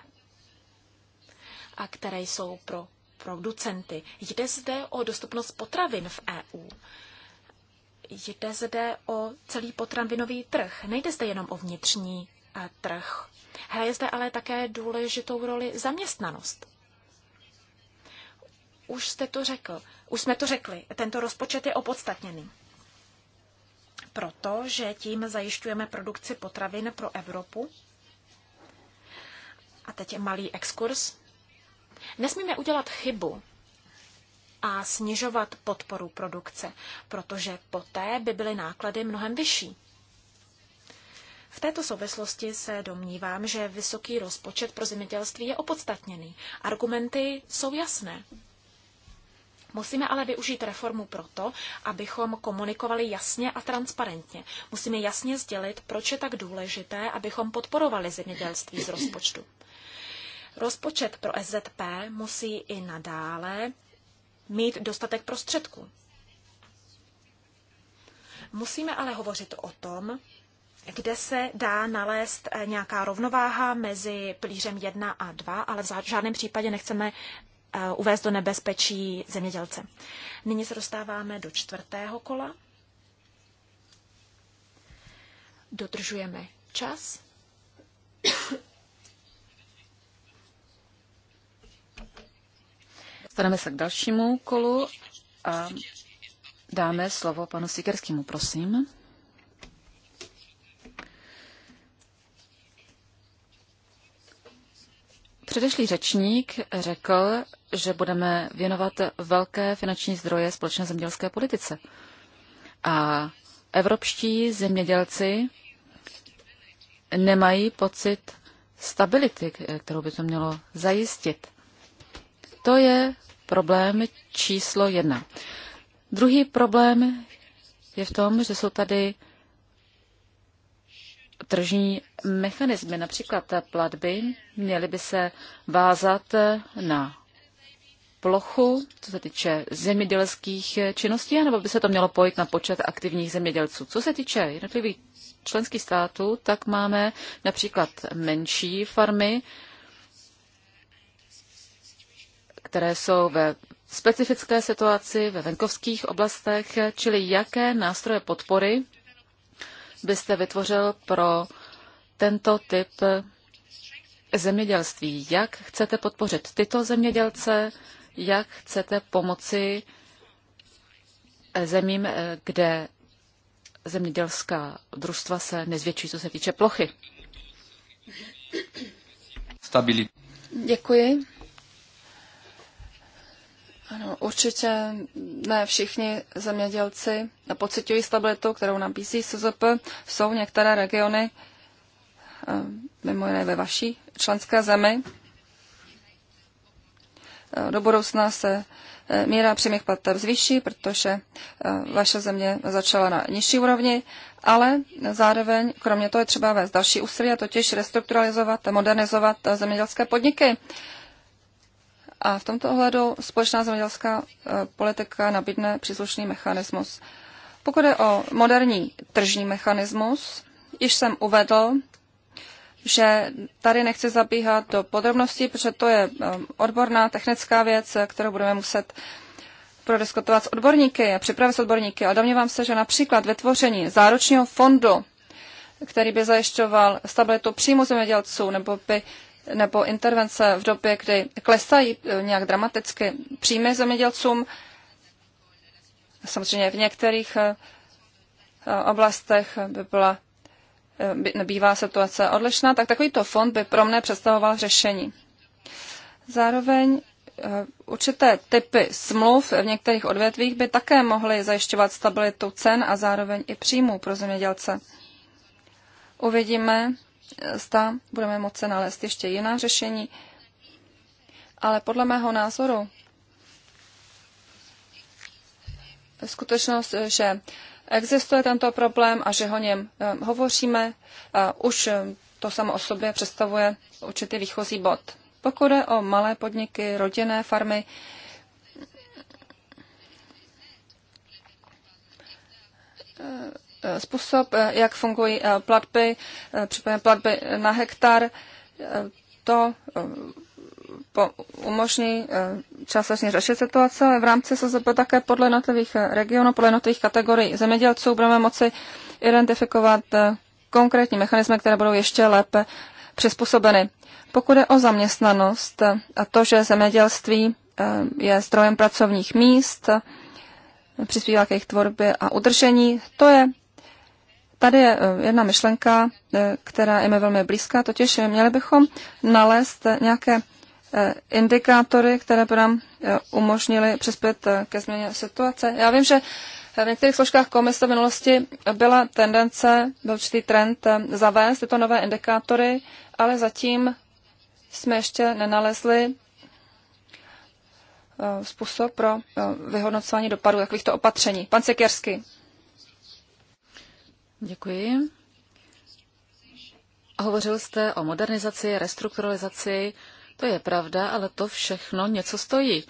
a které jsou pro producenty. Jde zde o dostupnost potravin v EU. Jde zde o celý potravinový trh. Nejde zde jenom o vnitřní eh, trh. Hraje zde ale také důležitou roli zaměstnanost. Už jste to řekl. Už jsme to řekli. Tento rozpočet je opodstatněný. Protože tím zajišťujeme produkci potravin pro Evropu. A teď je malý exkurs. Nesmíme udělat chybu a snižovat podporu produkce, protože poté by byly náklady mnohem vyšší. V této souvislosti se domnívám, že vysoký rozpočet pro zemědělství je opodstatněný. Argumenty jsou jasné. Musíme ale využít reformu proto, abychom komunikovali jasně a transparentně. Musíme jasně sdělit, proč je tak důležité, abychom podporovali zemědělství z rozpočtu. Rozpočet pro SZP musí i nadále mít dostatek prostředků. Musíme ale hovořit o tom, kde se dá nalézt eh, nějaká rovnováha mezi plířem 1 a 2, ale v žádném případě nechceme eh, uvést do nebezpečí zemědělce. Nyní se dostáváme do čtvrtého kola. Dodržujeme čas. Dostaneme se k dalšímu kolu a dáme slovo panu Sikerskému, prosím. Předešlý řečník řekl, že budeme věnovat velké finanční zdroje společné zemědělské politice. A evropští zemědělci nemají pocit stability, kterou by to mělo zajistit. To je problém číslo jedna. Druhý problém je v tom, že jsou tady tržní mechanismy, například platby, měly by se vázat na plochu, co se týče zemědělských činností, nebo by se to mělo pojít na počet aktivních zemědělců. Co se týče jednotlivých členských států, tak máme například menší farmy, které jsou ve specifické situaci ve venkovských oblastech, čili jaké nástroje podpory byste vytvořil pro tento typ zemědělství. Jak chcete podpořit tyto zemědělce, jak chcete pomoci zemím, kde zemědělská družstva se nezvětší, co se týče plochy. Stabilit. Děkuji. Ano, určitě ne všichni zemědělci pocitují stabilitu, kterou nabízí SZP. Jsou některé regiony, eh, mimo jiné ve vaší členské zemi. Eh, do budoucna se eh, míra přímých plateb zvýší, protože vaše země začala na nižší úrovni, ale zároveň, kromě toho, je třeba vést další úsilí, a totiž restrukturalizovat, a modernizovat zemědělské podniky. A v tomto ohledu společná zemědělská e, politika nabídne příslušný mechanismus. Pokud je o moderní tržní mechanismus, již jsem uvedl, že tady nechci zabíhat do podrobností, protože to je e, odborná technická věc, kterou budeme muset prodiskutovat s odborníky a připravit s odborníky. A domnívám se, že například vytvoření záročního fondu, který by zajišťoval stabilitu příjmu zemědělců nebo by nebo intervence v době, kdy klesají eh, nějak dramaticky příjmy zemědělcům. Samozřejmě v některých eh, eh, oblastech by byla nebývá situace odlišná, tak takovýto fond by pro mne představoval řešení. Zároveň určité typy smluv v některých odvětvích by také mohly zajišťovat stabilitu cen a zároveň i příjmů pro zemědělce. Uvidíme, zda budeme moci nalézt ještě jiná řešení, ale podle mého názoru skutečnost, že existuje tento problém a že o něm eh, hovoříme, už eh, to samo o sobě představuje určitý výchozí bod. Pokud je o malé podniky, rodinné farmy, eh, Eh, způsob, eh, jak fungují eh, platby, případně platby na hektar. To umožní částečně řešit situace. V rámci SZP také podle jednotlivých regionů, podle jednotlivých kategorií zemědělců budeme moci identifikovat konkrétní mechanismy, které budou ještě lépe přizpůsobeny. Pokud je o zaměstnanost a to, že zemědělství je zdrojem pracovních míst, přispívá k jejich tvorbě a udržení, to je Tady je eh, jedna myšlenka, eh, která je mi velmi blízká, totiž eh, měli bychom nalézt nějaké indikátory, které by nám umožnily přispět ke změně situace. Já vím, že v některých složkách komise v minulosti byla tendence, byl určitý trend zavést tyto nové indikátory, ale zatím jsme ještě nenalezli způsob pro vyhodnocování dopadů takovýchto opatření. Pan Sekersky. Děkuji. Hovořil jste o modernizaci, restrukturalizaci. To je pravda, ale to všechno něco stojí.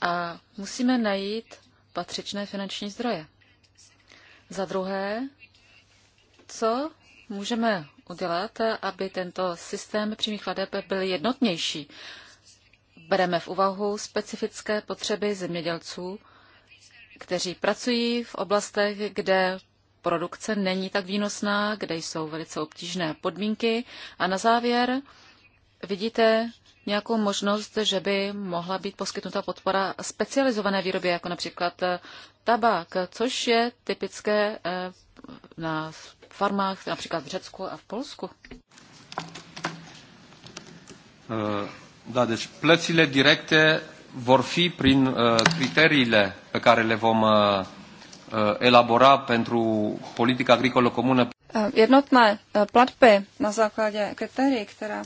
A musíme najít patřičné finanční zdroje. Za druhé, co můžeme udělat, aby tento systém přímých vladeb byl jednotnější? Bereme v úvahu specifické potřeby zemědělců, kteří pracují v oblastech, kde produkce není tak výnosná, kde jsou velice obtížné podmínky. A na závěr vidíte nějakou možnost, že by mohla být poskytnuta podpora specializované výrobě, jako například eh, tabák, což je typické eh, na farmách, například v Řecku a v Polsku. Eh, da, deci plățile directe vor fi prin criteriile pe care le vom Eh, elabora pentru politica agricolă comună. Eh, jednotné eh, platby na základě kritérií, která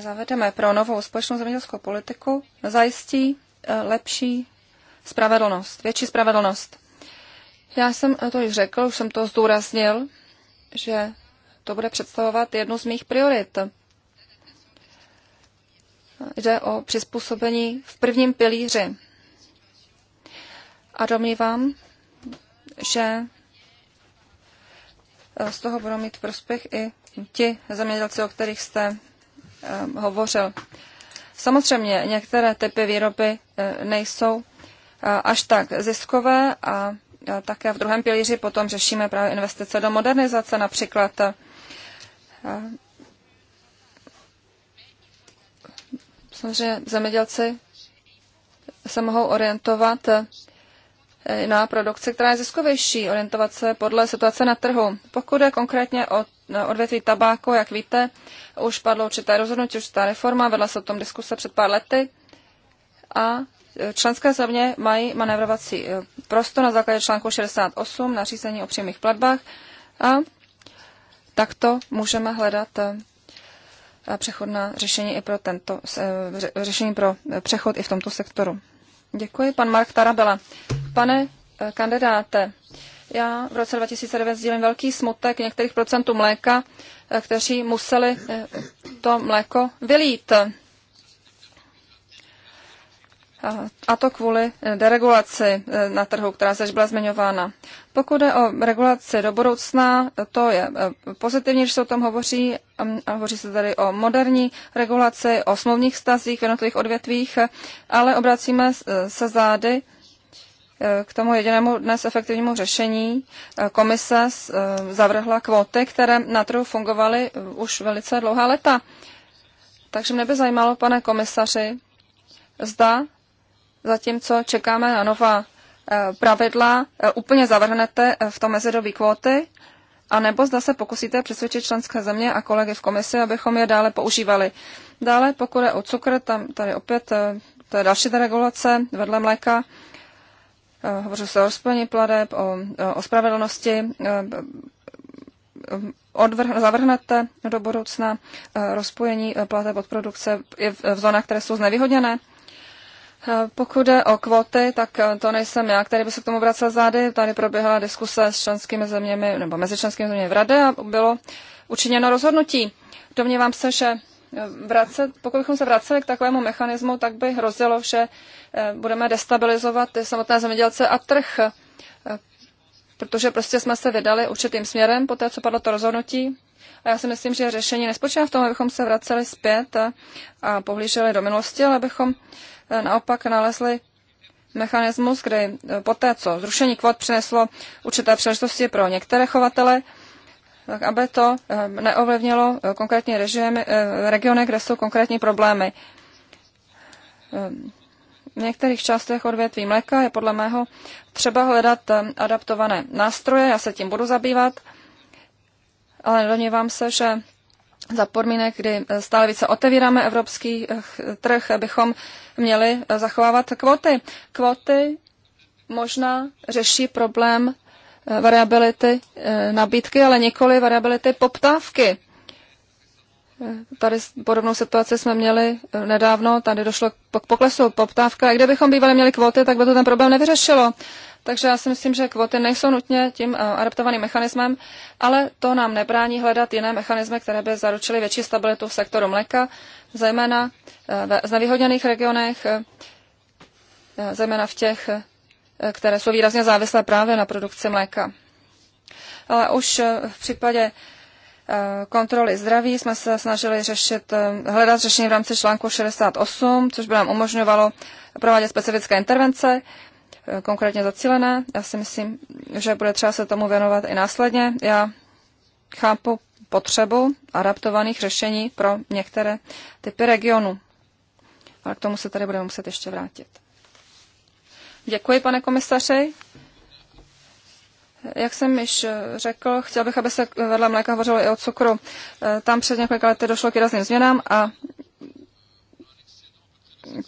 zavedeme pro novou společnou zemědělskou politiku, zajistí lepší spravedlnost, větší spravedlnost. Já jsem to již řekl, už jsem to zdůraznil, že to bude představovat jednu z mých priorit. Jde o přizpůsobení v prvním pilíři. A domnívám že eh, z toho budou mít prospěch i ti zemědělci, o kterých jste eh, hovořil. Samozřejmě některé typy výroby eh, nejsou až tak ziskové a také v druhém pilíři potom řešíme právě investice do modernizace, například samozřejmě zemědělci se mohou orientovat Eh, na produkci, která je ziskovější, orientovat se podle situace na trhu. Pokud je konkrétně o odvětví tabáku, jak víte, už padlo určité rozhodnutí, ta reforma, vedla se o tom diskuse před pár lety a eh, členské země mají manévrovací eh, prostor na základě článku 68 řízení o přímých platbách a takto můžeme hledat přechodná řešení i pro tento, řešení pro přechod i v tomto sektoru. Děkuji, pan Mark Tarabela. Pane eh, kandidáte, já v roce 2009 sdílím velký smutek některých procentů mléka, eh, kteří museli eh, to mléko vylít a to kvůli eh, deregulaci eh, na trhu, která se byla zmiňována. Pokud je o regulaci do budoucna, to je eh, pozitivní, že se o tom hovoří. Mm, hovoří se tady o moderní regulaci, o smluvních stazích v jednotlivých odvětvích, ale obracíme se zády k tomu jedinému dnes efektivnímu řešení. Komise zavrhla kvóty, které na trhu fungovaly už velice dlouhá leta. Takže mě by zajímalo, pane komisaři, zda zatímco čekáme na nová eh, pravidla, eh, úplně zavrhnete eh, v tom mezidobí kvóty, a nebo zda se pokusíte přesvědčit členské země a kolegy v komisi, abychom je dále používali. Dále, pokud je o cukr, tam tady opět, to je další deregulace vedle mléka, hovořil se o rozplnění pladeb, o, o spravedlnosti, odvrh, zavrhnete do budoucna rozpojení plateb od produkce i v zónách, které jsou znevýhodněné. Eh, pokud jde o kvóty, tak eh, to nejsem já, který by se k tomu vracel zády. Tady proběhla diskuse s členskými zeměmi, nebo mezi členskými zeměmi v Rade a bylo učiněno rozhodnutí. Domnívám se, že eh, vracet, pokud bychom se vraceli k takovému mechanismu, tak by hrozilo, že budeme destabilizovat ty samotné zemědělce a trh, protože prostě jsme se vydali určitým směrem po té, co padlo to rozhodnutí. A já si myslím, že řešení nespočívá v tom, abychom se vraceli zpět a, a pohlíželi do minulosti, ale abychom naopak nalezli mechanismus, kdy eh, poté, co zrušení kvot přineslo určité příležitosti pro některé chovatele, tak aby to eh, neovlivnilo eh, konkrétní režimy, regiony, kde jsou konkrétní problémy. V některých částech odvětví mléka je podle mého třeba hledat adaptované nástroje, já se tím budu zabývat, ale domnívám se, že za podmínek, kdy eh, stále více otevíráme evropský eh, trh, bychom měli eh, zachovávat kvóty. Kvóty možná řeší problém variability nabídky, ale nikoli variability poptávky. Tady podobnou situaci jsme měli nedávno, tady došlo k poklesu poptávka. A kdybychom bývali měli kvóty, tak by to ten problém nevyřešilo. Takže já si myslím, že kvoty nejsou nutně tím eh, adaptovaným mechanismem, ale to nám nebrání hledat jiné mechanismy, které by zaručily větší stabilitu v sektoru mléka, zejména eh, v znevýhodněných regionech, eh, zejména v těch, které jsou výrazně závislé právě na produkci mléka. Ale už v případě kontroly zdraví jsme se snažili řešit, hledat řešení v rámci článku 68, což by nám umožňovalo provádět specifické intervence konkrétně zacílené. Já si myslím, že bude třeba se tomu věnovat i následně. Já chápu potřebu adaptovaných řešení pro některé typy regionu. Ale k tomu se tady budeme muset ještě vrátit. Děkuji, pane komisaři. Jak jsem již řekl, chtěl bych, aby se vedle mléka hovořilo i o cukru. Tam před několika lety došlo k výrazným změnám a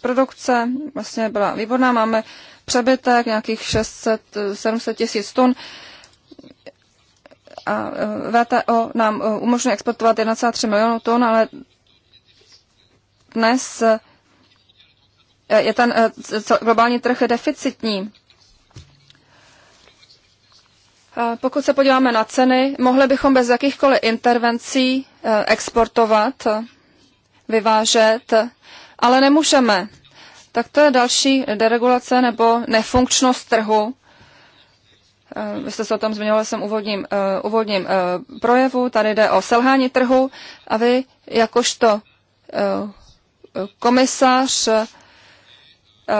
produkce vlastně byla výborná. Máme přebytek nějakých 600-700 tisíc tun a eh, VTO nám eh, umožňuje exportovat 1,3 milionů tun, ale dnes eh, je ten globální trh deficitní. Pokud se podíváme na ceny, mohli bychom bez jakýchkoliv intervencí exportovat, vyvážet, ale nemůžeme tak to je další deregulace nebo nefunkčnost trhu. Eh, vy jste se o tom zmiňovali jsem úvodním, uh, úvodním uh, projevu, tady jde o selhání trhu a vy jakožto uh, komisař uh,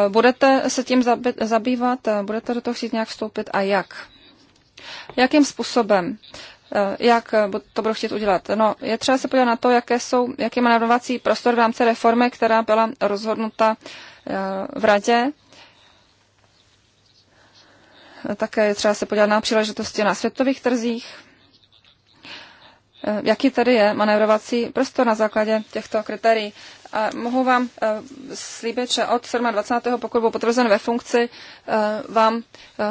budete se tím zabývat, budete do toho chtít nějak vstoupit a jak? Jakým způsobem? jak to budu chtít udělat. No, je třeba se podívat na to, jaké jsou, jaký má prostor v rámci reformy, která byla rozhodnuta Eh, v radě. Také je třeba se podívat na příležitosti na světových trzích. Eh, jaký tedy je manévrovací prostor na základě těchto kritérií? A mohu vám eh, slíbit, že od 27. pokud byl potvrzen ve funkci, vám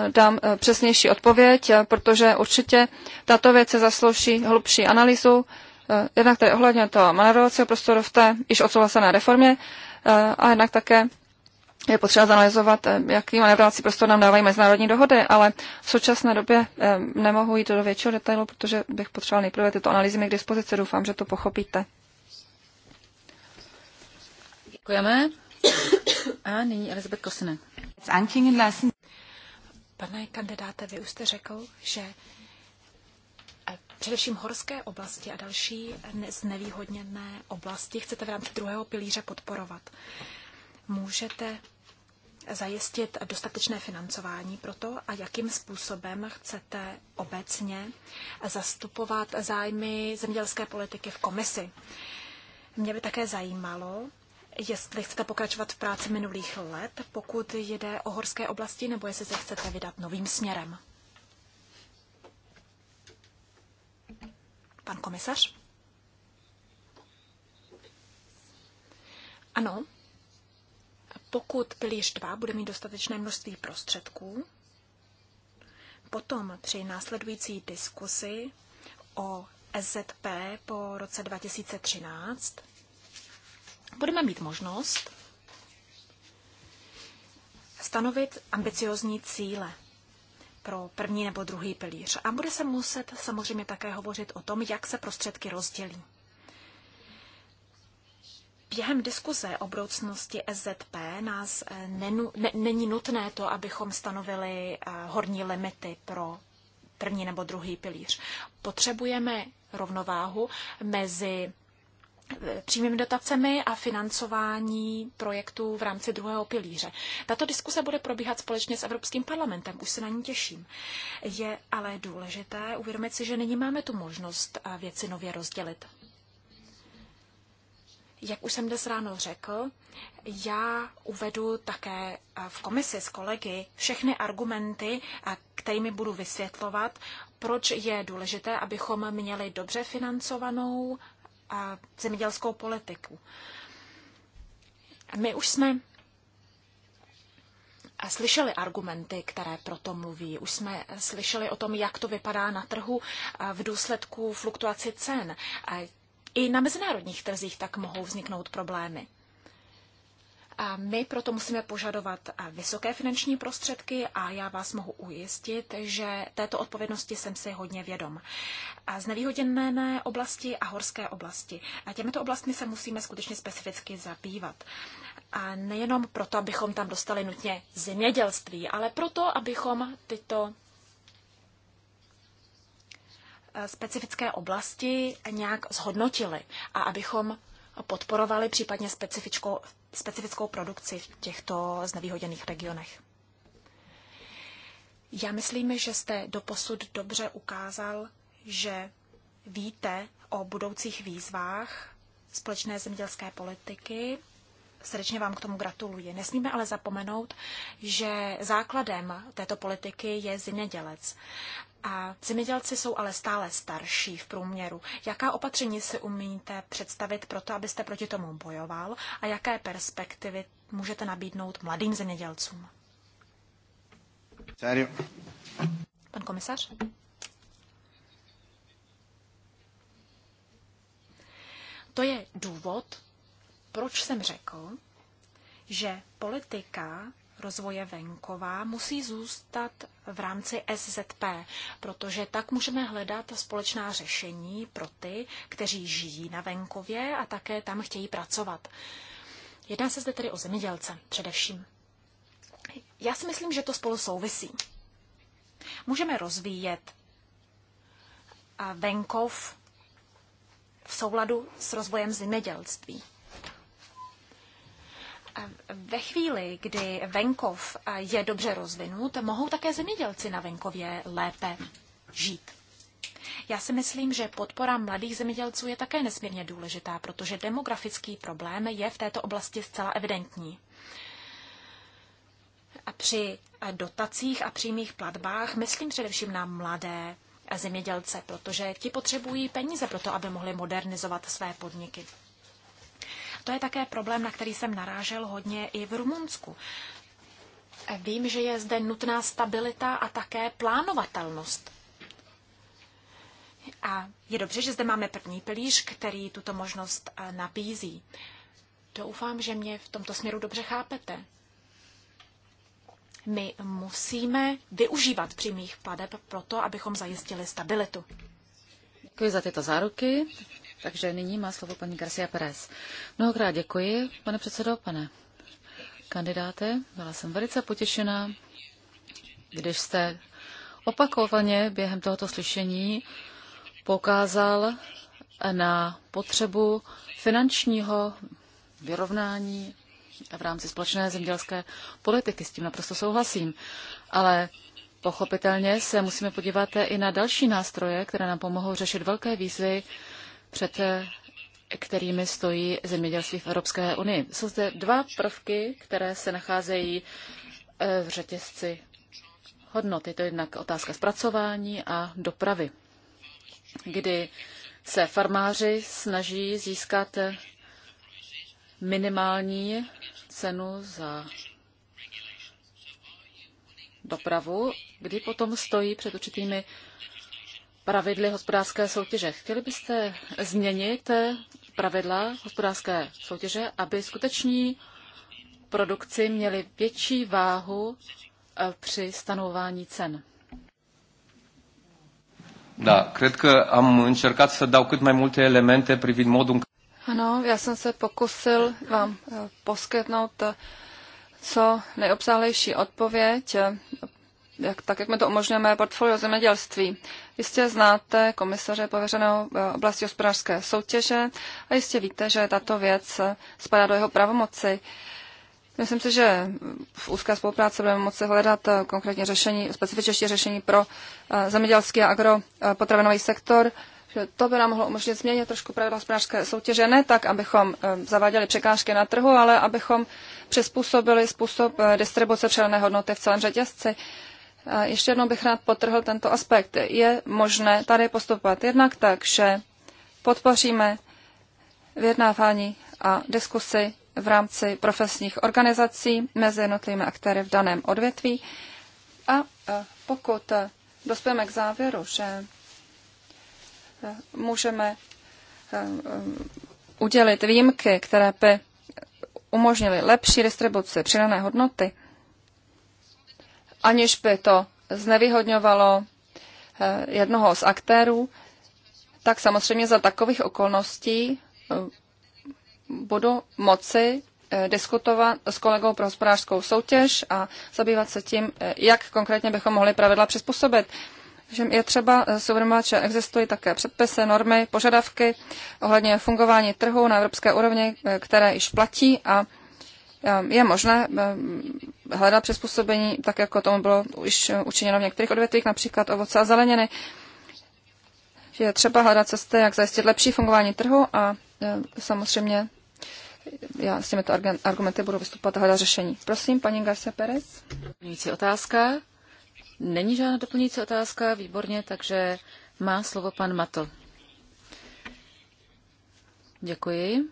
dám přesnější odpověď, protože určitě tato věc se zaslouží hlubší analýzu, jednak tedy ohledně toho manévrovacího prostoru v té již odsouhlasené reformě, a jednak také je potřeba zanalizovat, eh, jaký manevrovací prostor nám dávají mezinárodní dohody, ale v současné době eh, nemohu jít do většího detailu, protože bych potřeboval nejprve tyto analýzy mít k dispozici. Doufám, že to pochopíte. Děkujeme. A nyní Elizabeth Kosine. Pane kandidáte, vy už jste řekl, že eh, především horské oblasti a další znevýhodněné oblasti chcete v rámci druhého pilíře podporovat. Můžete zajistit dostatečné financování pro to a jakým způsobem chcete obecně zastupovat zájmy zemědělské politiky v komisi. Mě by také zajímalo, jestli chcete pokračovat v práci minulých let, pokud jde o horské oblasti, nebo jestli se chcete vydat novým směrem. Pan komisař? Ano, pokud pilíř 2 bude mít dostatečné množství prostředků, potom při následující diskusi o SZP po roce 2013 budeme mít možnost stanovit ambiciozní cíle pro první nebo druhý pilíř. A bude se muset samozřejmě také hovořit o tom, jak se prostředky rozdělí. Během diskuze o budoucnosti SZP nás eh, nenu, ne, není nutné to, abychom stanovili eh, horní limity pro první nebo druhý pilíř. Potřebujeme rovnováhu mezi eh, přímými dotacemi a financování projektů v rámci druhého pilíře. Tato diskuse bude probíhat společně s Evropským parlamentem, už se na ní těším. Je ale důležité uvědomit si, že nyní máme tu možnost věci nově rozdělit. Jak už jsem dnes ráno řekl, já uvedu také eh, v komisi s kolegy všechny argumenty, eh, kterými budu vysvětlovat, proč je důležité, abychom měli dobře financovanou eh, zemědělskou politiku. My už jsme slyšeli argumenty, které proto mluví. Už jsme slyšeli o tom, jak to vypadá na trhu v důsledku fluktuaci cen. I na mezinárodních trzích tak mohou vzniknout problémy. A my proto musíme požadovat eh, vysoké finanční prostředky a já vás mohu ujistit, že této odpovědnosti jsem si hodně vědom. A znevýhodněné oblasti a horské oblasti. A těmito oblastmi se musíme skutečně specificky zabývat. A nejenom proto, abychom tam dostali nutně zemědělství, ale proto, abychom tyto specifické oblasti nějak zhodnotili a abychom podporovali případně specifickou, specifickou produkci v těchto znevýhodněných regionech. Já myslím, že jste doposud dobře ukázal, že víte o budoucích výzvách společné zemědělské politiky Srdečně vám k tomu gratuluji. Nesmíme ale zapomenout, že základem této politiky je zemědělec. A zemědělci jsou ale stále starší v průměru. Jaká opatření si umíte představit pro to, abyste proti tomu bojoval a jaké perspektivy můžete nabídnout mladým zemědělcům? Sério? Pan komisař? To je důvod, proč jsem řekl, že politika rozvoje venková musí zůstat v rámci SZP, protože tak můžeme hledat společná řešení pro ty, kteří žijí na venkově a také tam chtějí pracovat. Jedná se zde tedy o zemědělce především. Já si myslím, že to spolu souvisí. Můžeme rozvíjet venkov v souladu s rozvojem zemědělství. Ve chvíli, kdy venkov je dobře rozvinut, mohou také zemědělci na venkově lépe žít. Já si myslím, že podpora mladých zemědělců je také nesmírně důležitá, protože demografický problém je v této oblasti zcela evidentní. A při dotacích a přímých platbách myslím především na mladé zemědělce, protože ti potřebují peníze pro to, aby mohli modernizovat své podniky. To je také problém, na který jsem narážel hodně i v Rumunsku. Vím, že je zde nutná stabilita a také plánovatelnost. A je dobře, že zde máme první pilíř, který tuto možnost eh, nabízí. Doufám, že mě v tomto směru dobře chápete. My musíme využívat přímých pladeb proto, abychom zajistili stabilitu. Děkuji za tyto záruky. Takže nyní má slovo paní Garcia Perez. Mnohokrát děkuji, pane předsedo, pane kandidáte. Byla jsem velice potěšena, když jste opakovaně během tohoto slyšení poukázal na potřebu finančního vyrovnání v rámci společné zemědělské politiky. S tím naprosto souhlasím. Ale pochopitelně se musíme podívat i na další nástroje, které nám pomohou řešit velké výzvy, před eh, kterými stojí zemědělství v Evropské unii. Jsou zde dva prvky, které se nacházejí eh, v řetězci hodnot. Je to jednak otázka zpracování a dopravy, kdy se farmáři snaží získat eh, minimální cenu za dopravu, kdy potom stojí před určitými pravidly hospodářské soutěže. Chtěli byste změnit pravidla hospodářské soutěže, aby skuteční produkci měli větší váhu eh, při stanovování cen? Da, cred că am încercat să dau cât mai multe elemente privind modul în Ano, já jsem se pokusil vám eh, poskytnout eh, co nejobsáhlejší odpověď jak, tak, jak my to umožňujeme portfolio zemědělství. Jistě znáte komisaře pověřeného eh, oblasti hospodářské soutěže a jistě víte, že tato věc eh, spadá do jeho pravomoci. Myslím si, že v úzké spolupráci budeme moci hledat eh, konkrétně řešení, specifičnější řešení pro zemědělský a agropotravinový sektor. Že to by nám mohlo umožnit změnit trošku pravidla hospodářské soutěže, ne tak, abychom zaváděli překážky na trhu, ale abychom přizpůsobili způsob distribuce přidané hodnoty v celém řetězci. Ještě jednou bych rád potrhl tento aspekt. Je možné tady postupovat jednak tak, že podpoříme vyjednávání a diskusy v rámci profesních organizací mezi jednotlivými aktéry v daném odvětví. A pokud dospějeme k závěru, že e, můžeme e, e, udělit výjimky, které by umožnily lepší distribuci přidané hodnoty, aniž by to znevýhodňovalo eh, jednoho z aktérů, tak samozřejmě za takových okolností eh, budu moci eh, diskutovat s kolegou pro hospodářskou soutěž a zabývat se tím, jak konkrétně bychom mohli pravidla přizpůsobit. Že je třeba si uvědomovat, že existují také předpisy, normy, požadavky ohledně fungování trhu na evropské úrovni, které již platí a Ehm, je možné ehm, hledat přizpůsobení, tak jako tomu bylo už eh, učiněno v některých odvětvích, například ovoce a zeleniny. Je třeba hledat cesty, jak zajistit lepší fungování trhu a eh, samozřejmě já s těmito argumenty budu vystupovat a hledat řešení. Prosím, paní Garcia Perez. Doplňující otázka. Není žádná doplňující otázka, výborně, takže má slovo pan Mato. Děkuji.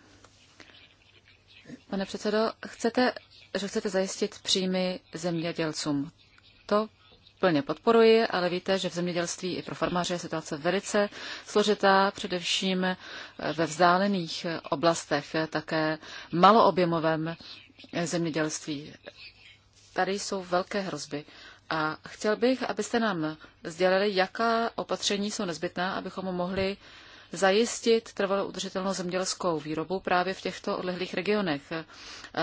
Pane předsedo, chcete, že chcete zajistit příjmy zemědělcům. To plně podporuji, ale víte, že v zemědělství i pro farmáře je situace velice složitá, především ve vzdálených oblastech, také maloobjemovém zemědělství. Tady jsou velké hrozby. A chtěl bych, abyste nám sdělili, jaká opatření jsou nezbytná, abychom mohli zajistit trvalou udržitelnou zemědělskou výrobu právě v těchto odlehlých regionech.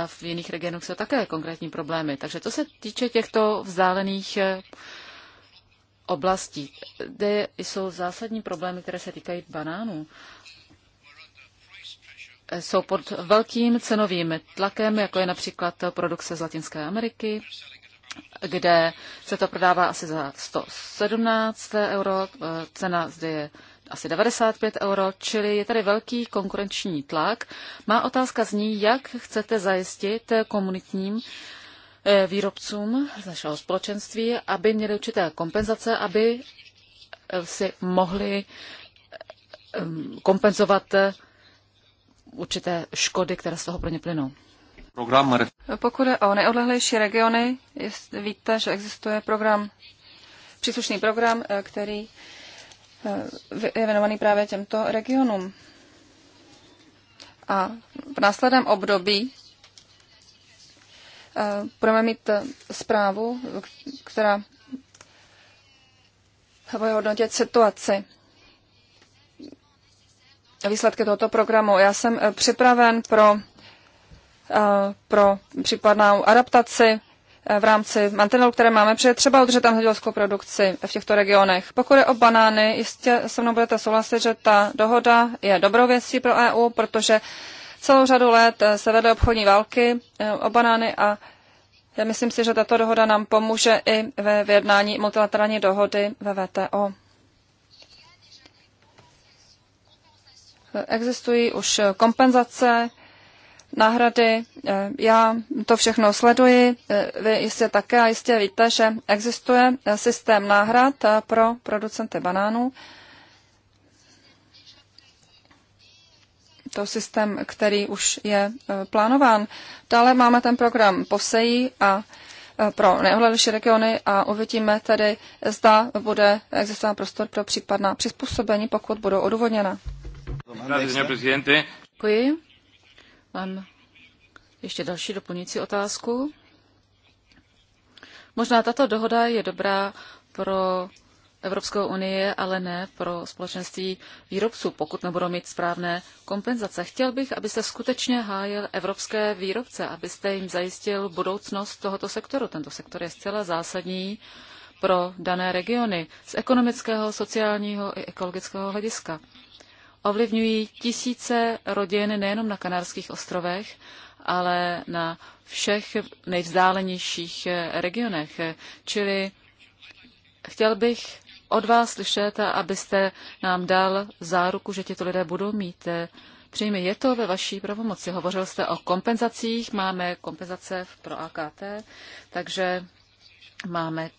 V jiných regionech jsou také konkrétní problémy. Takže to se týče těchto vzdálených eh, oblastí, kde jsou zásadní problémy, které se týkají banánů, eh, jsou pod velkým cenovým tlakem, jako je například produkce z Latinské Ameriky, kde se to prodává asi za 117 euro. Eh, cena zde je asi 95 euro, čili je tady velký konkurenční tlak. Má otázka zní, jak chcete zajistit komunitním eh, výrobcům z našeho společenství, aby měli určité kompenzace, aby eh, si mohli eh, kompenzovat určité škody, které z toho pro ně plynou. Program. Pokud je o nejodlehlejší regiony, víte, že existuje program, příslušný program, který Eh, je věnovaný právě těmto regionům. A v následném období eh, budeme mít eh, zprávu, která bude hodnotit situaci výsledky tohoto programu. Já jsem připraven pro, pro případnou adaptaci v rámci mantinelu, které máme, protože třeba udržet tam zemědělskou produkci v těchto regionech. Pokud je o banány, jistě se mnou budete souhlasit, že ta dohoda je dobrou věcí pro EU, protože celou řadu let se vedly obchodní války eh, o banány a já myslím si, že tato dohoda nám pomůže i ve vyjednání multilaterální dohody ve VTO. Existují už kompenzace náhrady. Eh, já to všechno sleduji, eh, vy jistě také a jistě víte, že existuje eh, systém náhrad pro producenty banánů. To systém, který už je plánován. Dále máme ten program Posejí a pro nejohledelší regiony a uvidíme tedy, zda bude existovat prostor pro případná přizpůsobení, pokud budou odůvodněna. Děkuji. Mám ještě další doplňující otázku. Možná tato dohoda je dobrá pro Evropskou unii, ale ne pro společenství výrobců, pokud nebudou mít správné kompenzace. Chtěl bych, abyste skutečně hájil evropské výrobce, abyste jim zajistil budoucnost tohoto sektoru. Tento sektor je zcela zásadní pro dané regiony z ekonomického, sociálního i ekologického hlediska ovlivňují tisíce rodin nejenom na Kanárských ostrovech, ale na všech nejvzdálenějších eh, regionech. Čili chtěl bych od vás slyšet, abyste nám dal záruku, že těto lidé budou mít eh, příjmy. Je to ve vaší pravomoci. Hovořil jste o kompenzacích, máme kompenzace pro AKT, takže máme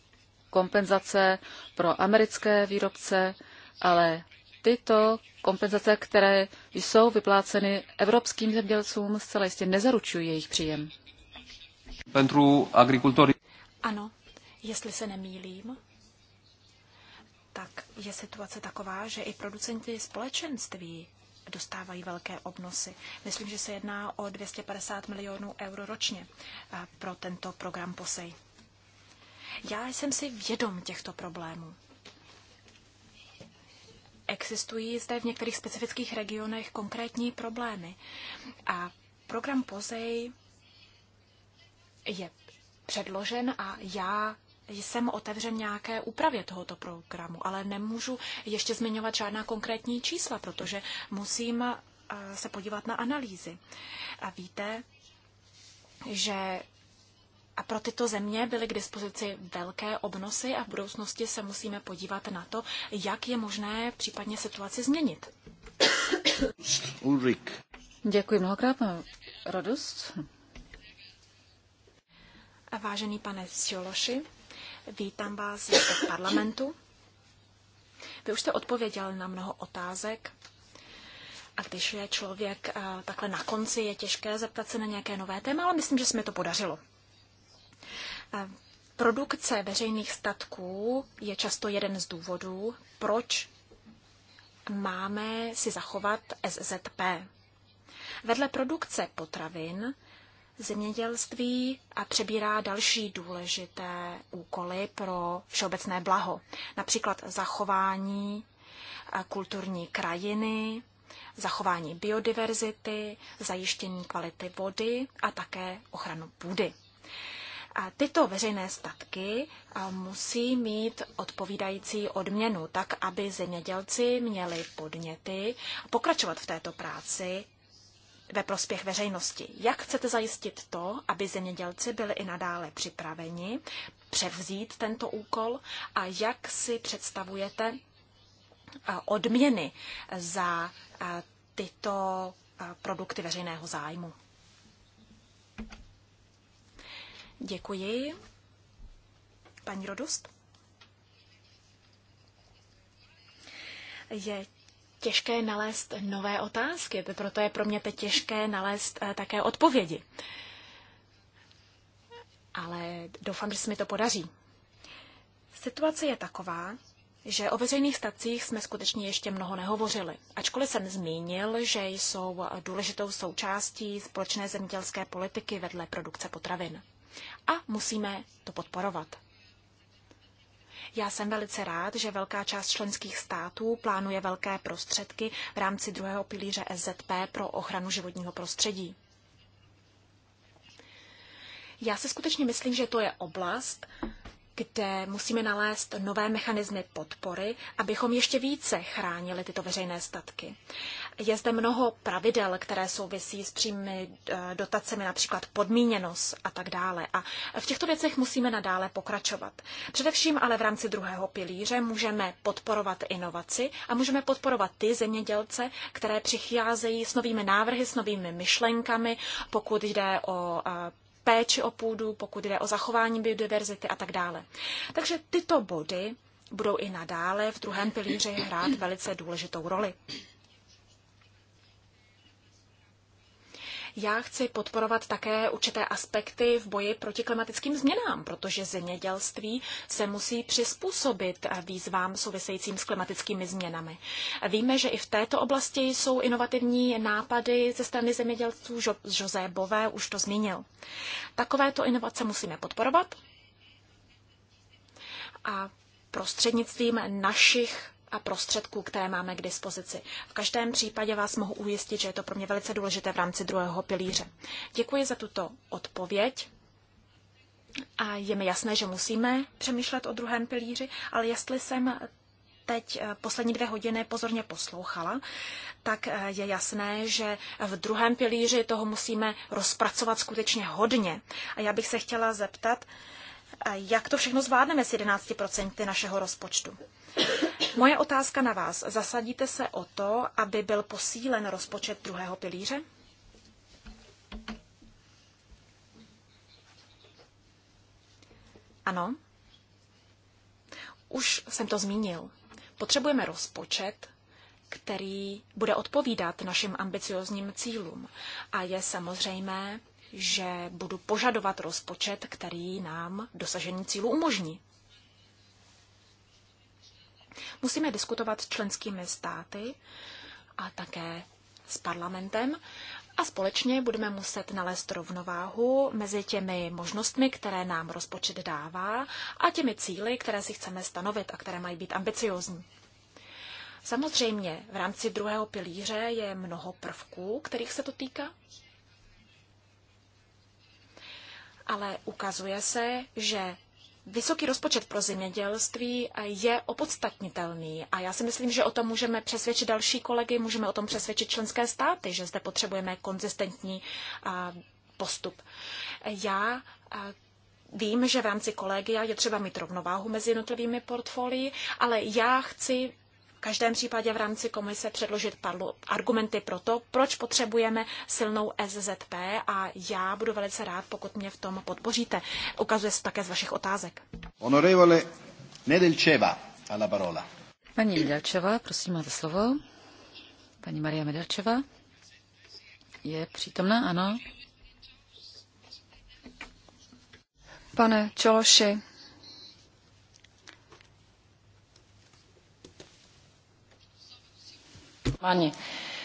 kompenzace pro americké výrobce, ale tyto kompenzace, které jsou vypláceny evropským zemědělcům, zcela jistě nezaručují jejich příjem. Pentru agricultori. Ano, jestli se nemýlím, tak je situace taková, že i producenti společenství dostávají velké obnosy. Myslím, že se jedná o 250 milionů euro ročně eh, pro tento program POSEJ. Já jsem si vědom těchto problémů existují zde v některých specifických regionech konkrétní problémy. A program POZEJ je předložen a já jsem otevřen nějaké úpravě tohoto programu, ale nemůžu ještě zmiňovat žádná konkrétní čísla, protože musím eh, se podívat na analýzy. A víte, že a pro tyto země byly k dispozici velké obnosy a v budoucnosti se musíme podívat na to, jak je možné případně situaci změnit. Ulrik. Děkuji mnohokrát, radost. A vážený pane Sjološi, vítám vás v parlamentu. Vy už jste odpověděl na mnoho otázek a když je člověk eh, takhle na konci, je těžké zeptat se na nějaké nové téma, ale myslím, že se mi to podařilo. Produkce veřejných statků je často jeden z důvodů, proč máme si zachovat SZP. Vedle produkce potravin zemědělství a přebírá další důležité úkoly pro všeobecné blaho, například zachování eh, kulturní krajiny, zachování biodiverzity, zajištění kvality vody a také ochranu půdy. A tyto veřejné statky musí mít odpovídající odměnu, tak aby zemědělci měli podněty pokračovat v této práci ve prospěch veřejnosti. Jak chcete zajistit to, aby zemědělci byli i nadále připraveni převzít tento úkol a jak si představujete odměny za tyto produkty veřejného zájmu? Děkuji. Paní Rodost? Je těžké nalézt nové otázky, proto je pro mě teď těžké nalézt eh, také odpovědi. Ale doufám, že se mi to podaří. Situace je taková, že o veřejných stacích jsme skutečně ještě mnoho nehovořili. Ačkoliv jsem zmínil, že jsou důležitou součástí společné zemědělské politiky vedle produkce potravin a musíme to podporovat. Já jsem velice rád, že velká část členských států plánuje velké prostředky v rámci druhého pilíře SZP pro ochranu životního prostředí. Já se skutečně myslím, že to je oblast, kde musíme nalézt nové mechanismy podpory, abychom ještě více chránili tyto veřejné statky. Je zde mnoho pravidel, které souvisí s přímými eh, dotacemi, například podmíněnost a tak dále. A v těchto věcech musíme nadále pokračovat. Především ale v rámci druhého pilíře můžeme podporovat inovaci a můžeme podporovat ty zemědělce, které přicházejí s novými návrhy, s novými myšlenkami, pokud jde o eh, péči o půdu, pokud jde o zachování biodiverzity a tak dále. Takže tyto body budou i nadále v druhém pilíři hrát velice důležitou roli. Já chci podporovat také určité aspekty v boji proti klimatickým změnám, protože zemědělství se musí přizpůsobit výzvám souvisejícím s klimatickými změnami. Víme, že i v této oblasti jsou inovativní nápady ze strany zemědělců. Jose Bové už to zmínil. Takovéto inovace musíme podporovat a prostřednictvím našich a prostředků, které máme k dispozici. V každém případě vás mohu ujistit, že je to pro mě velice důležité v rámci druhého pilíře. Děkuji za tuto odpověď. A je mi jasné, že musíme přemýšlet o druhém pilíři, ale jestli jsem teď eh, poslední dvě hodiny pozorně poslouchala, tak eh, je jasné, že v druhém pilíři toho musíme rozpracovat skutečně hodně. A já bych se chtěla zeptat, jak to všechno zvládneme s 11% našeho rozpočtu. Moje otázka na vás. Zasadíte se o to, aby byl posílen rozpočet druhého pilíře? Ano. Už jsem to zmínil. Potřebujeme rozpočet, který bude odpovídat našim ambiciozním cílům. A je samozřejmé, že budu požadovat rozpočet, který nám dosažení cílu umožní. Musíme diskutovat s členskými státy a také s parlamentem a společně budeme muset nalézt rovnováhu mezi těmi možnostmi, které nám rozpočet dává a těmi cíly, které si chceme stanovit a které mají být ambiciozní. Samozřejmě v rámci druhého pilíře je mnoho prvků, kterých se to týká ale ukazuje se, že vysoký rozpočet pro zemědělství je opodstatnitelný a já si myslím, že o tom můžeme přesvědčit další kolegy, můžeme o tom přesvědčit členské státy, že zde potřebujeme konzistentní postup. Já Vím, že v rámci kolegia je třeba mít rovnováhu mezi jednotlivými portfolii, ale já chci v každém případě v rámci komise předložit parlu, argumenty pro to, proč potřebujeme silnou SZP a já budu velice rád, pokud mě v tom podpoříte. Ukazuje se také z vašich otázek. Honorevole Nedelčeva, la parola. Paní Medelčeva, prosím, máte slovo. Paní Maria Medelčeva je přítomná, ano. Pane Čološi, Внимание.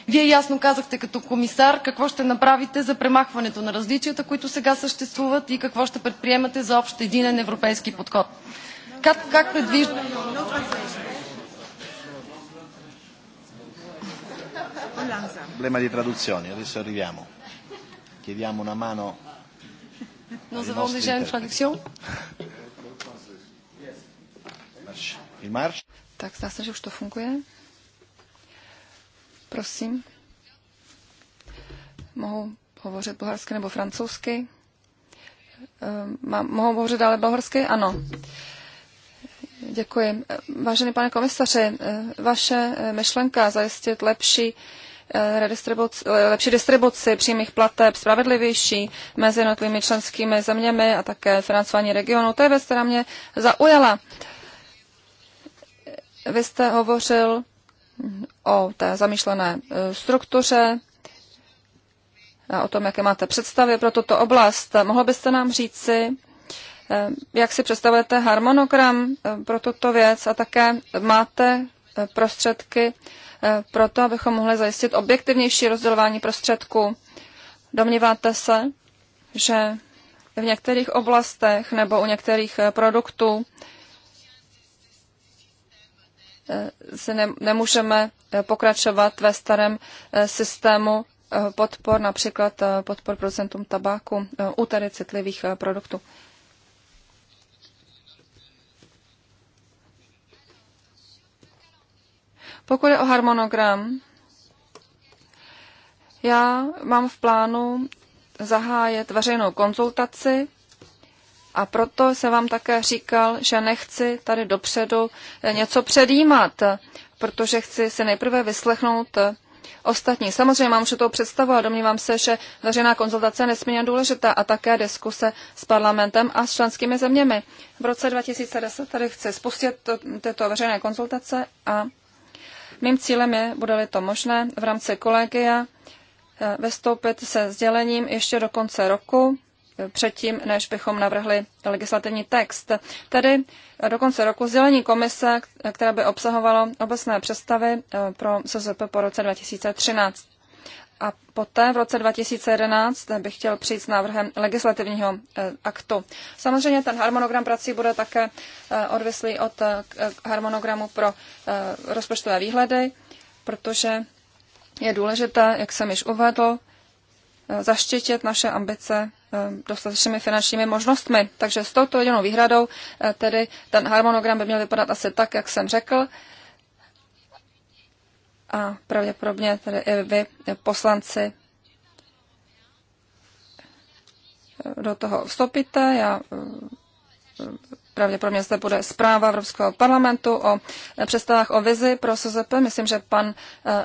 Вие ясно казахте като комисар какво ще направите за премахването на различията, които сега съществуват и какво ще предприемате за общ единен европейски подход. Как, как предвижда... Problema di traduzione, adesso arriviamo. Chiediamo una mano. Nous avons déjà une traduction. Tak zdá se, že už to funguje. Prosím. Mohu hovořit bulharsky nebo francouzsky? Ehm, mám, mohu hovořit dále bulharsky? Ano. Děkuji. Vážený pane komisaři, eh, vaše eh, myšlenka zajistit lepší eh, lepší distribuci přímých plateb, spravedlivější mezi jednotlivými členskými zeměmi a také financování regionu. To je věc, která mě zaujala. Vy jste hovořil o té zamýšlené e, struktuře, o tom, jaké máte představy pro tuto oblast. mohlo byste nám říci, e, jak si představujete harmonogram e, pro tuto věc a také máte prostředky pro to, abychom mohli zajistit objektivnější rozdělování prostředků? Domníváte se, že v některých oblastech nebo u některých produktů Eh, se ne, nemůžeme eh, pokračovat ve starém eh, systému podpor, například podpor procentům tabáku u tady citlivých produktů. Pokud je o harmonogram, já mám v plánu zahájet veřejnou konzultaci a proto se vám také říkal, že nechci tady dopředu něco předjímat, protože chci si nejprve vyslechnout ostatní. Samozřejmě mám to představu a domnívám se, že veřejná konzultace je nesmírně důležitá a také diskuse s parlamentem a s členskými zeměmi. V roce 2010 tady chci spustit tyto veřejné konzultace a mým cílem je, bude-li to možné, v rámci kolegia eh, vystoupit se sdělením ještě do konce roku předtím, než bychom navrhli legislativní text. Tedy do konce roku sdělení komise, která by obsahovalo obecné představy eh, pro SZP po roce 2013. A poté v roce 2011 bych chtěl přijít s návrhem legislativního eh, aktu. Samozřejmě ten harmonogram prací bude také eh, odvislý od harmonogramu pro rozpočtové výhledy, protože je důležité, jak jsem již uvedl, zaštětit naše ambice Ehm, dostatečnými finančními možnostmi. Takže s touto jedinou výhradou eh, tedy ten harmonogram by měl vypadat asi tak, jak jsem řekl. A pravděpodobně tedy i vy, eh, poslanci, eh, do toho vstoupíte. Já pravděpodobně zde bude zpráva Evropského parlamentu o představách o vizi pro SZP. Myslím, že pan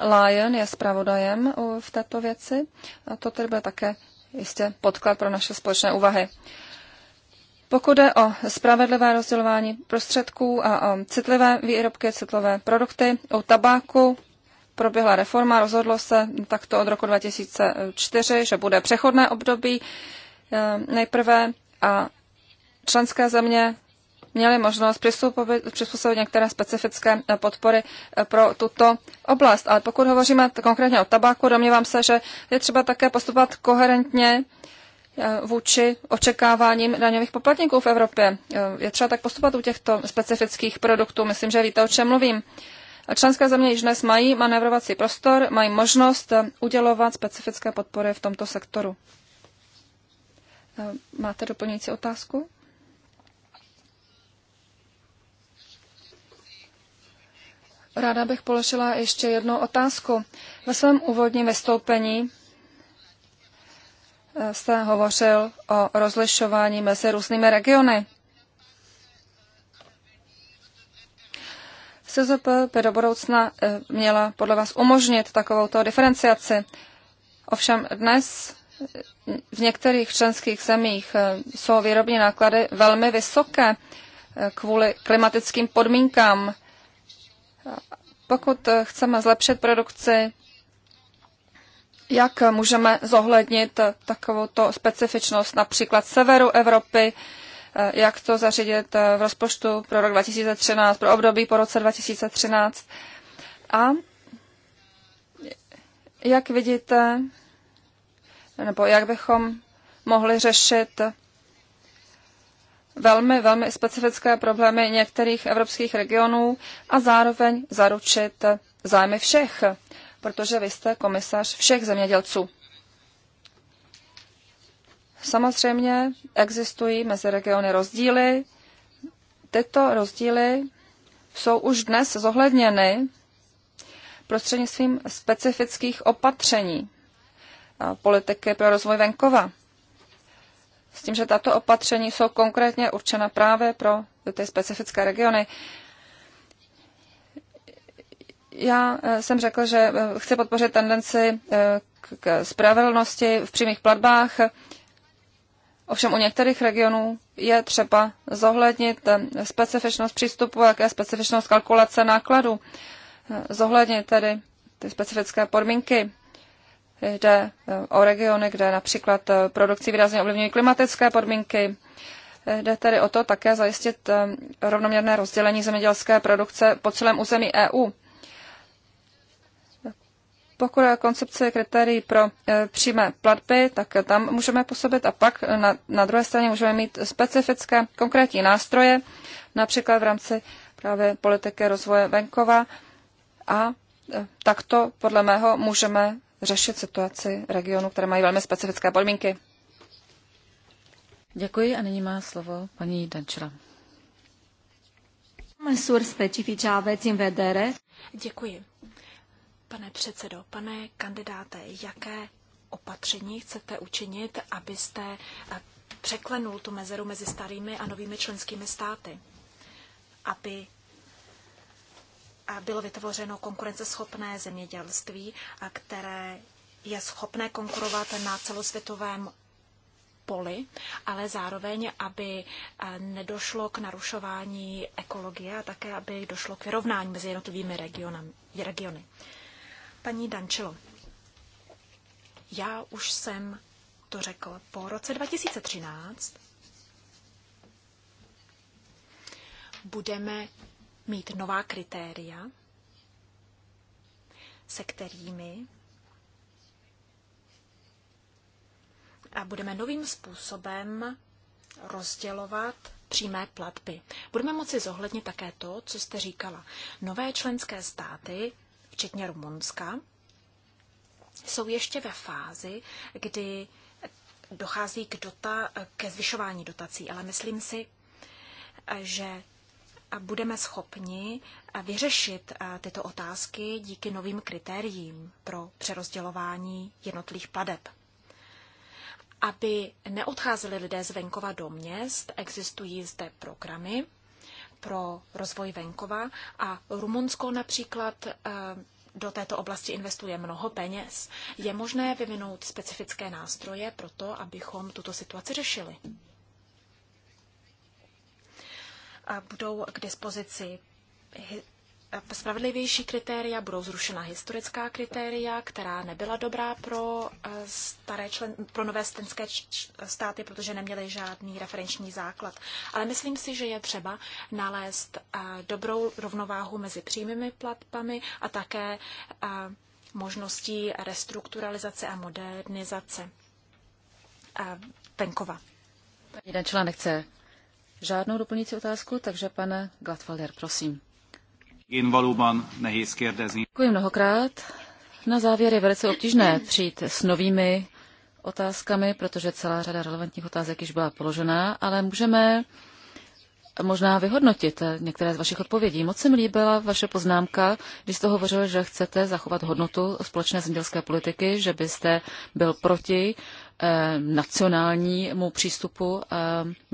Lyon je zpravodajem v této věci. A to tedy bude také jistě podklad pro naše společné úvahy. Pokud jde o spravedlivé rozdělování prostředků a o citlivé výrobky, citlivé produkty, u tabáku proběhla reforma, rozhodlo se takto od roku 2004, že bude přechodné období eh, nejprve a členské země měli možnost přizpůsobit některé specifické eh, podpory eh, pro tuto oblast. Ale pokud hovoříme konkrétně o tabáku, domnívám se, že je třeba také postupovat koherentně eh, vůči očekáváním daňových poplatníků v Evropě. Je třeba tak postupovat u těchto specifických produktů. Myslím, že víte, o čem mluvím. Členské země již dnes mají manévrovací prostor, mají možnost udělovat specifické podpory v tomto sektoru. Máte doplňující otázku? Ráda bych položila ještě jednu otázku. Ve svém úvodním vystoupení eh, jste hovořil o rozlišování mezi různými regiony. SZP by do budoucna eh, měla podle vás umožnit takovouto diferenciaci. Ovšem dnes eh, v některých členských zemích jsou výrobní náklady velmi vysoké kvůli klimatickým podmínkám pokud chceme zlepšit produkci, jak můžeme zohlednit takovou specifičnost například severu Evropy, eh, jak to zařídit eh, v rozpočtu pro rok 2013, pro období po roce 2013. A jak vidíte, nebo jak bychom mohli řešit velmi, velmi specifické problémy některých evropských regionů a zároveň zaručit zájmy všech, protože vy jste komisař všech zemědělců. Samozřejmě existují mezi regiony rozdíly. Tyto rozdíly jsou už dnes zohledněny prostřednictvím specifických opatření politiky pro rozvoj venkova s tím, že tato opatření jsou konkrétně určena právě pro ty specifické regiony. Já eh, jsem řekl, že eh, chci podpořit tendenci eh, k spravedlnosti v přímých platbách. Ovšem u některých regionů je třeba zohlednit specifičnost přístupu, jaké specifičnost kalkulace nákladů, zohlednit tedy ty specifické podmínky Jde eh, o regiony, kde například eh, produkci výrazně ovlivňují klimatické podmínky. Jde tedy o to také zajistit eh, rovnoměrné rozdělení zemědělské produkce po celém území EU. Pokud je koncepce kritérií pro přímé platby, tak tam můžeme působit a pak na, na druhé straně můžeme mít specifické konkrétní nástroje, například v rámci právě politiky rozvoje venkova a takto podle mého můžeme řešit situaci regionu, které mají velmi specifické podmínky. Děkuji a nyní má slovo paní Dančela. Děkuji. Pane předsedo, pane kandidáte, jaké opatření chcete učinit, abyste eh, překlenul tu mezeru mezi starými a novými členskými státy? Aby a bylo vytvořeno konkurenceschopné zemědělství, které je schopné konkurovat na celosvětovém poli, ale zároveň, aby nedošlo k narušování ekologie a také, aby došlo k vyrovnání mezi jednotlivými regiony. Paní Dančilo, já už jsem to řekl. Po roce 2013 budeme mít nová kritéria, se kterými a budeme novým způsobem rozdělovat přímé platby. Budeme moci zohlednit také to, co jste říkala. Nové členské státy, včetně Rumunska, jsou ještě ve fázi, kdy dochází k dota, ke zvyšování dotací, ale myslím si, že budeme schopni eh, vyřešit eh, tyto otázky díky novým kritériím pro přerozdělování jednotlivých pladeb. Aby neodcházeli lidé z venkova do měst, existují zde programy pro rozvoj venkova a Rumunsko například eh, do této oblasti investuje mnoho peněz. Je možné vyvinout specifické nástroje pro to, abychom tuto situaci řešili. A budou k dispozici spravedlivější kritéria, budou zrušena historická kritéria, která nebyla dobrá pro, eh, staré člen, pro nové stenské státy, protože neměly žádný referenční základ. Ale myslím si, že je třeba nalézt eh, dobrou rovnováhu mezi přímými platbami a také eh, možností restrukturalizace a modernizace venkova. Jeden článek chce žádnou doplňující otázku, takže pane Gladfelder, prosím. Děkuji mnohokrát. Na závěr je velice obtížné přijít s novými otázkami, protože celá řada relevantních otázek již byla položená, ale můžeme možná vyhodnotit některé z vašich odpovědí. Moc se mi líbila vaše poznámka, když jste hovořil, že chcete zachovat hodnotu společné zemědělské politiky, že byste byl proti Eh, nacionálnímu přístupu,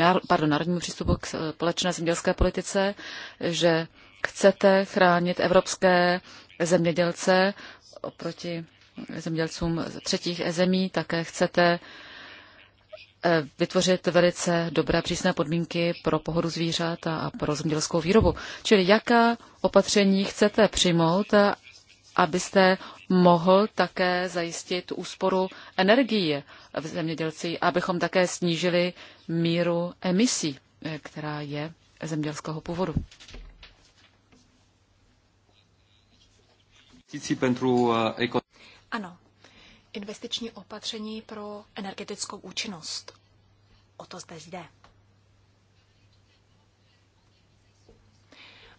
eh, pardon, národnímu přístupu k eh, společné zemědělské politice, že chcete chránit evropské zemědělce oproti zemědělcům třetích zemí, také chcete vytvořit velice dobré přísné podmínky pro pohodu zvířat a pro zemědělskou výrobu. Čili jaká opatření chcete přijmout, abyste mohl také zajistit úsporu energie v zemědělci, abychom také snížili míru emisí, eh, která je zemědělského původu. Eh, ano, investiční opatření pro energetickou účinnost. O to zde jde.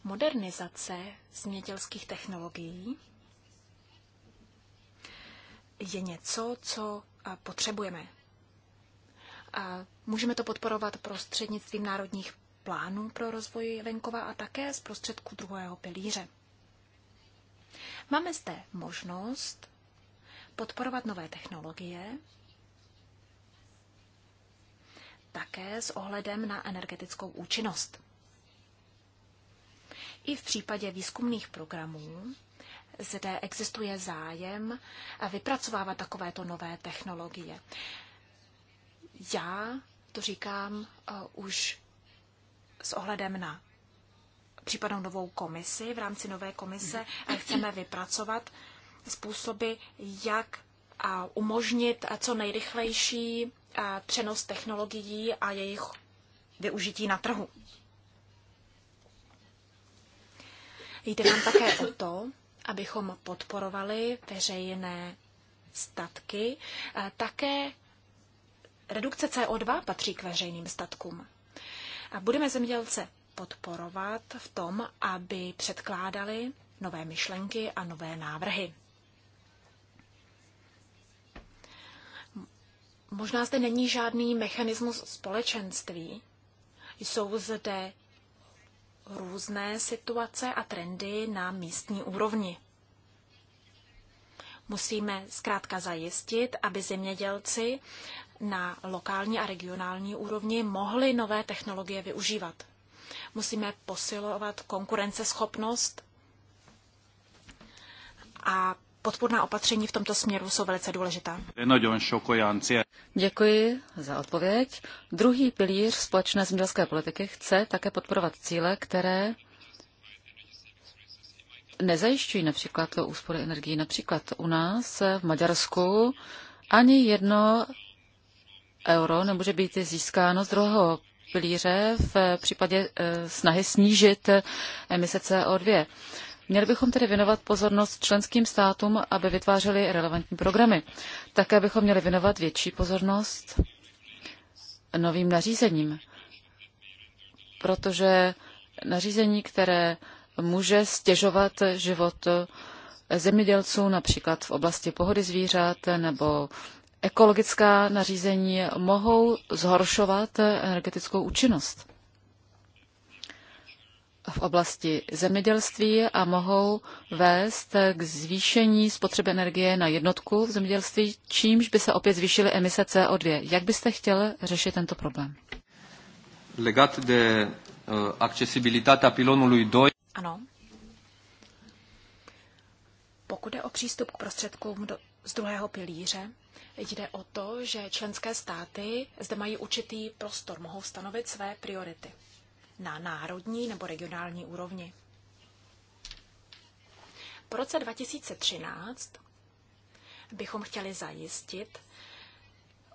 Modernizace zemědělských technologií je něco, co potřebujeme. Můžeme to podporovat prostřednictvím národních plánů pro rozvoj venkova a také z prostředku druhého pilíře. Máme zde možnost podporovat nové technologie, také s ohledem na energetickou účinnost. I v případě výzkumných programů zde existuje zájem vypracovávat takovéto nové technologie. Já to říkám eh, už s ohledem na případnou novou komisi. V rámci nové komise eh, chceme vypracovat způsoby, jak eh, umožnit co nejrychlejší přenos technologií a jejich využití na trhu. Jde nám také o to, abychom podporovali veřejné statky. Také redukce CO2 patří k veřejným statkům. A budeme zemědělce podporovat v tom, aby předkládali nové myšlenky a nové návrhy. Možná zde není žádný mechanismus společenství. Jsou zde různé situace a trendy na místní úrovni. Musíme zkrátka zajistit, aby zemědělci na lokální a regionální úrovni mohli nové technologie využívat. Musíme posilovat konkurenceschopnost a podpůrná opatření v tomto směru jsou velice důležitá. Děkuji za odpověď. Druhý pilíř společné zemědělské politiky chce také podporovat cíle, které nezajišťují například úspory energii. Například u nás v Maďarsku ani jedno euro nemůže být získáno z druhého pilíře v případě eh, snahy snížit emise CO2. Měli bychom tedy věnovat pozornost členským státům, aby vytvářely relevantní programy. Také bychom měli věnovat větší pozornost novým nařízením, protože nařízení, které může stěžovat život zemědělců, například v oblasti pohody zvířat nebo ekologická nařízení, mohou zhoršovat energetickou účinnost v oblasti zemědělství a mohou vést k zvýšení spotřeby energie na jednotku v zemědělství, čímž by se opět zvýšily emise CO2. Jak byste chtěl řešit tento problém? Legat de uh, accesibilitatea pilonului 2. Ano. Pokud je o přístup k prostředkům do, z druhého pilíře, jde o to, že členské státy zde mají určitý prostor, mohou stanovit své priority na národní nebo regionální úrovni. Po roce 2013 bychom chtěli zajistit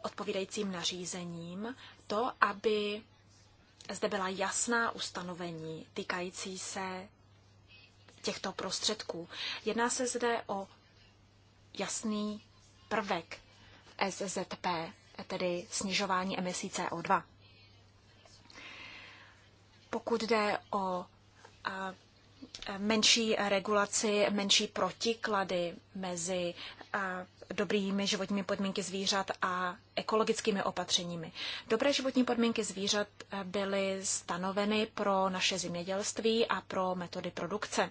odpovídajícím nařízením to, aby zde byla jasná ustanovení týkající se těchto prostředků. Jedná se zde o jasný prvek SZP, tedy snižování emisí CO2. Pokud jde o menší regulaci, menší protiklady mezi dobrými životními podmínky zvířat a ekologickými opatřeními. Dobré životní podmínky zvířat byly stanoveny pro naše zemědělství a pro metody produkce.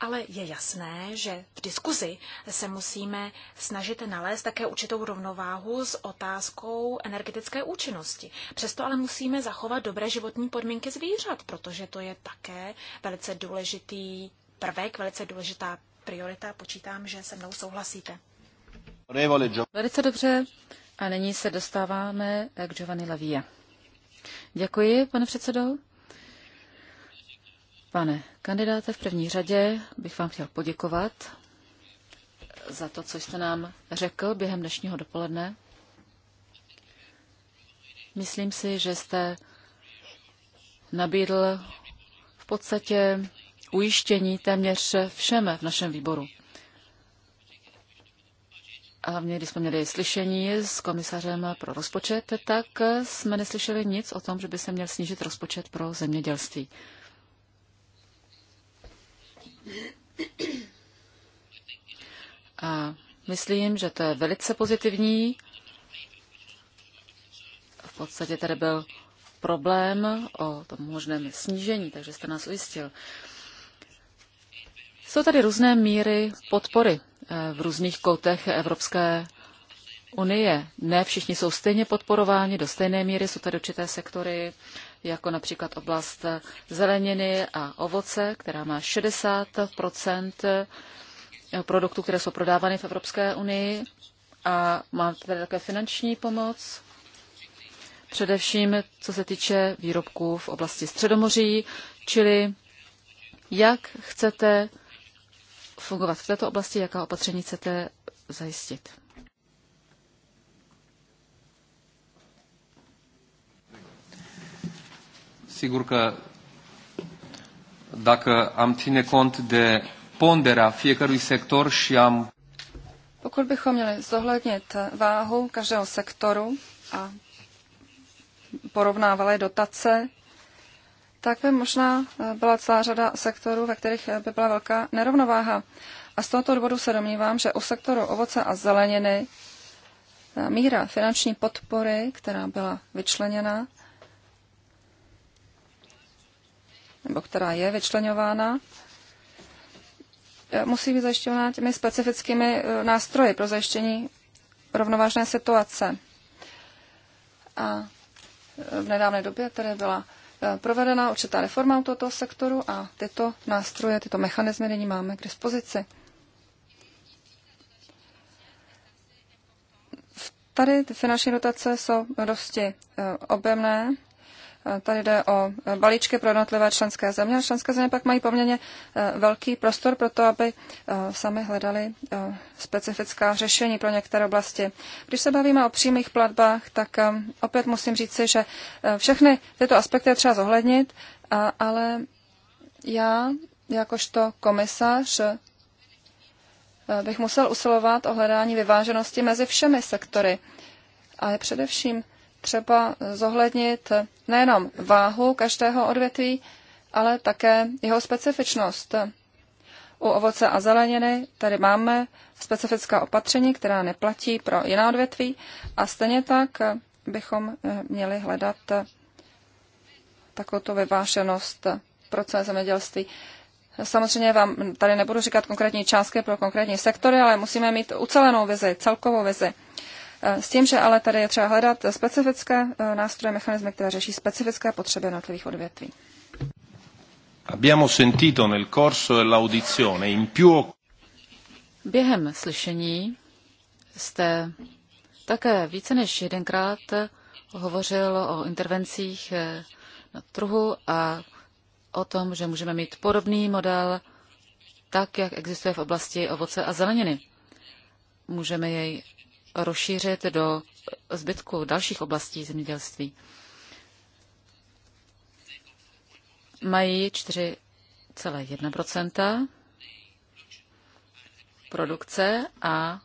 Ale je jasné, že v diskuzi se musíme snažit nalézt také určitou rovnováhu s otázkou energetické účinnosti. Přesto ale musíme zachovat dobré životní podmínky zvířat, protože to je také velice důležitý prvek, velice důležitá priorita. Počítám, že se mnou souhlasíte. Velice dobře. A nyní se dostáváme k Giovanni Lavia. Děkuji, pane předsedo. Pane kandidáte, v první řadě bych vám chtěl poděkovat za to, co jste nám řekl během dnešního dopoledne. Myslím si, že jste nabídl v podstatě ujištění téměř všem v našem výboru. A hlavně, když jsme měli slyšení s komisařem pro rozpočet, tak jsme neslyšeli nic o tom, že by se měl snížit rozpočet pro zemědělství. A myslím, že to je velice pozitivní. V podstatě tady byl problém o tom možném snížení, takže jste nás ujistil. Jsou tady různé míry podpory eh, v různých koutech Evropské unie. Ne všichni jsou stejně podporováni, do stejné míry jsou tady určité sektory, jako například oblast zeleniny a ovoce, která má 60 produktů, které jsou prodávány v Evropské unii. A má tady také finanční pomoc, především co se týče výrobků v oblasti Středomoří, čili jak chcete fungovat v této oblasti, jaká opatření chcete zajistit. Sigur că dacă am ține cont de ponderea fiecărui sector și am... Pokud bychom měli zohlednit váhu každého sektoru a porovnávali dotace, tak by možná eh, byla celá řada sektorů, ve kterých eh, by byla velká nerovnováha. A z tohoto důvodu se domnívám, že u sektoru ovoce a zeleniny eh, míra finanční podpory, která byla vyčleněna, nebo která je vyčlenována, eh, musí být zajištěna těmi specifickými eh, nástroji pro zajištění rovnovážné situace. A eh, v nedávné době tedy byla provedena určitá reforma u tohoto sektoru a tyto nástroje, tyto mechanismy nyní máme k dispozici. Tady ty finanční dotace jsou dosti objemné Tady jde o balíčky pro jednotlivé členské země. Členské země pak mají poměrně eh, velký prostor pro to, aby eh, sami hledali eh, specifická řešení pro některé oblasti. Když se bavíme o přímých platbách, tak opět musím říci, že všechny tyto aspekty je třeba zohlednit, ale já jakožto komisař bych musel usilovat o hledání vyváženosti mezi všemi sektory. A je především třeba zohlednit nejenom váhu každého odvětví, ale také jeho specifičnost. U ovoce a zeleniny tady máme specifická opatření, která neplatí pro jiná odvětví a stejně tak bychom eh, měli hledat takovou vyvášenost pro celé zemědělství. Samozřejmě vám tady nebudu říkat konkrétní částky pro konkrétní sektory, ale musíme mít ucelenou vizi, celkovou vizi. Eh, s tím, že ale tady je třeba hledat specifické eh, nástroje, mechanizmy, které řeší specifické potřeby jednotlivých odvětví. Během slyšení jste také více než jedenkrát hovořil o intervencích eh, na trhu a o tom, že můžeme mít podobný model, tak jak existuje v oblasti ovoce a zeleniny. Můžeme jej rozšířit do zbytku dalších oblastí zemědělství. Mají 4,1 produkce a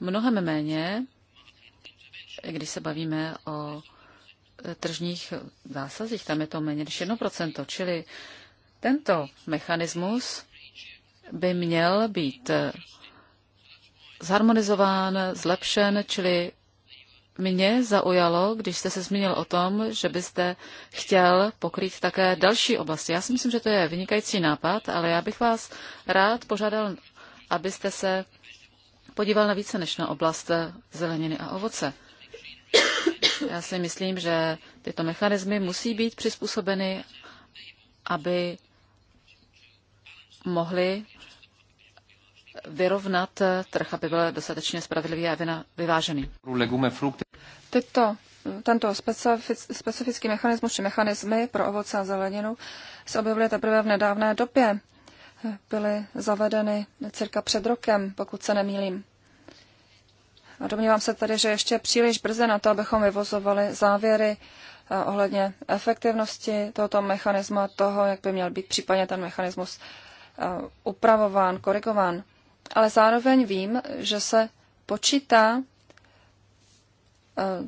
mnohem méně, když se bavíme o tržních zásazích, tam je to méně než 1%, čili tento mechanismus by měl být zharmonizován, zlepšen, čili mě zaujalo, když jste se zmínil o tom, že byste chtěl pokrýt také další oblasti. Já si myslím, že to je vynikající nápad, ale já bych vás rád požádal, abyste se podíval na více než na oblast zeleniny a ovoce. Já si myslím, že tyto mechanismy musí být přizpůsobeny, aby mohly vyrovnat eh, trh, aby byl dostatečně spravedlivý a vyvážený. Tyto, tento specific, specifický mechanismus či mechanismy pro ovoce a zeleninu se objevily teprve v nedávné době. Byly zavedeny cirka před rokem, pokud se nemýlím. A domnívám se tedy, že ještě příliš brzy na to, abychom vyvozovali závěry eh, ohledně efektivnosti tohoto mechanismu a toho, jak by měl být případně ten mechanismus eh, upravován, korigován ale zároveň vím, že se počítá eh,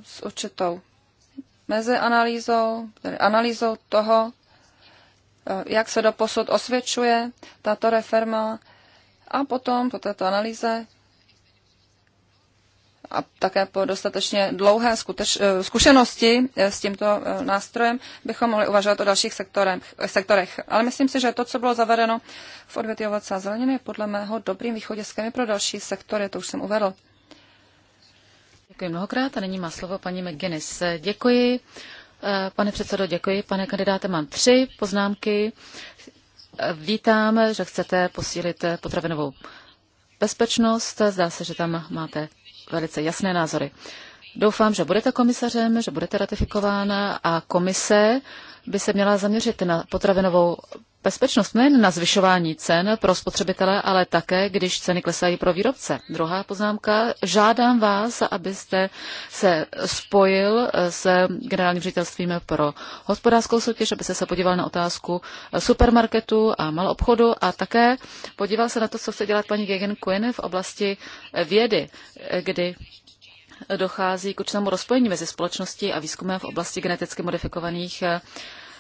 s určitou mezianalýzou, tedy analýzou toho, eh, jak se doposud osvědčuje tato reforma a potom po této analýze a také po dostatečně dlouhé skuteč, eh, zkušenosti eh, s tímto eh, nástrojem bychom mohli uvažovat o dalších sektorech. Ale myslím si, že to, co bylo zavedeno v odvětví ovoce a zeleniny, je podle mého dobrým východiskem pro další sektory, to už jsem uvedl. Děkuji mnohokrát a nyní má slovo paní McGuinness. Děkuji. Pane předsedo, děkuji. Pane kandidáte, mám tři poznámky. Vítám, že chcete posílit potravinovou bezpečnost. Zdá se, že tam máte velice jasné názory. Doufám, že budete komisařem, že budete ratifikována a komise by se měla zaměřit na potravinovou bezpečnost nejen na zvyšování cen pro spotřebitele, ale také, když ceny klesají pro výrobce. Druhá poznámka, žádám vás, abyste se spojil s generálním ředitelstvím pro hospodářskou soutěž, abyste se podíval na otázku supermarketu a malou obchodu a také podíval se na to, co chce dělat paní Gegen Quinn v oblasti vědy, kdy dochází k určitému rozpojení mezi společností a výzkumem v oblasti geneticky modifikovaných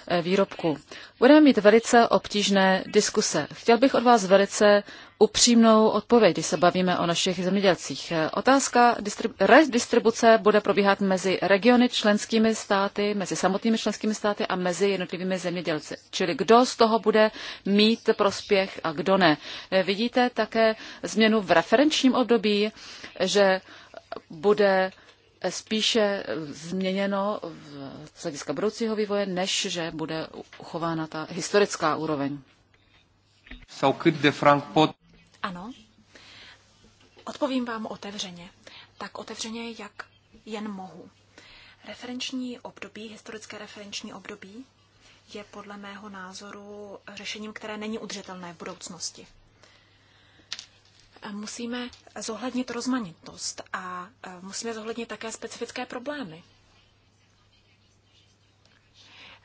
Eh, výrobků. Budeme mít velice obtížné diskuse. Chtěl bych od vás velice upřímnou odpověď, když se bavíme o našich zemědělcích. Eh, otázka redistribuce bude probíhat mezi regiony, členskými státy, mezi samotnými členskými státy a mezi jednotlivými zemědělci. Čili kdo z toho bude mít prospěch a kdo ne. Eh, vidíte také změnu v referenčním období, že bude spíše změněno z hlediska budoucího vývoje, než že bude uchována ta historická úroveň. Ano. Odpovím vám otevřeně. Tak otevřeně, jak jen mohu. Referenční období, historické referenční období, je podle mého názoru řešením, které není udržitelné v budoucnosti musíme zohlednit rozmanitost a e, musíme zohlednit také specifické problémy.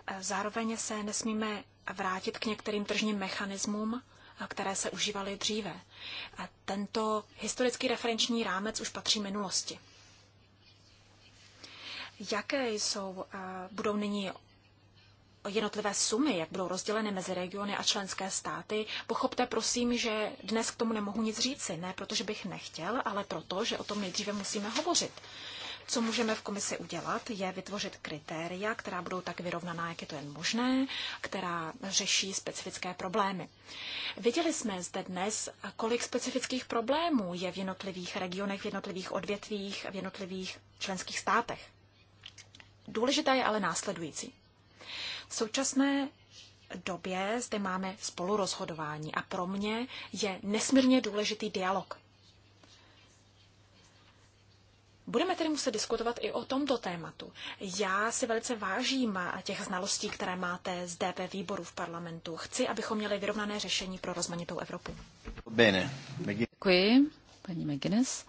E, zároveň se nesmíme vrátit k některým tržním mechanismům, e, které se užívaly dříve. Tento historický referenční rámec už patří minulosti. Jaké jsou, budou nyní jednotlivé sumy, jak budou rozděleny mezi regiony a členské státy, pochopte prosím, že dnes k tomu nemohu nic říci. Ne protože bych nechtěl, ale proto, že o tom nejdříve musíme hovořit. Co můžeme v komisi udělat, je vytvořit kritéria, která budou tak vyrovnaná, jak je to jen možné, která řeší specifické problémy. Viděli jsme zde dnes, kolik specifických problémů je v jednotlivých regionech, v jednotlivých odvětvích, v jednotlivých členských státech. Důležité je ale následující. V současné době zde máme spolurozhodování a pro mě je nesmírně důležitý dialog. Budeme tedy muset diskutovat i o tomto tématu. Já si velice vážím těch znalostí, které máte zde ve výboru v parlamentu. Chci, abychom měli vyrovnané řešení pro rozmanitou Evropu. Děkuji, paní McGuinness.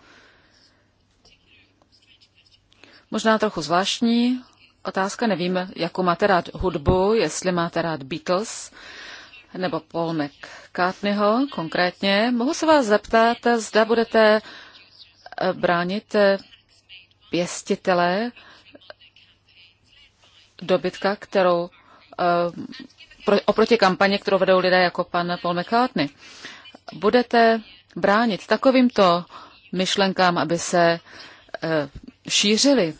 Možná trochu zvláštní otázka. Nevím, jakou máte rád hudbu, jestli máte rád Beatles nebo Paul McCartneyho konkrétně. Mohu se vás zeptat, zda budete eh, bránit eh, pěstitele dobytka, kterou eh, oproti kampaně, kterou vedou lidé jako pan Paul McCartney. Budete bránit takovýmto myšlenkám, aby se šířily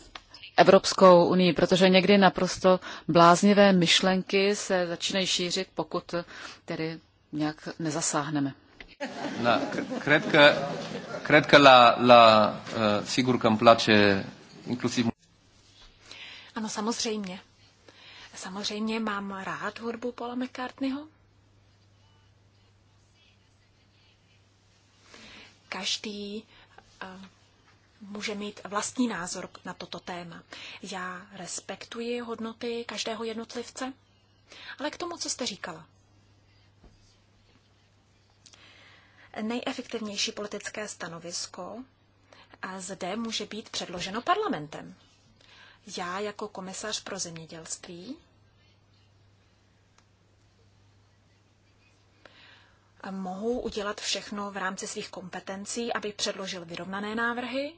Evropskou unii, protože někdy naprosto bláznivé myšlenky se začínají šířit, pokud tedy nějak nezasáhneme. Da, cred că, cred că la, la uh, sigur că îmi place inclusiv... Ano, samozřejmě. Samozřejmě mám rád hudbu Paula McCartneyho. Každý uh, může mít vlastní názor na toto téma. Já respektuji hodnoty každého jednotlivce, ale k tomu, co jste říkala. Nejefektivnější politické stanovisko a zde může být předloženo parlamentem. Já jako komisař pro zemědělství mohu udělat všechno v rámci svých kompetencí, abych předložil vyrovnané návrhy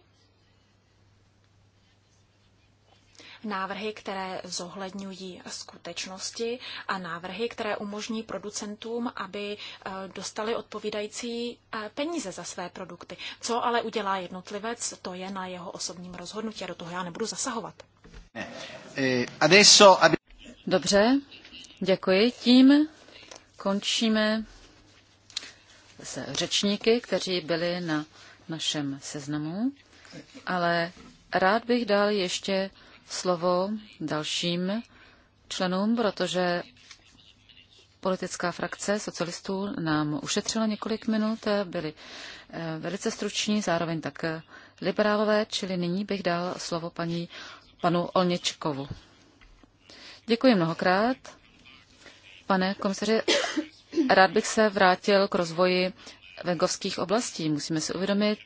návrhy, které zohledňují skutečnosti a návrhy, které umožní producentům, aby eh, dostali odpovídající eh, peníze za své produkty. Co ale udělá jednotlivec, to je na jeho osobním rozhodnutí a do toho já nebudu zasahovat. Eh, Dobře, děkuji. Tím končíme s řečníky, kteří byli na našem seznamu, ale rád bych dal ještě slovo dalším členům, protože politická frakce socialistů nám ušetřila několik minut, byli eh, velice struční, zároveň tak liberálové, čili nyní bych dal slovo paní, panu Olničkovu. Děkuji mnohokrát. Pane komisaři, rád bych se vrátil k rozvoji venkovských oblastí. Musíme si uvědomit,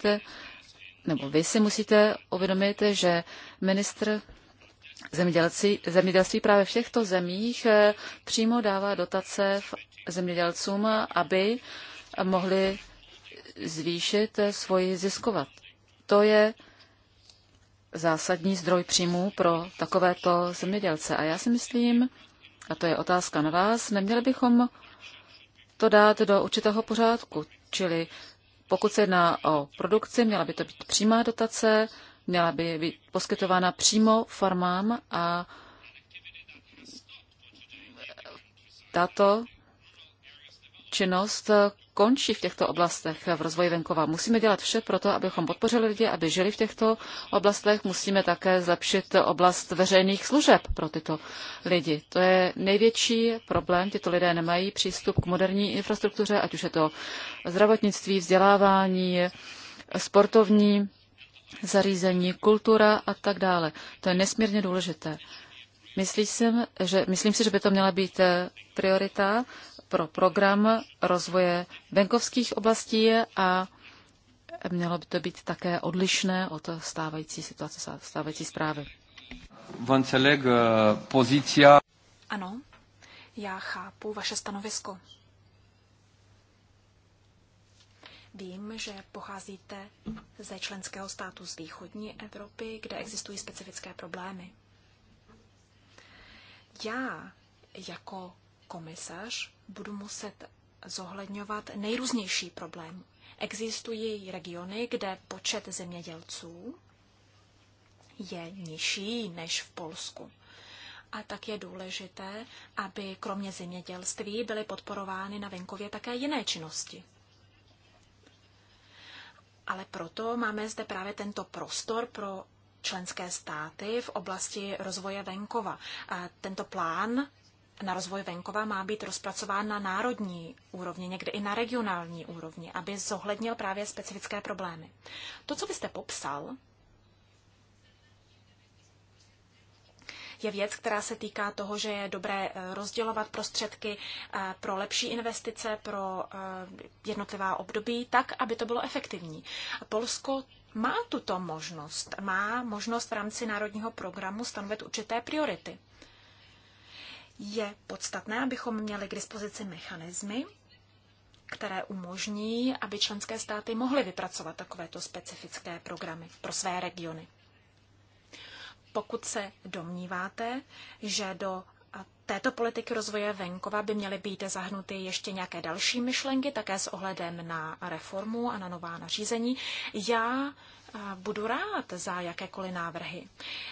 nebo vy si musíte uvědomit, že ministr Zemědělci, zemědělství právě v těchto zemích eh, přímo dává dotace zemědělcům, aby mohli zvýšit eh, svoji ziskovat. To je zásadní zdroj příjmů pro takovéto zemědělce. A já si myslím, a to je otázka na vás, neměli bychom to dát do určitého pořádku. Čili pokud se jedná o produkci, měla by to být přímá dotace, měla by být poskytována přímo farmám a tato činnost končí v těchto oblastech v rozvoji venkova. Musíme dělat vše pro to, abychom podpořili lidi, aby žili v těchto oblastech. Musíme také zlepšit oblast veřejných služeb pro tyto lidi. To je největší problém. Tyto lidé nemají přístup k moderní infrastruktuře, ať už je to zdravotnictví, vzdělávání, sportovní zařízení, kultura a tak dále. To je nesmírně důležité. Myslím, že, myslím si, že by to měla být eh, priorita pro program rozvoje venkovských oblastí a mělo by to být také odlišné od stávající situace, stávající zprávy. Eh, ano, já chápu vaše stanovisko. Vím, že pocházíte ze členského státu z východní Evropy, kde existují specifické problémy. Já jako komisař budu muset zohledňovat nejrůznější problémy. Existují regiony, kde počet zemědělců je nižší než v Polsku. A tak je důležité, aby kromě zemědělství byly podporovány na venkově také jiné činnosti. Ale proto máme zde právě tento prostor pro členské státy v oblasti rozvoje venkova. A tento plán na rozvoj venkova má být rozpracován na národní úrovni, někdy i na regionální úrovni, aby zohlednil právě specifické problémy. To, co byste popsal, je věc, která se týká toho, že je dobré eh, rozdělovat prostředky eh, pro lepší investice, pro eh, jednotlivá období, tak, aby to bylo efektivní. Polsko má tuto možnost, má možnost v rámci národního programu stanovit určité priority. Je podstatné, abychom měli k dispozici mechanismy, které umožní, aby členské státy mohly vypracovat takovéto specifické programy pro své regiony pokud se domníváte, že do této politiky rozvoje venkova by měly být zahnuty ještě nějaké další myšlenky, také s ohledem na reformu a na nová nařízení. Já budu rád za jakékoliv návrhy.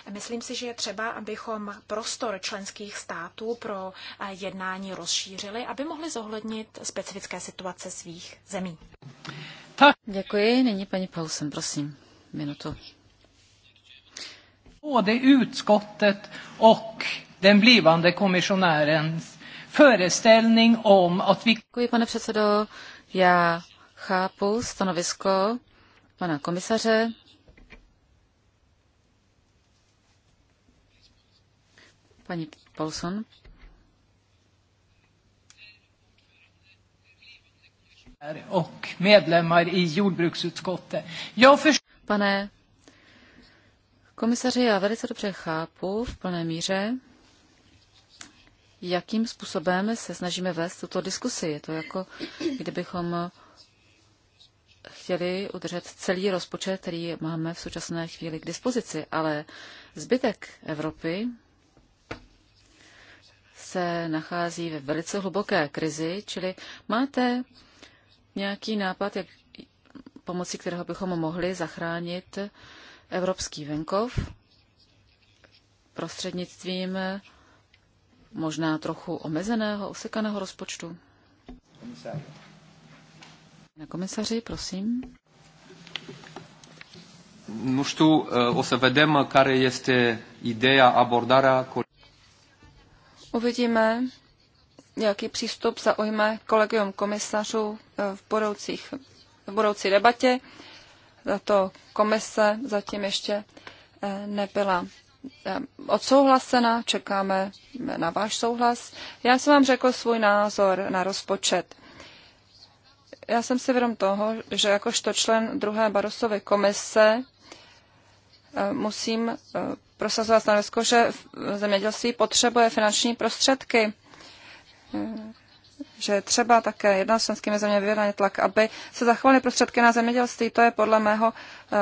Myslím si, že je třeba, abychom prostor členských států pro jednání rozšířili, aby mohli zohlednit specifické situace svých zemí. Děkuji. Nyní paní Pausen, prosím, minutu både utskottet och den blivande kommissionärens föreställning om att vi... Děkuji, pane předsedo. Já chápu stanovisko pana komisaře. Pani Paulson. Och medlemmar i jordbruksutskottet. Jag förstår... Pane Komisaři, já velice dobře chápu v plné míře, jakým způsobem se snažíme vést tuto diskusi. Je to jako, kdybychom chtěli udržet celý rozpočet, který máme v současné chvíli k dispozici, ale zbytek Evropy se nachází ve velice hluboké krizi, čili máte nějaký nápad, jak pomocí kterého bychom mohli zachránit evropský venkov prostřednictvím možná trochu omezeného, osekaného rozpočtu? Na komisaři, prosím. Nu știu, o să vedem care este ideea, abordarea. Uvidíme, jaký přístup zaujme kolegium komisařů eh, v budoucích, v budoucí debatě to komise zatím ještě eh, nebyla eh, odsouhlasena, čekáme na váš souhlas. Já jsem vám řekl svůj názor na rozpočet. Já jsem si vědom toho, že jakožto člen druhé Barosovy komise eh, musím prosazovat stanovisko, že zemědělství potřebuje finanční prostředky že je třeba také jedna s členskými země vyvíjet tlak, aby se zachovaly prostředky na zemědělství. To je podle mého eh,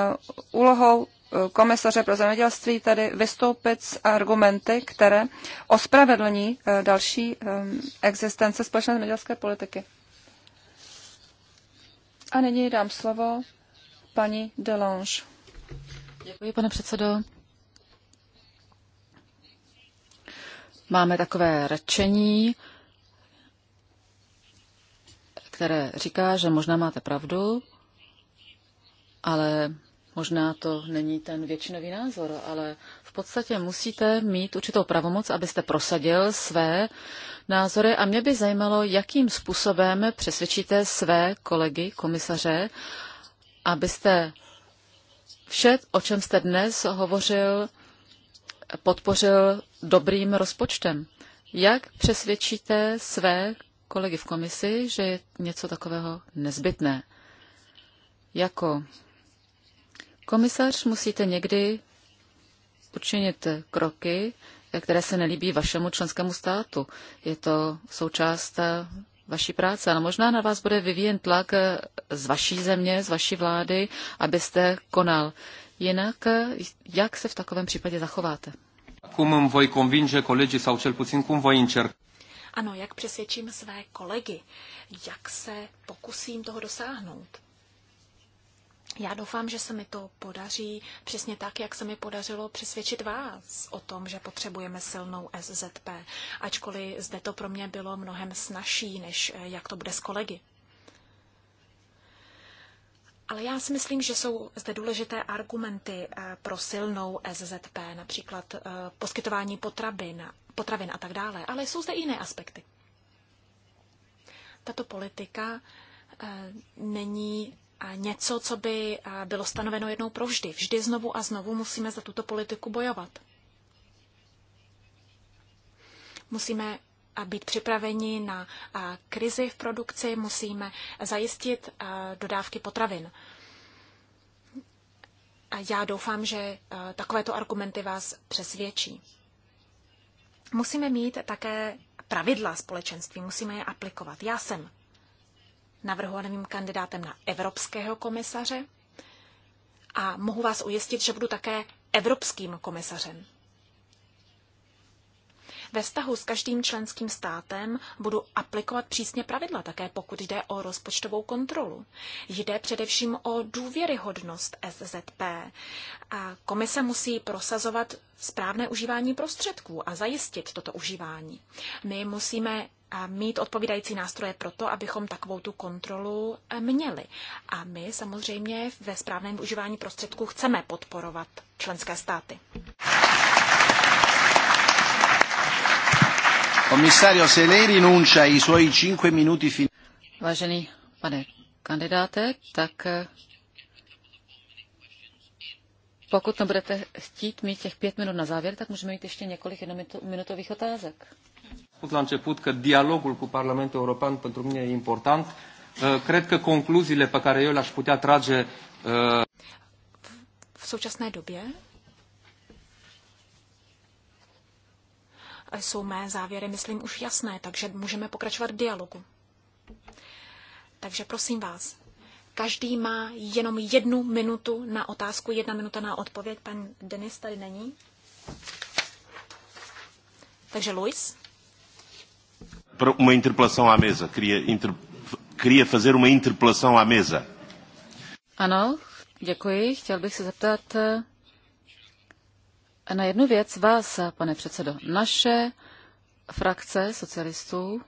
úlohou eh, komisaře pro zemědělství tedy vystoupit s argumenty, které ospravedlní eh, další existence společné zemědělské politiky. A nyní dám slovo paní Delange. Děkuji, pane předsedo. Máme takové řečení které říká, že možná máte pravdu, ale možná to není ten většinový názor, ale v podstatě musíte mít určitou pravomoc, abyste prosadil své názory a mě by zajímalo, jakým způsobem přesvědčíte své kolegy, komisaře, abyste vše, o čem jste dnes hovořil, podpořil dobrým rozpočtem. Jak přesvědčíte své kolegy v komisi, že je něco takového nezbytné. Jako komisař musíte někdy učinit kroky, které se nelíbí vašemu členskému státu. Je to součást vaší práce, ale možná na vás bude vyvíjen tlak z vaší země, z vaší vlády, abyste konal. Jinak, jak se v takovém případě zachováte? Cum îmi voi convinge colegii sau cel puțin cum voi încerca? Ano, jak přesvědčím své kolegy, jak se pokusím toho dosáhnout. Já doufám, že se mi to podaří přesně tak, jak se mi podařilo přesvědčit vás o tom, že potřebujeme silnou SZP, ačkoliv zde to pro mě bylo mnohem snažší, než jak to bude s kolegy. Ale já si myslím, že jsou zde důležité argumenty eh, pro silnou SZP, například eh, poskytování potravin, potravin a tak dále, ale jsou zde i jiné aspekty. Tato politika eh, není něco, co by bylo stanoveno jednou provždy. Vždy znovu a znovu musíme za tuto politiku bojovat. Musíme a být připraveni na krizi v produkci, musíme zajistit dodávky potravin. Já doufám, že takovéto argumenty vás přesvědčí. Musíme mít také pravidla společenství, musíme je aplikovat. Já jsem navrhovaným kandidátem na evropského komisaře a mohu vás ujistit, že budu také evropským komisařem. Ve vztahu s každým členským státem budu aplikovat přísně pravidla, také pokud jde o rozpočtovou kontrolu. Jde především o důvěryhodnost SZP. A komise musí prosazovat správné užívání prostředků a zajistit toto užívání. My musíme a mít odpovídající nástroje pro to, abychom takovou tu kontrolu e, měli. A my samozřejmě ve správném užívání prostředků chceme podporovat členské státy. Komisario, se lei rinuncia ai suoi cinque minuti finali. Vážený pane kandidáte, tak eh, pokud tam budete chtít mít těch pět minut na závěr, tak můžeme mít ještě několik minutových otázek. La început că dialogul cu Parlamentul European pentru mine e important. Eh, cred că concluziile pe care eu le-aș putea trage eh, v současné době jsou mé závěry, myslím, už jasné, takže můžeme pokračovat v dialogu. Takže prosím vás, každý má jenom jednu minutu na otázku, jedna minuta na odpověď. Pan Denis tady není. Takže Luis. Para uma interpelação à mesa. Queria, inter... Queria fazer uma interpelação à mesa. Ano, děkuji. Chtěl bych se zeptat na jednu věc vás, pane předsedo. Naše frakce socialistů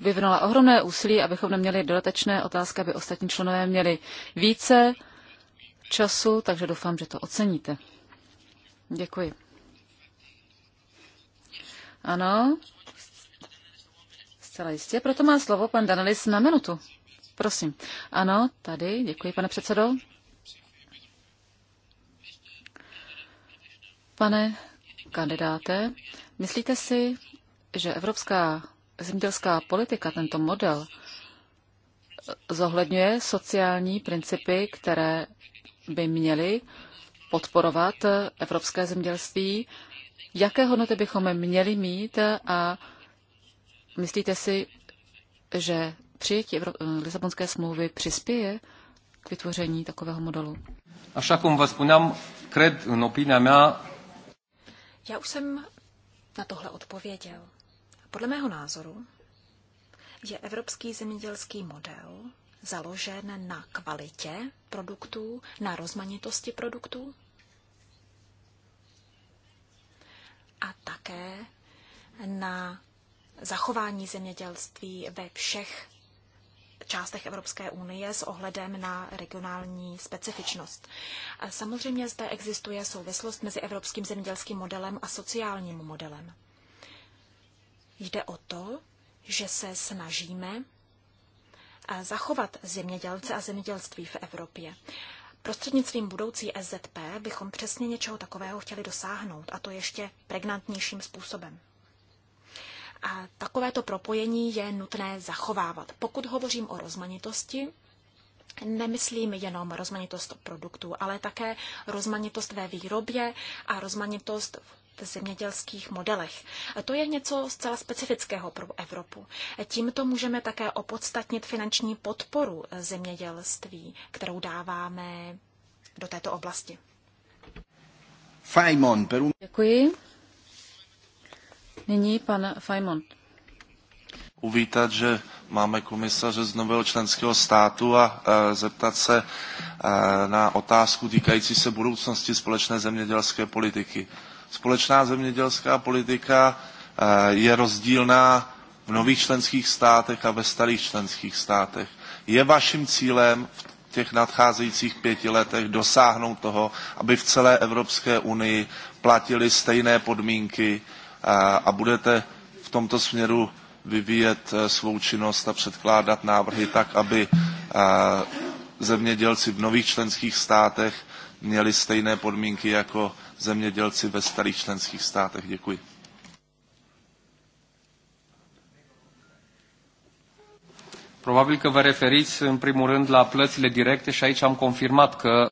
vyvinula ohromné úsilí, abychom neměli dodatečné otázky, aby ostatní členové měli více času, takže doufám, že to oceníte. Děkuji. Ano, zcela jistě. Proto má slovo pan Danelis na minutu. Prosím. Ano, tady, děkuji, pane předsedo. Pane kandidáte, myslíte si, že evropská zemědělská politika, tento model, zohledňuje sociální principy, které by měly podporovat evropské zemědělství? Jaké hodnoty bychom měli mít a myslíte si, že přijetí Evrop- Lisabonské smlouvy přispěje k vytvoření takového modelu? Așa cum vă spuneam, cred în opinia mea já už jsem na tohle odpověděl. Podle mého názoru je evropský zemědělský model založen na kvalitě produktů, na rozmanitosti produktů a také na zachování zemědělství ve všech částech Evropské unie s ohledem na regionální specifičnost. Samozřejmě zde existuje souvislost mezi evropským zemědělským modelem a sociálním modelem. Jde o to, že se snažíme zachovat zemědělce a zemědělství v Evropě. Prostřednictvím budoucí SZP bychom přesně něčeho takového chtěli dosáhnout, a to ještě pregnantnějším způsobem. A takovéto propojení je nutné zachovávat. Pokud hovořím o rozmanitosti, nemyslím jenom rozmanitost produktů, ale také rozmanitost ve výrobě a rozmanitost v zemědělských modelech. To je něco zcela specifického pro Evropu. Tímto můžeme také opodstatnit finanční podporu zemědělství, kterou dáváme do této oblasti. Děkuji. Nyní pan Fajmont. Uvítat, že máme komisaře z nového členského státu a e, zeptat se e, na otázku týkající se budoucnosti společné zemědělské politiky. Společná zemědělská politika e, je rozdílná v nových členských státech a ve starých členských státech. Je vaším cílem v těch nadcházejících pěti letech dosáhnout toho, aby v celé Evropské unii platily stejné podmínky a budete v tomto směru vyvíjet eh, svou činnost a předkládat návrhy tak, aby eh, zemědělci v nových členských státech měli stejné podmínky jako zemědělci ve starých členských státech. Děkuji. Probabil că vă referiți în primul rând la plățile directe și aici am confirmat că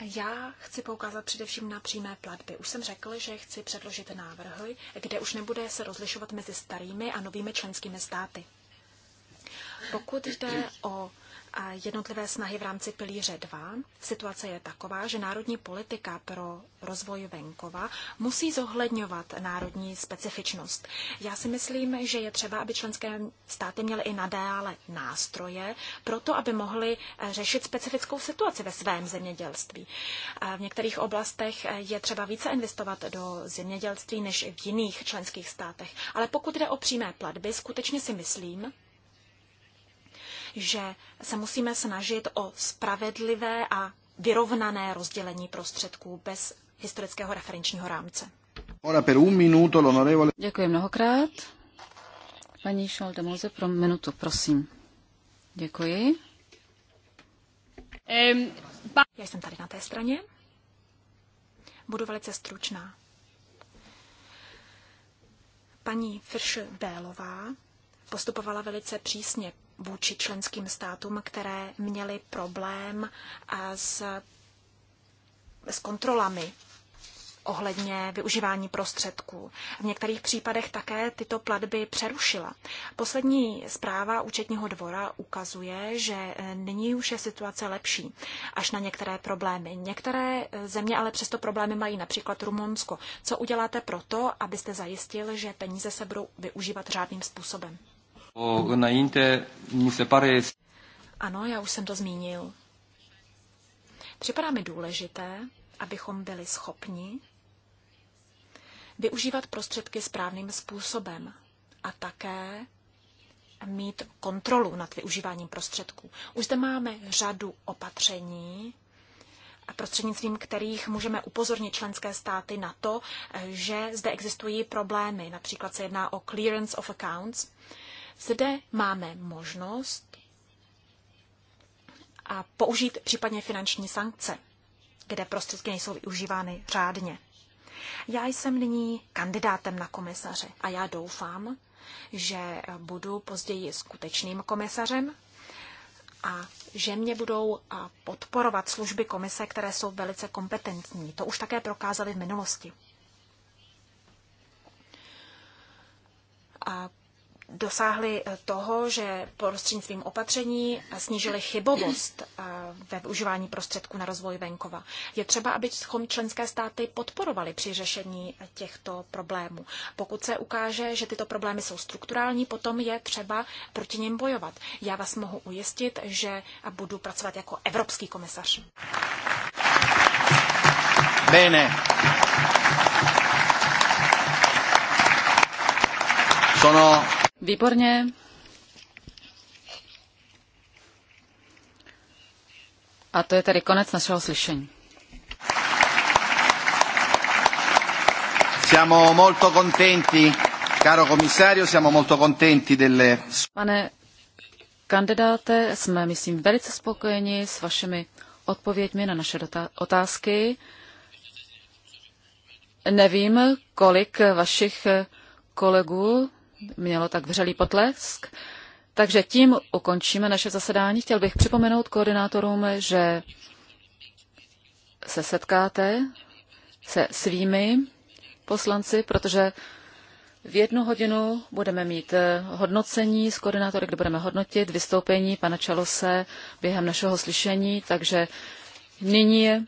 já chci poukázat především na přímé platby. Už jsem řekl, že chci předložit návrhy, kde už nebude se rozlišovat mezi starými a novými členskými státy. Pokud jde o jednotlivé snahy v rámci pilíře 2, situace je taková, že národní politika pro rozvoj venkova musí zohledňovat národní specifičnost. Já si myslím, že je třeba, aby členské státy měly i nadále nástroje pro to, aby mohly eh, řešit specifickou situaci ve svém zemědělství. Eh, v některých oblastech eh, je třeba více investovat do zemědělství než v jiných členských státech. Ale pokud jde o přímé platby, skutečně si myslím, že se musíme snažit o spravedlivé a vyrovnané rozdělení prostředků bez historického referenčního rámce. Děkuji mnohokrát. Paní Šaldemoze, pro minutu, prosím. Děkuji. Já jsem tady na té straně. Budu velice stručná. Paní firš bélová postupovala velice přísně vůči členským státům, které měly problém s, s kontrolami ohledně využívání prostředků. V některých případech také tyto platby přerušila. Poslední zpráva účetního dvora ukazuje, že nyní už je situace lepší, až na některé problémy. Některé země ale přesto problémy mají, například Rumunsko. Co uděláte proto, abyste zajistil, že peníze se budou využívat řádným způsobem? Ano, já už jsem to zmínil. Připadá mi důležité, abychom byli schopni využívat prostředky správným způsobem a také mít kontrolu nad využíváním prostředků. Už zde máme řadu opatření, a prostřednictvím kterých můžeme upozornit členské státy na to, že zde existují problémy. Například se jedná o clearance of accounts, zde máme možnost a použít případně finanční sankce, kde prostředky nejsou využívány řádně. Já jsem nyní kandidátem na komisaře a já doufám, že budu později skutečným komisařem a že mě budou podporovat služby komise, které jsou velice kompetentní. To už také prokázali v minulosti. A dosáhli eh, toho, že prostřednictvím opatření snížili chybovost eh, ve využívání prostředků na rozvoj venkova. Je třeba, aby členské státy podporovali při řešení těchto problémů. Pokud se ukáže, že tyto problémy jsou strukturální, potom je třeba proti nim bojovat. Já vás mohu ujistit, že budu pracovat jako evropský komisař. Bene. Sono Výborně. A to je tedy konec našeho slyšení. Siamo molto contenti, caro commissario, siamo molto contenti delle... Pane kandidáte, jsme, myslím, velice spokojeni s vašimi odpověďmi na naše otázky. Nevím, kolik vašich kolegů mělo tak vřelý potlesk. Takže tím ukončíme naše zasedání. Chtěl bych připomenout koordinátorům, že se setkáte se svými poslanci, protože v jednu hodinu budeme mít eh, hodnocení z koordinátory, kde budeme hodnotit vystoupení pana Čalose během našeho slyšení, takže nyní